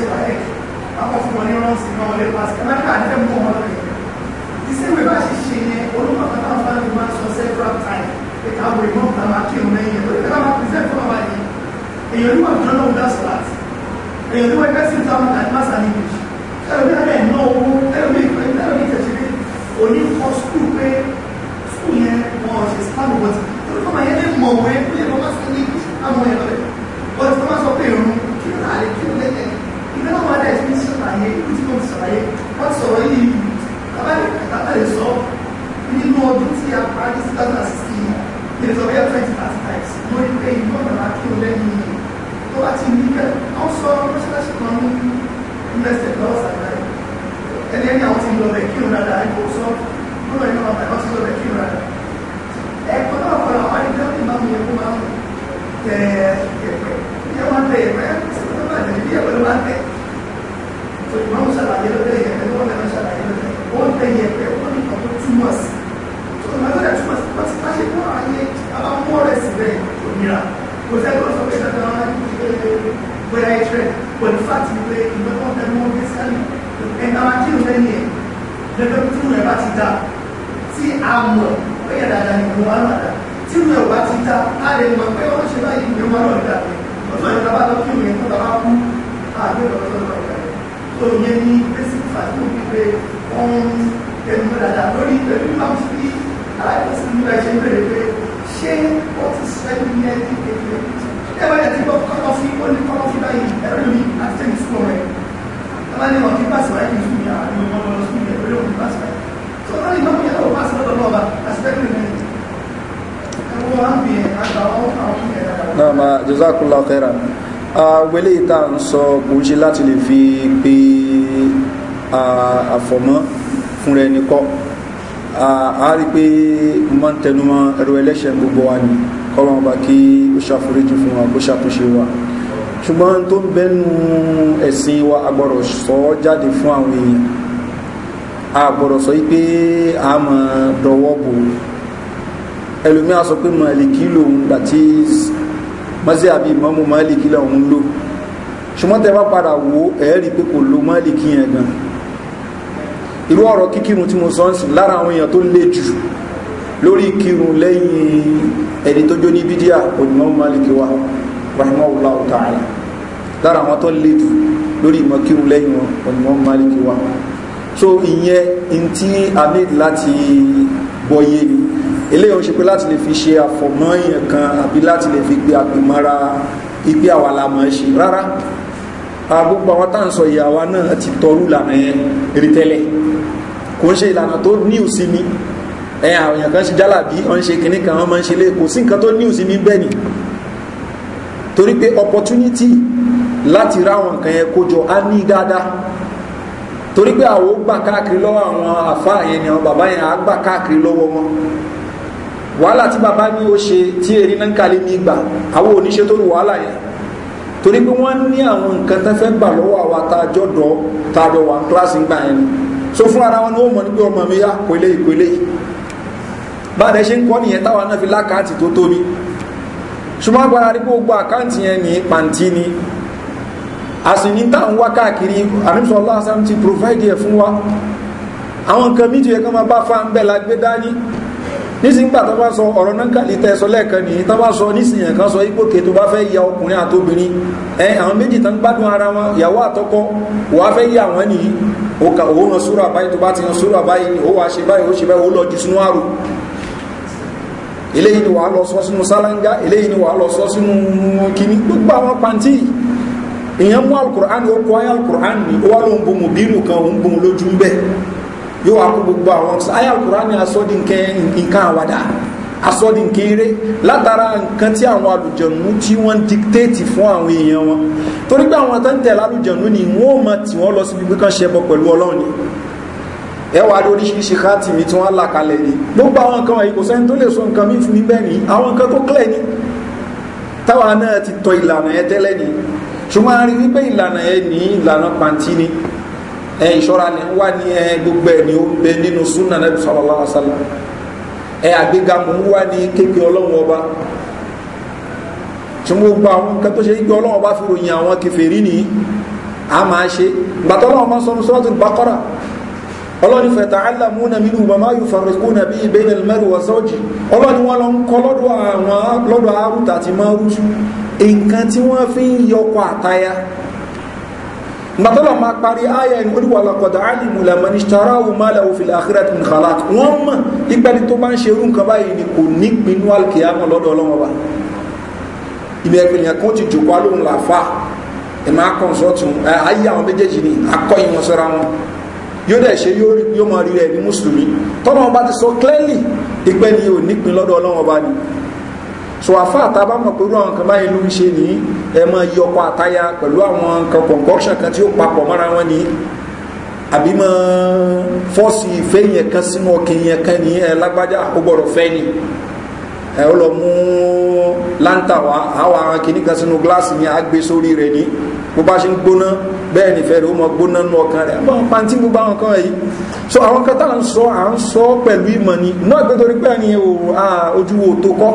tó ń àwọn fún wọn ní rọ́ọ̀sì náà wọlé pàṣẹ amẹ́ríkà àdídẹ́ mú wọn lọ́rẹ̀ ìsèwé bá ṣe ṣe yẹn olùkọ́ kátà wọn fún wa sọ several times pé káwọn èèyàn náà máa kí òun lẹ́yìn ẹ̀ lórí ẹ̀ bá máa present fún wa yẹn èèyàn ní wọn dúró náà dá sọ̀rọ̀ èèyàn ní wọn ẹgbẹ́ sí ìtàn àti massa ní ìgbèjì ẹlòmí alẹ́ ná owó ẹlòmí ẹlòmí ìtẹ̀sílẹ̀ òní kọ skul pé skul yẹn wọn ṣe sáàmù wọ́n ti tó fọmọ yẹn lè mọ̀ wẹ́ pé ẹ̀ bọ́ bá sọ 目の前で一日の大変打ち込むしかない。Quando é sou tá aí, estava aí tá tá só, menino não e a parte se dá assim. Resolver as atividades, não tem nada lá que eu leio. Então, a técnica, não só você está chamando, investidor, sabe? Ele é o time do daqui, o nada, e o só, não é o nada, o é do daqui, o nada. É quando ela fala, olha, então, tem uma mulher com uma. É, é, é uma treva, é, você não vai não é, é uma treva. tó ìmọ̀ ń ṣàlàyé lórí ẹ̀yẹ̀ ẹ̀rọ lẹ̀ ń ṣàlàyé lórí wọ́n tẹ yẹ pé wọ́n ní ọ̀pọ̀ túmọ̀ sí tó ìmọ̀ lórí túmọ̀ sí pàṣẹ pàṣẹ kó ayé aláwọ̀ rẹ̀ sí bẹ́ẹ̀ tó nira kò sẹ́ kó sọ pé dandan bóyá ẹ̀ṣẹ̀ pẹ̀lú fàtí pé ìmọ̀ wọn tẹnu wọn gbé sẹ́lẹ̀ ẹ̀ka tí ò lẹ́yìn ẹ̀ lẹ́gbẹ́ tí ìwé bá ti dá tí a mọ̀ pé yẹ dáadáa ni mo wá nàdá tí ìwé ò bá ti dá a lè mọ̀ pé wọ́n ṣe báyìí ìwé wọn náà dà ọ̀tún ẹ̀ka bá lọ kí ìwé kó bàbá kú àgbẹ̀ lọ́tọ̀ lọ́tọ̀ tó yẹ ní basic fact ní pípé wọ́n ń tẹnumọ́ dáadáa lórí pẹ̀lú máa fi aláìsí ní ìlú ẹ̀ṣẹ̀ bẹ̀rẹ̀ pé ṣé ó ti sẹ́yìn ní ẹni kékeré ẹ bá yẹ ti gbọ́ kọ́kọ́ sí ó ní kọ́kọ́ sí báyìí ẹ̀rọ mi àti tẹ́lẹ̀ sí ọmọ ẹ̀ ẹ bá ní wọn kí pàṣẹ wáyé nìyí mi àwọn ọmọ ọmọ sí ilẹ̀ pẹ̀lú òun pàṣẹ wáyé tó wọ́n ní ìmọ̀ mi yẹn lọ́wọ́ pàṣẹ lọ́dọ̀ lọ́ba àti tẹ́lẹ̀ mi ẹ̀ wọ́n á ń bì ẹ̀ àgbà àwọn àwọn ọmọ ẹ̀ dáadáa. náà máa jazakallahu khairan wẹlé ìta ń sọ kò ń ṣe láti lè fi gbé àfọ̀mọ́ fúnra ẹni kọ́ a rí pé mọ́ ń tẹnumọ́ ẹ̀rọ ẹlẹ́ṣẹ̀ gbogbo wa ni kọ́lọ́n ọba kí ó ṣàforíjì fún wa kó ṣàtúnṣe wa ṣùgbọ́n tó ń bẹ́nu ẹ̀sìn wa agbọ̀rọ̀ sọ jáde fún àwọn èèyàn agbọ̀rọ̀ sọ pé a mọ̀ dọwọ́ bò ẹlòmíà sọ pé mọ̀ ẹ̀lì kí lòun that mọ́sí àbí ìmọ̀mú málìkì lọ́hún ń lò ṣùgbọ́n tẹ́ bá padà wo ẹ̀ẹ́rì pé kò lo málìkì yẹn gan irú ọ̀rọ̀ kíkírun tí mo sọ ń sìn lára àwọn èèyàn tó lè jù lórí kírun lẹ́yìn ẹni tó jó ní bídíà onímọ̀ málìkì wa rahimahullah ta'ala lára àwọn tó lè jù lórí ìmọ̀ kírun lẹ́yìn wọn onímọ̀ wa so ìyẹn ntí amid láti bọyé ni eléyìí ó ṣe pé láti lè fi ṣe àfọ̀mọ́ yẹn kan àbí láti lè fi gbé àpèmọ́ra ìgbé àwa la mọ̀ ṣe rárá gbogbo àwọn tá à ń sọ ìyá wa náà ti tọrú ìlànà yẹn rí tẹ́lẹ̀ kò ń ṣe ìlànà tó ní òsì mi ẹ̀yìn àwọn kan ṣe jálàbí ọ̀n ṣe kìnní kan wọ́n ń ṣe lé kò sí nǹkan tó ní òsì mi bẹ́ẹ̀ ni torí pé opportunity láti ráwọn nǹkan yẹn kójọ á ní dáadáa torí pé àwọn ó gbà káàkiri lọ́wọ́ àwọn àfáà yẹn ni àwọn bàbá yẹn á gbà káàkiri lọ́wọ́ wọn wàhálà tí bàbá ní ó ṣe tí erin náà ń kalẹ̀ ní ìgbà àwọn oníṣẹ́ tó rú wàhálà yẹn torí pé wọ́n ní àwọn nǹkan tó fẹ́ gbà lọ́wọ́ àwa tá a jọ tá a jọ wà kíláàsì ń yẹn ni so fún ara wọn ni ó mọ̀ ní pé ọmọ mi yá pélé ìpélé báyìí ṣe ń kọ́ nìyẹn táwa náà fi lákàtì tó tóbi ṣùgbọ́n agbára rí gbogbo àkáǹtì yẹn ní pàǹtí ni a sì ní tá wá káàkiri àrísọ ọlọ́sàn ti provide ẹ̀ fún wa àwọn nǹkan mídìí ẹ̀kan máa bá fa ń bẹ̀ lágbé dání nísìnyígbà tó bá sọ ọ̀rọ̀ náà kàlí tẹ́ sọ lẹ́ẹ̀kan nìyí tó bá sọ nísìnyàn kan sọ ipòkè tó bá fẹ́ ya ọkùnrin àtobìnrin ẹ àwọn méjì tán gbádùn ara wọn ìyàwó àtọkọ wàá fẹ́ yà wọ́n nìyí ó ka òun ran súrà báyìí tó bá ti ran súrà báyìí ó wàá ṣe báyìí ó ṣe báyìí ó lọ ju sínú àrò ni wàá lọ sọ sínú ni wàá lọ sọ sínú kíní gbogbo àwọn ni ó wà lóun bomu bínú yóò wá kó gbogbo àwọn ayé alukur'an ni asọ́di nǹkan àwàdà asọ́di nǹkan eré látara nǹkan tí àwọn alùjẹ̀nu tí wọ́n dictate fún àwọn èèyàn wọn torí pé àwọn tó ń tẹ̀lé alùjẹ̀nu ni wọ́n mọ̀ tí wọ́n lọ síbi pé kán ṣẹbọ pẹ̀lú ọlọ́run ni ẹwà rí oríṣiríṣi káàtìmí tí wọ́n là kalẹ̀ ní gbogbo àwọn nǹkan wọ̀nyí kò sẹ́ni tó lè sọ nǹkan mí fún níbẹ̀ ní àwọn nǹkan tó kílẹ̀ ní táwa náà ti tọ ìlànà ẹ tẹ́lẹ̀ ní ṣùgbọ́n a rí wípé ìlànà ẹ ní ìlànà pàǹtí ni ẹ ìṣọ́ra ni wà ní ẹ gbogbo ẹ̀ ni ó ń bẹ nínú súnà náà sallallahu alaihi ẹ àgbéga mò wà ní kéèké ọlọ́run ọba tí mo gba àwọn nǹkan tó ṣe ọlọ́run ọba fi ròyìn àwọn nìyí a máa ṣe gbàtọ́ ọlọ́run ma yufarriquna bihi wọn lọ ń kọ́ lọ́dọ̀ àwọn lọ́dọ̀ nǹkan tí gbàtọ́lọ̀ máa parí ayé ẹni orí wàlọ́kọ̀dá alìmùlà mọ̀ ní ṣàráwò mọ́lá òfin àkírẹ́tì ní kàlát wọ́n mọ̀ ìpẹ́ni tó bá ń ṣe irú nǹkan báyìí ni kò ní pinnu alkiyama lọ́dọ̀ ọlọ́wọ́ wa ilẹ̀ ìpìlẹ̀ kan ti jòkó alóhùn làfà ẹ̀ máa kọ́nsọ́tù ayé àwọn méjèèjì ni akọ́yìn wọn sọ́ra wọn yóò dẹ̀ ṣe yóò máa rí rẹ̀ ní so àfa àtàbà mọ̀ pẹ̀lú àwọn nǹkan báyìí ló ń ṣe ní ẹ mọ yọkọ àtaya pẹ̀lú àwọn nǹkan concoction kan tí ó papọ̀ mọ́ra wọn ní àbí mọ fọ́ọ̀sì ìfẹ́ yẹn kan sínú ọkàn yẹn kan ní ẹ lágbájá ó gbọ́dọ̀ fẹ́ ni ẹ ó lọ mú láńtà wá àwọn àwọn kìíní kan sínú gíláàsì yẹn á sórí rẹ ní bó bá ṣe ń gbóná bẹ́ẹ̀ nífẹ̀ẹ́ rẹ̀ ó mọ gbóná nú ọkàn rẹ̀ àwọn pàǹtí gbogbo àwọn kan yìí so àwọn kan tá à ń sọ à ń sọ pẹ̀lú ìmọ̀ ni náà gbé torí pé ojú wo tó kọ́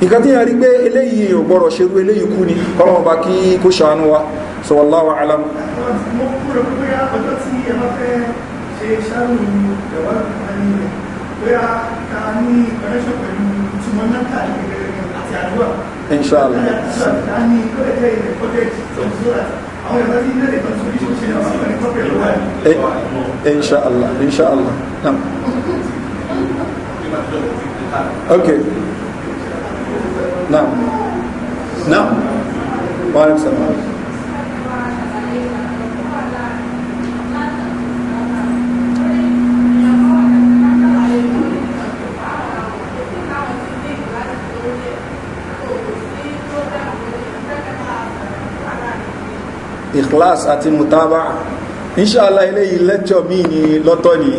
nǹkan tí yàn rí pé eléyìí ò gbọ́rọ̀ ṣerú eléyìí kú ni kọ́lọ́wọ́n bá kí kó ṣàánú wa sọ wallahu alam. Eh, inshallah inshallah inshallah okay نعم نعم وعليكم السلام ikhlas àti mutaba inṣàlá eléyìí lẹ́tọ̀ míì ní lọ́tọ̀ ní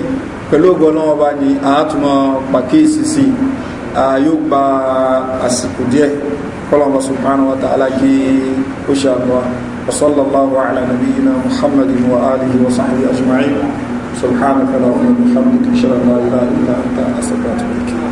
pẹ̀lú ògbọ́n náà ọba ní àátùmọ̀ pàkíyèsí sí i yóò gba àsìkò díẹ̀ kọlọmọ subhanahu wa ta'ala kí ó ṣe àgbà وصلى الله على نبينا محمد وآله وصحبه أجمعين سبحانك اللهم وبحمدك أشهد أن لا إله إلا أنت أستغفرك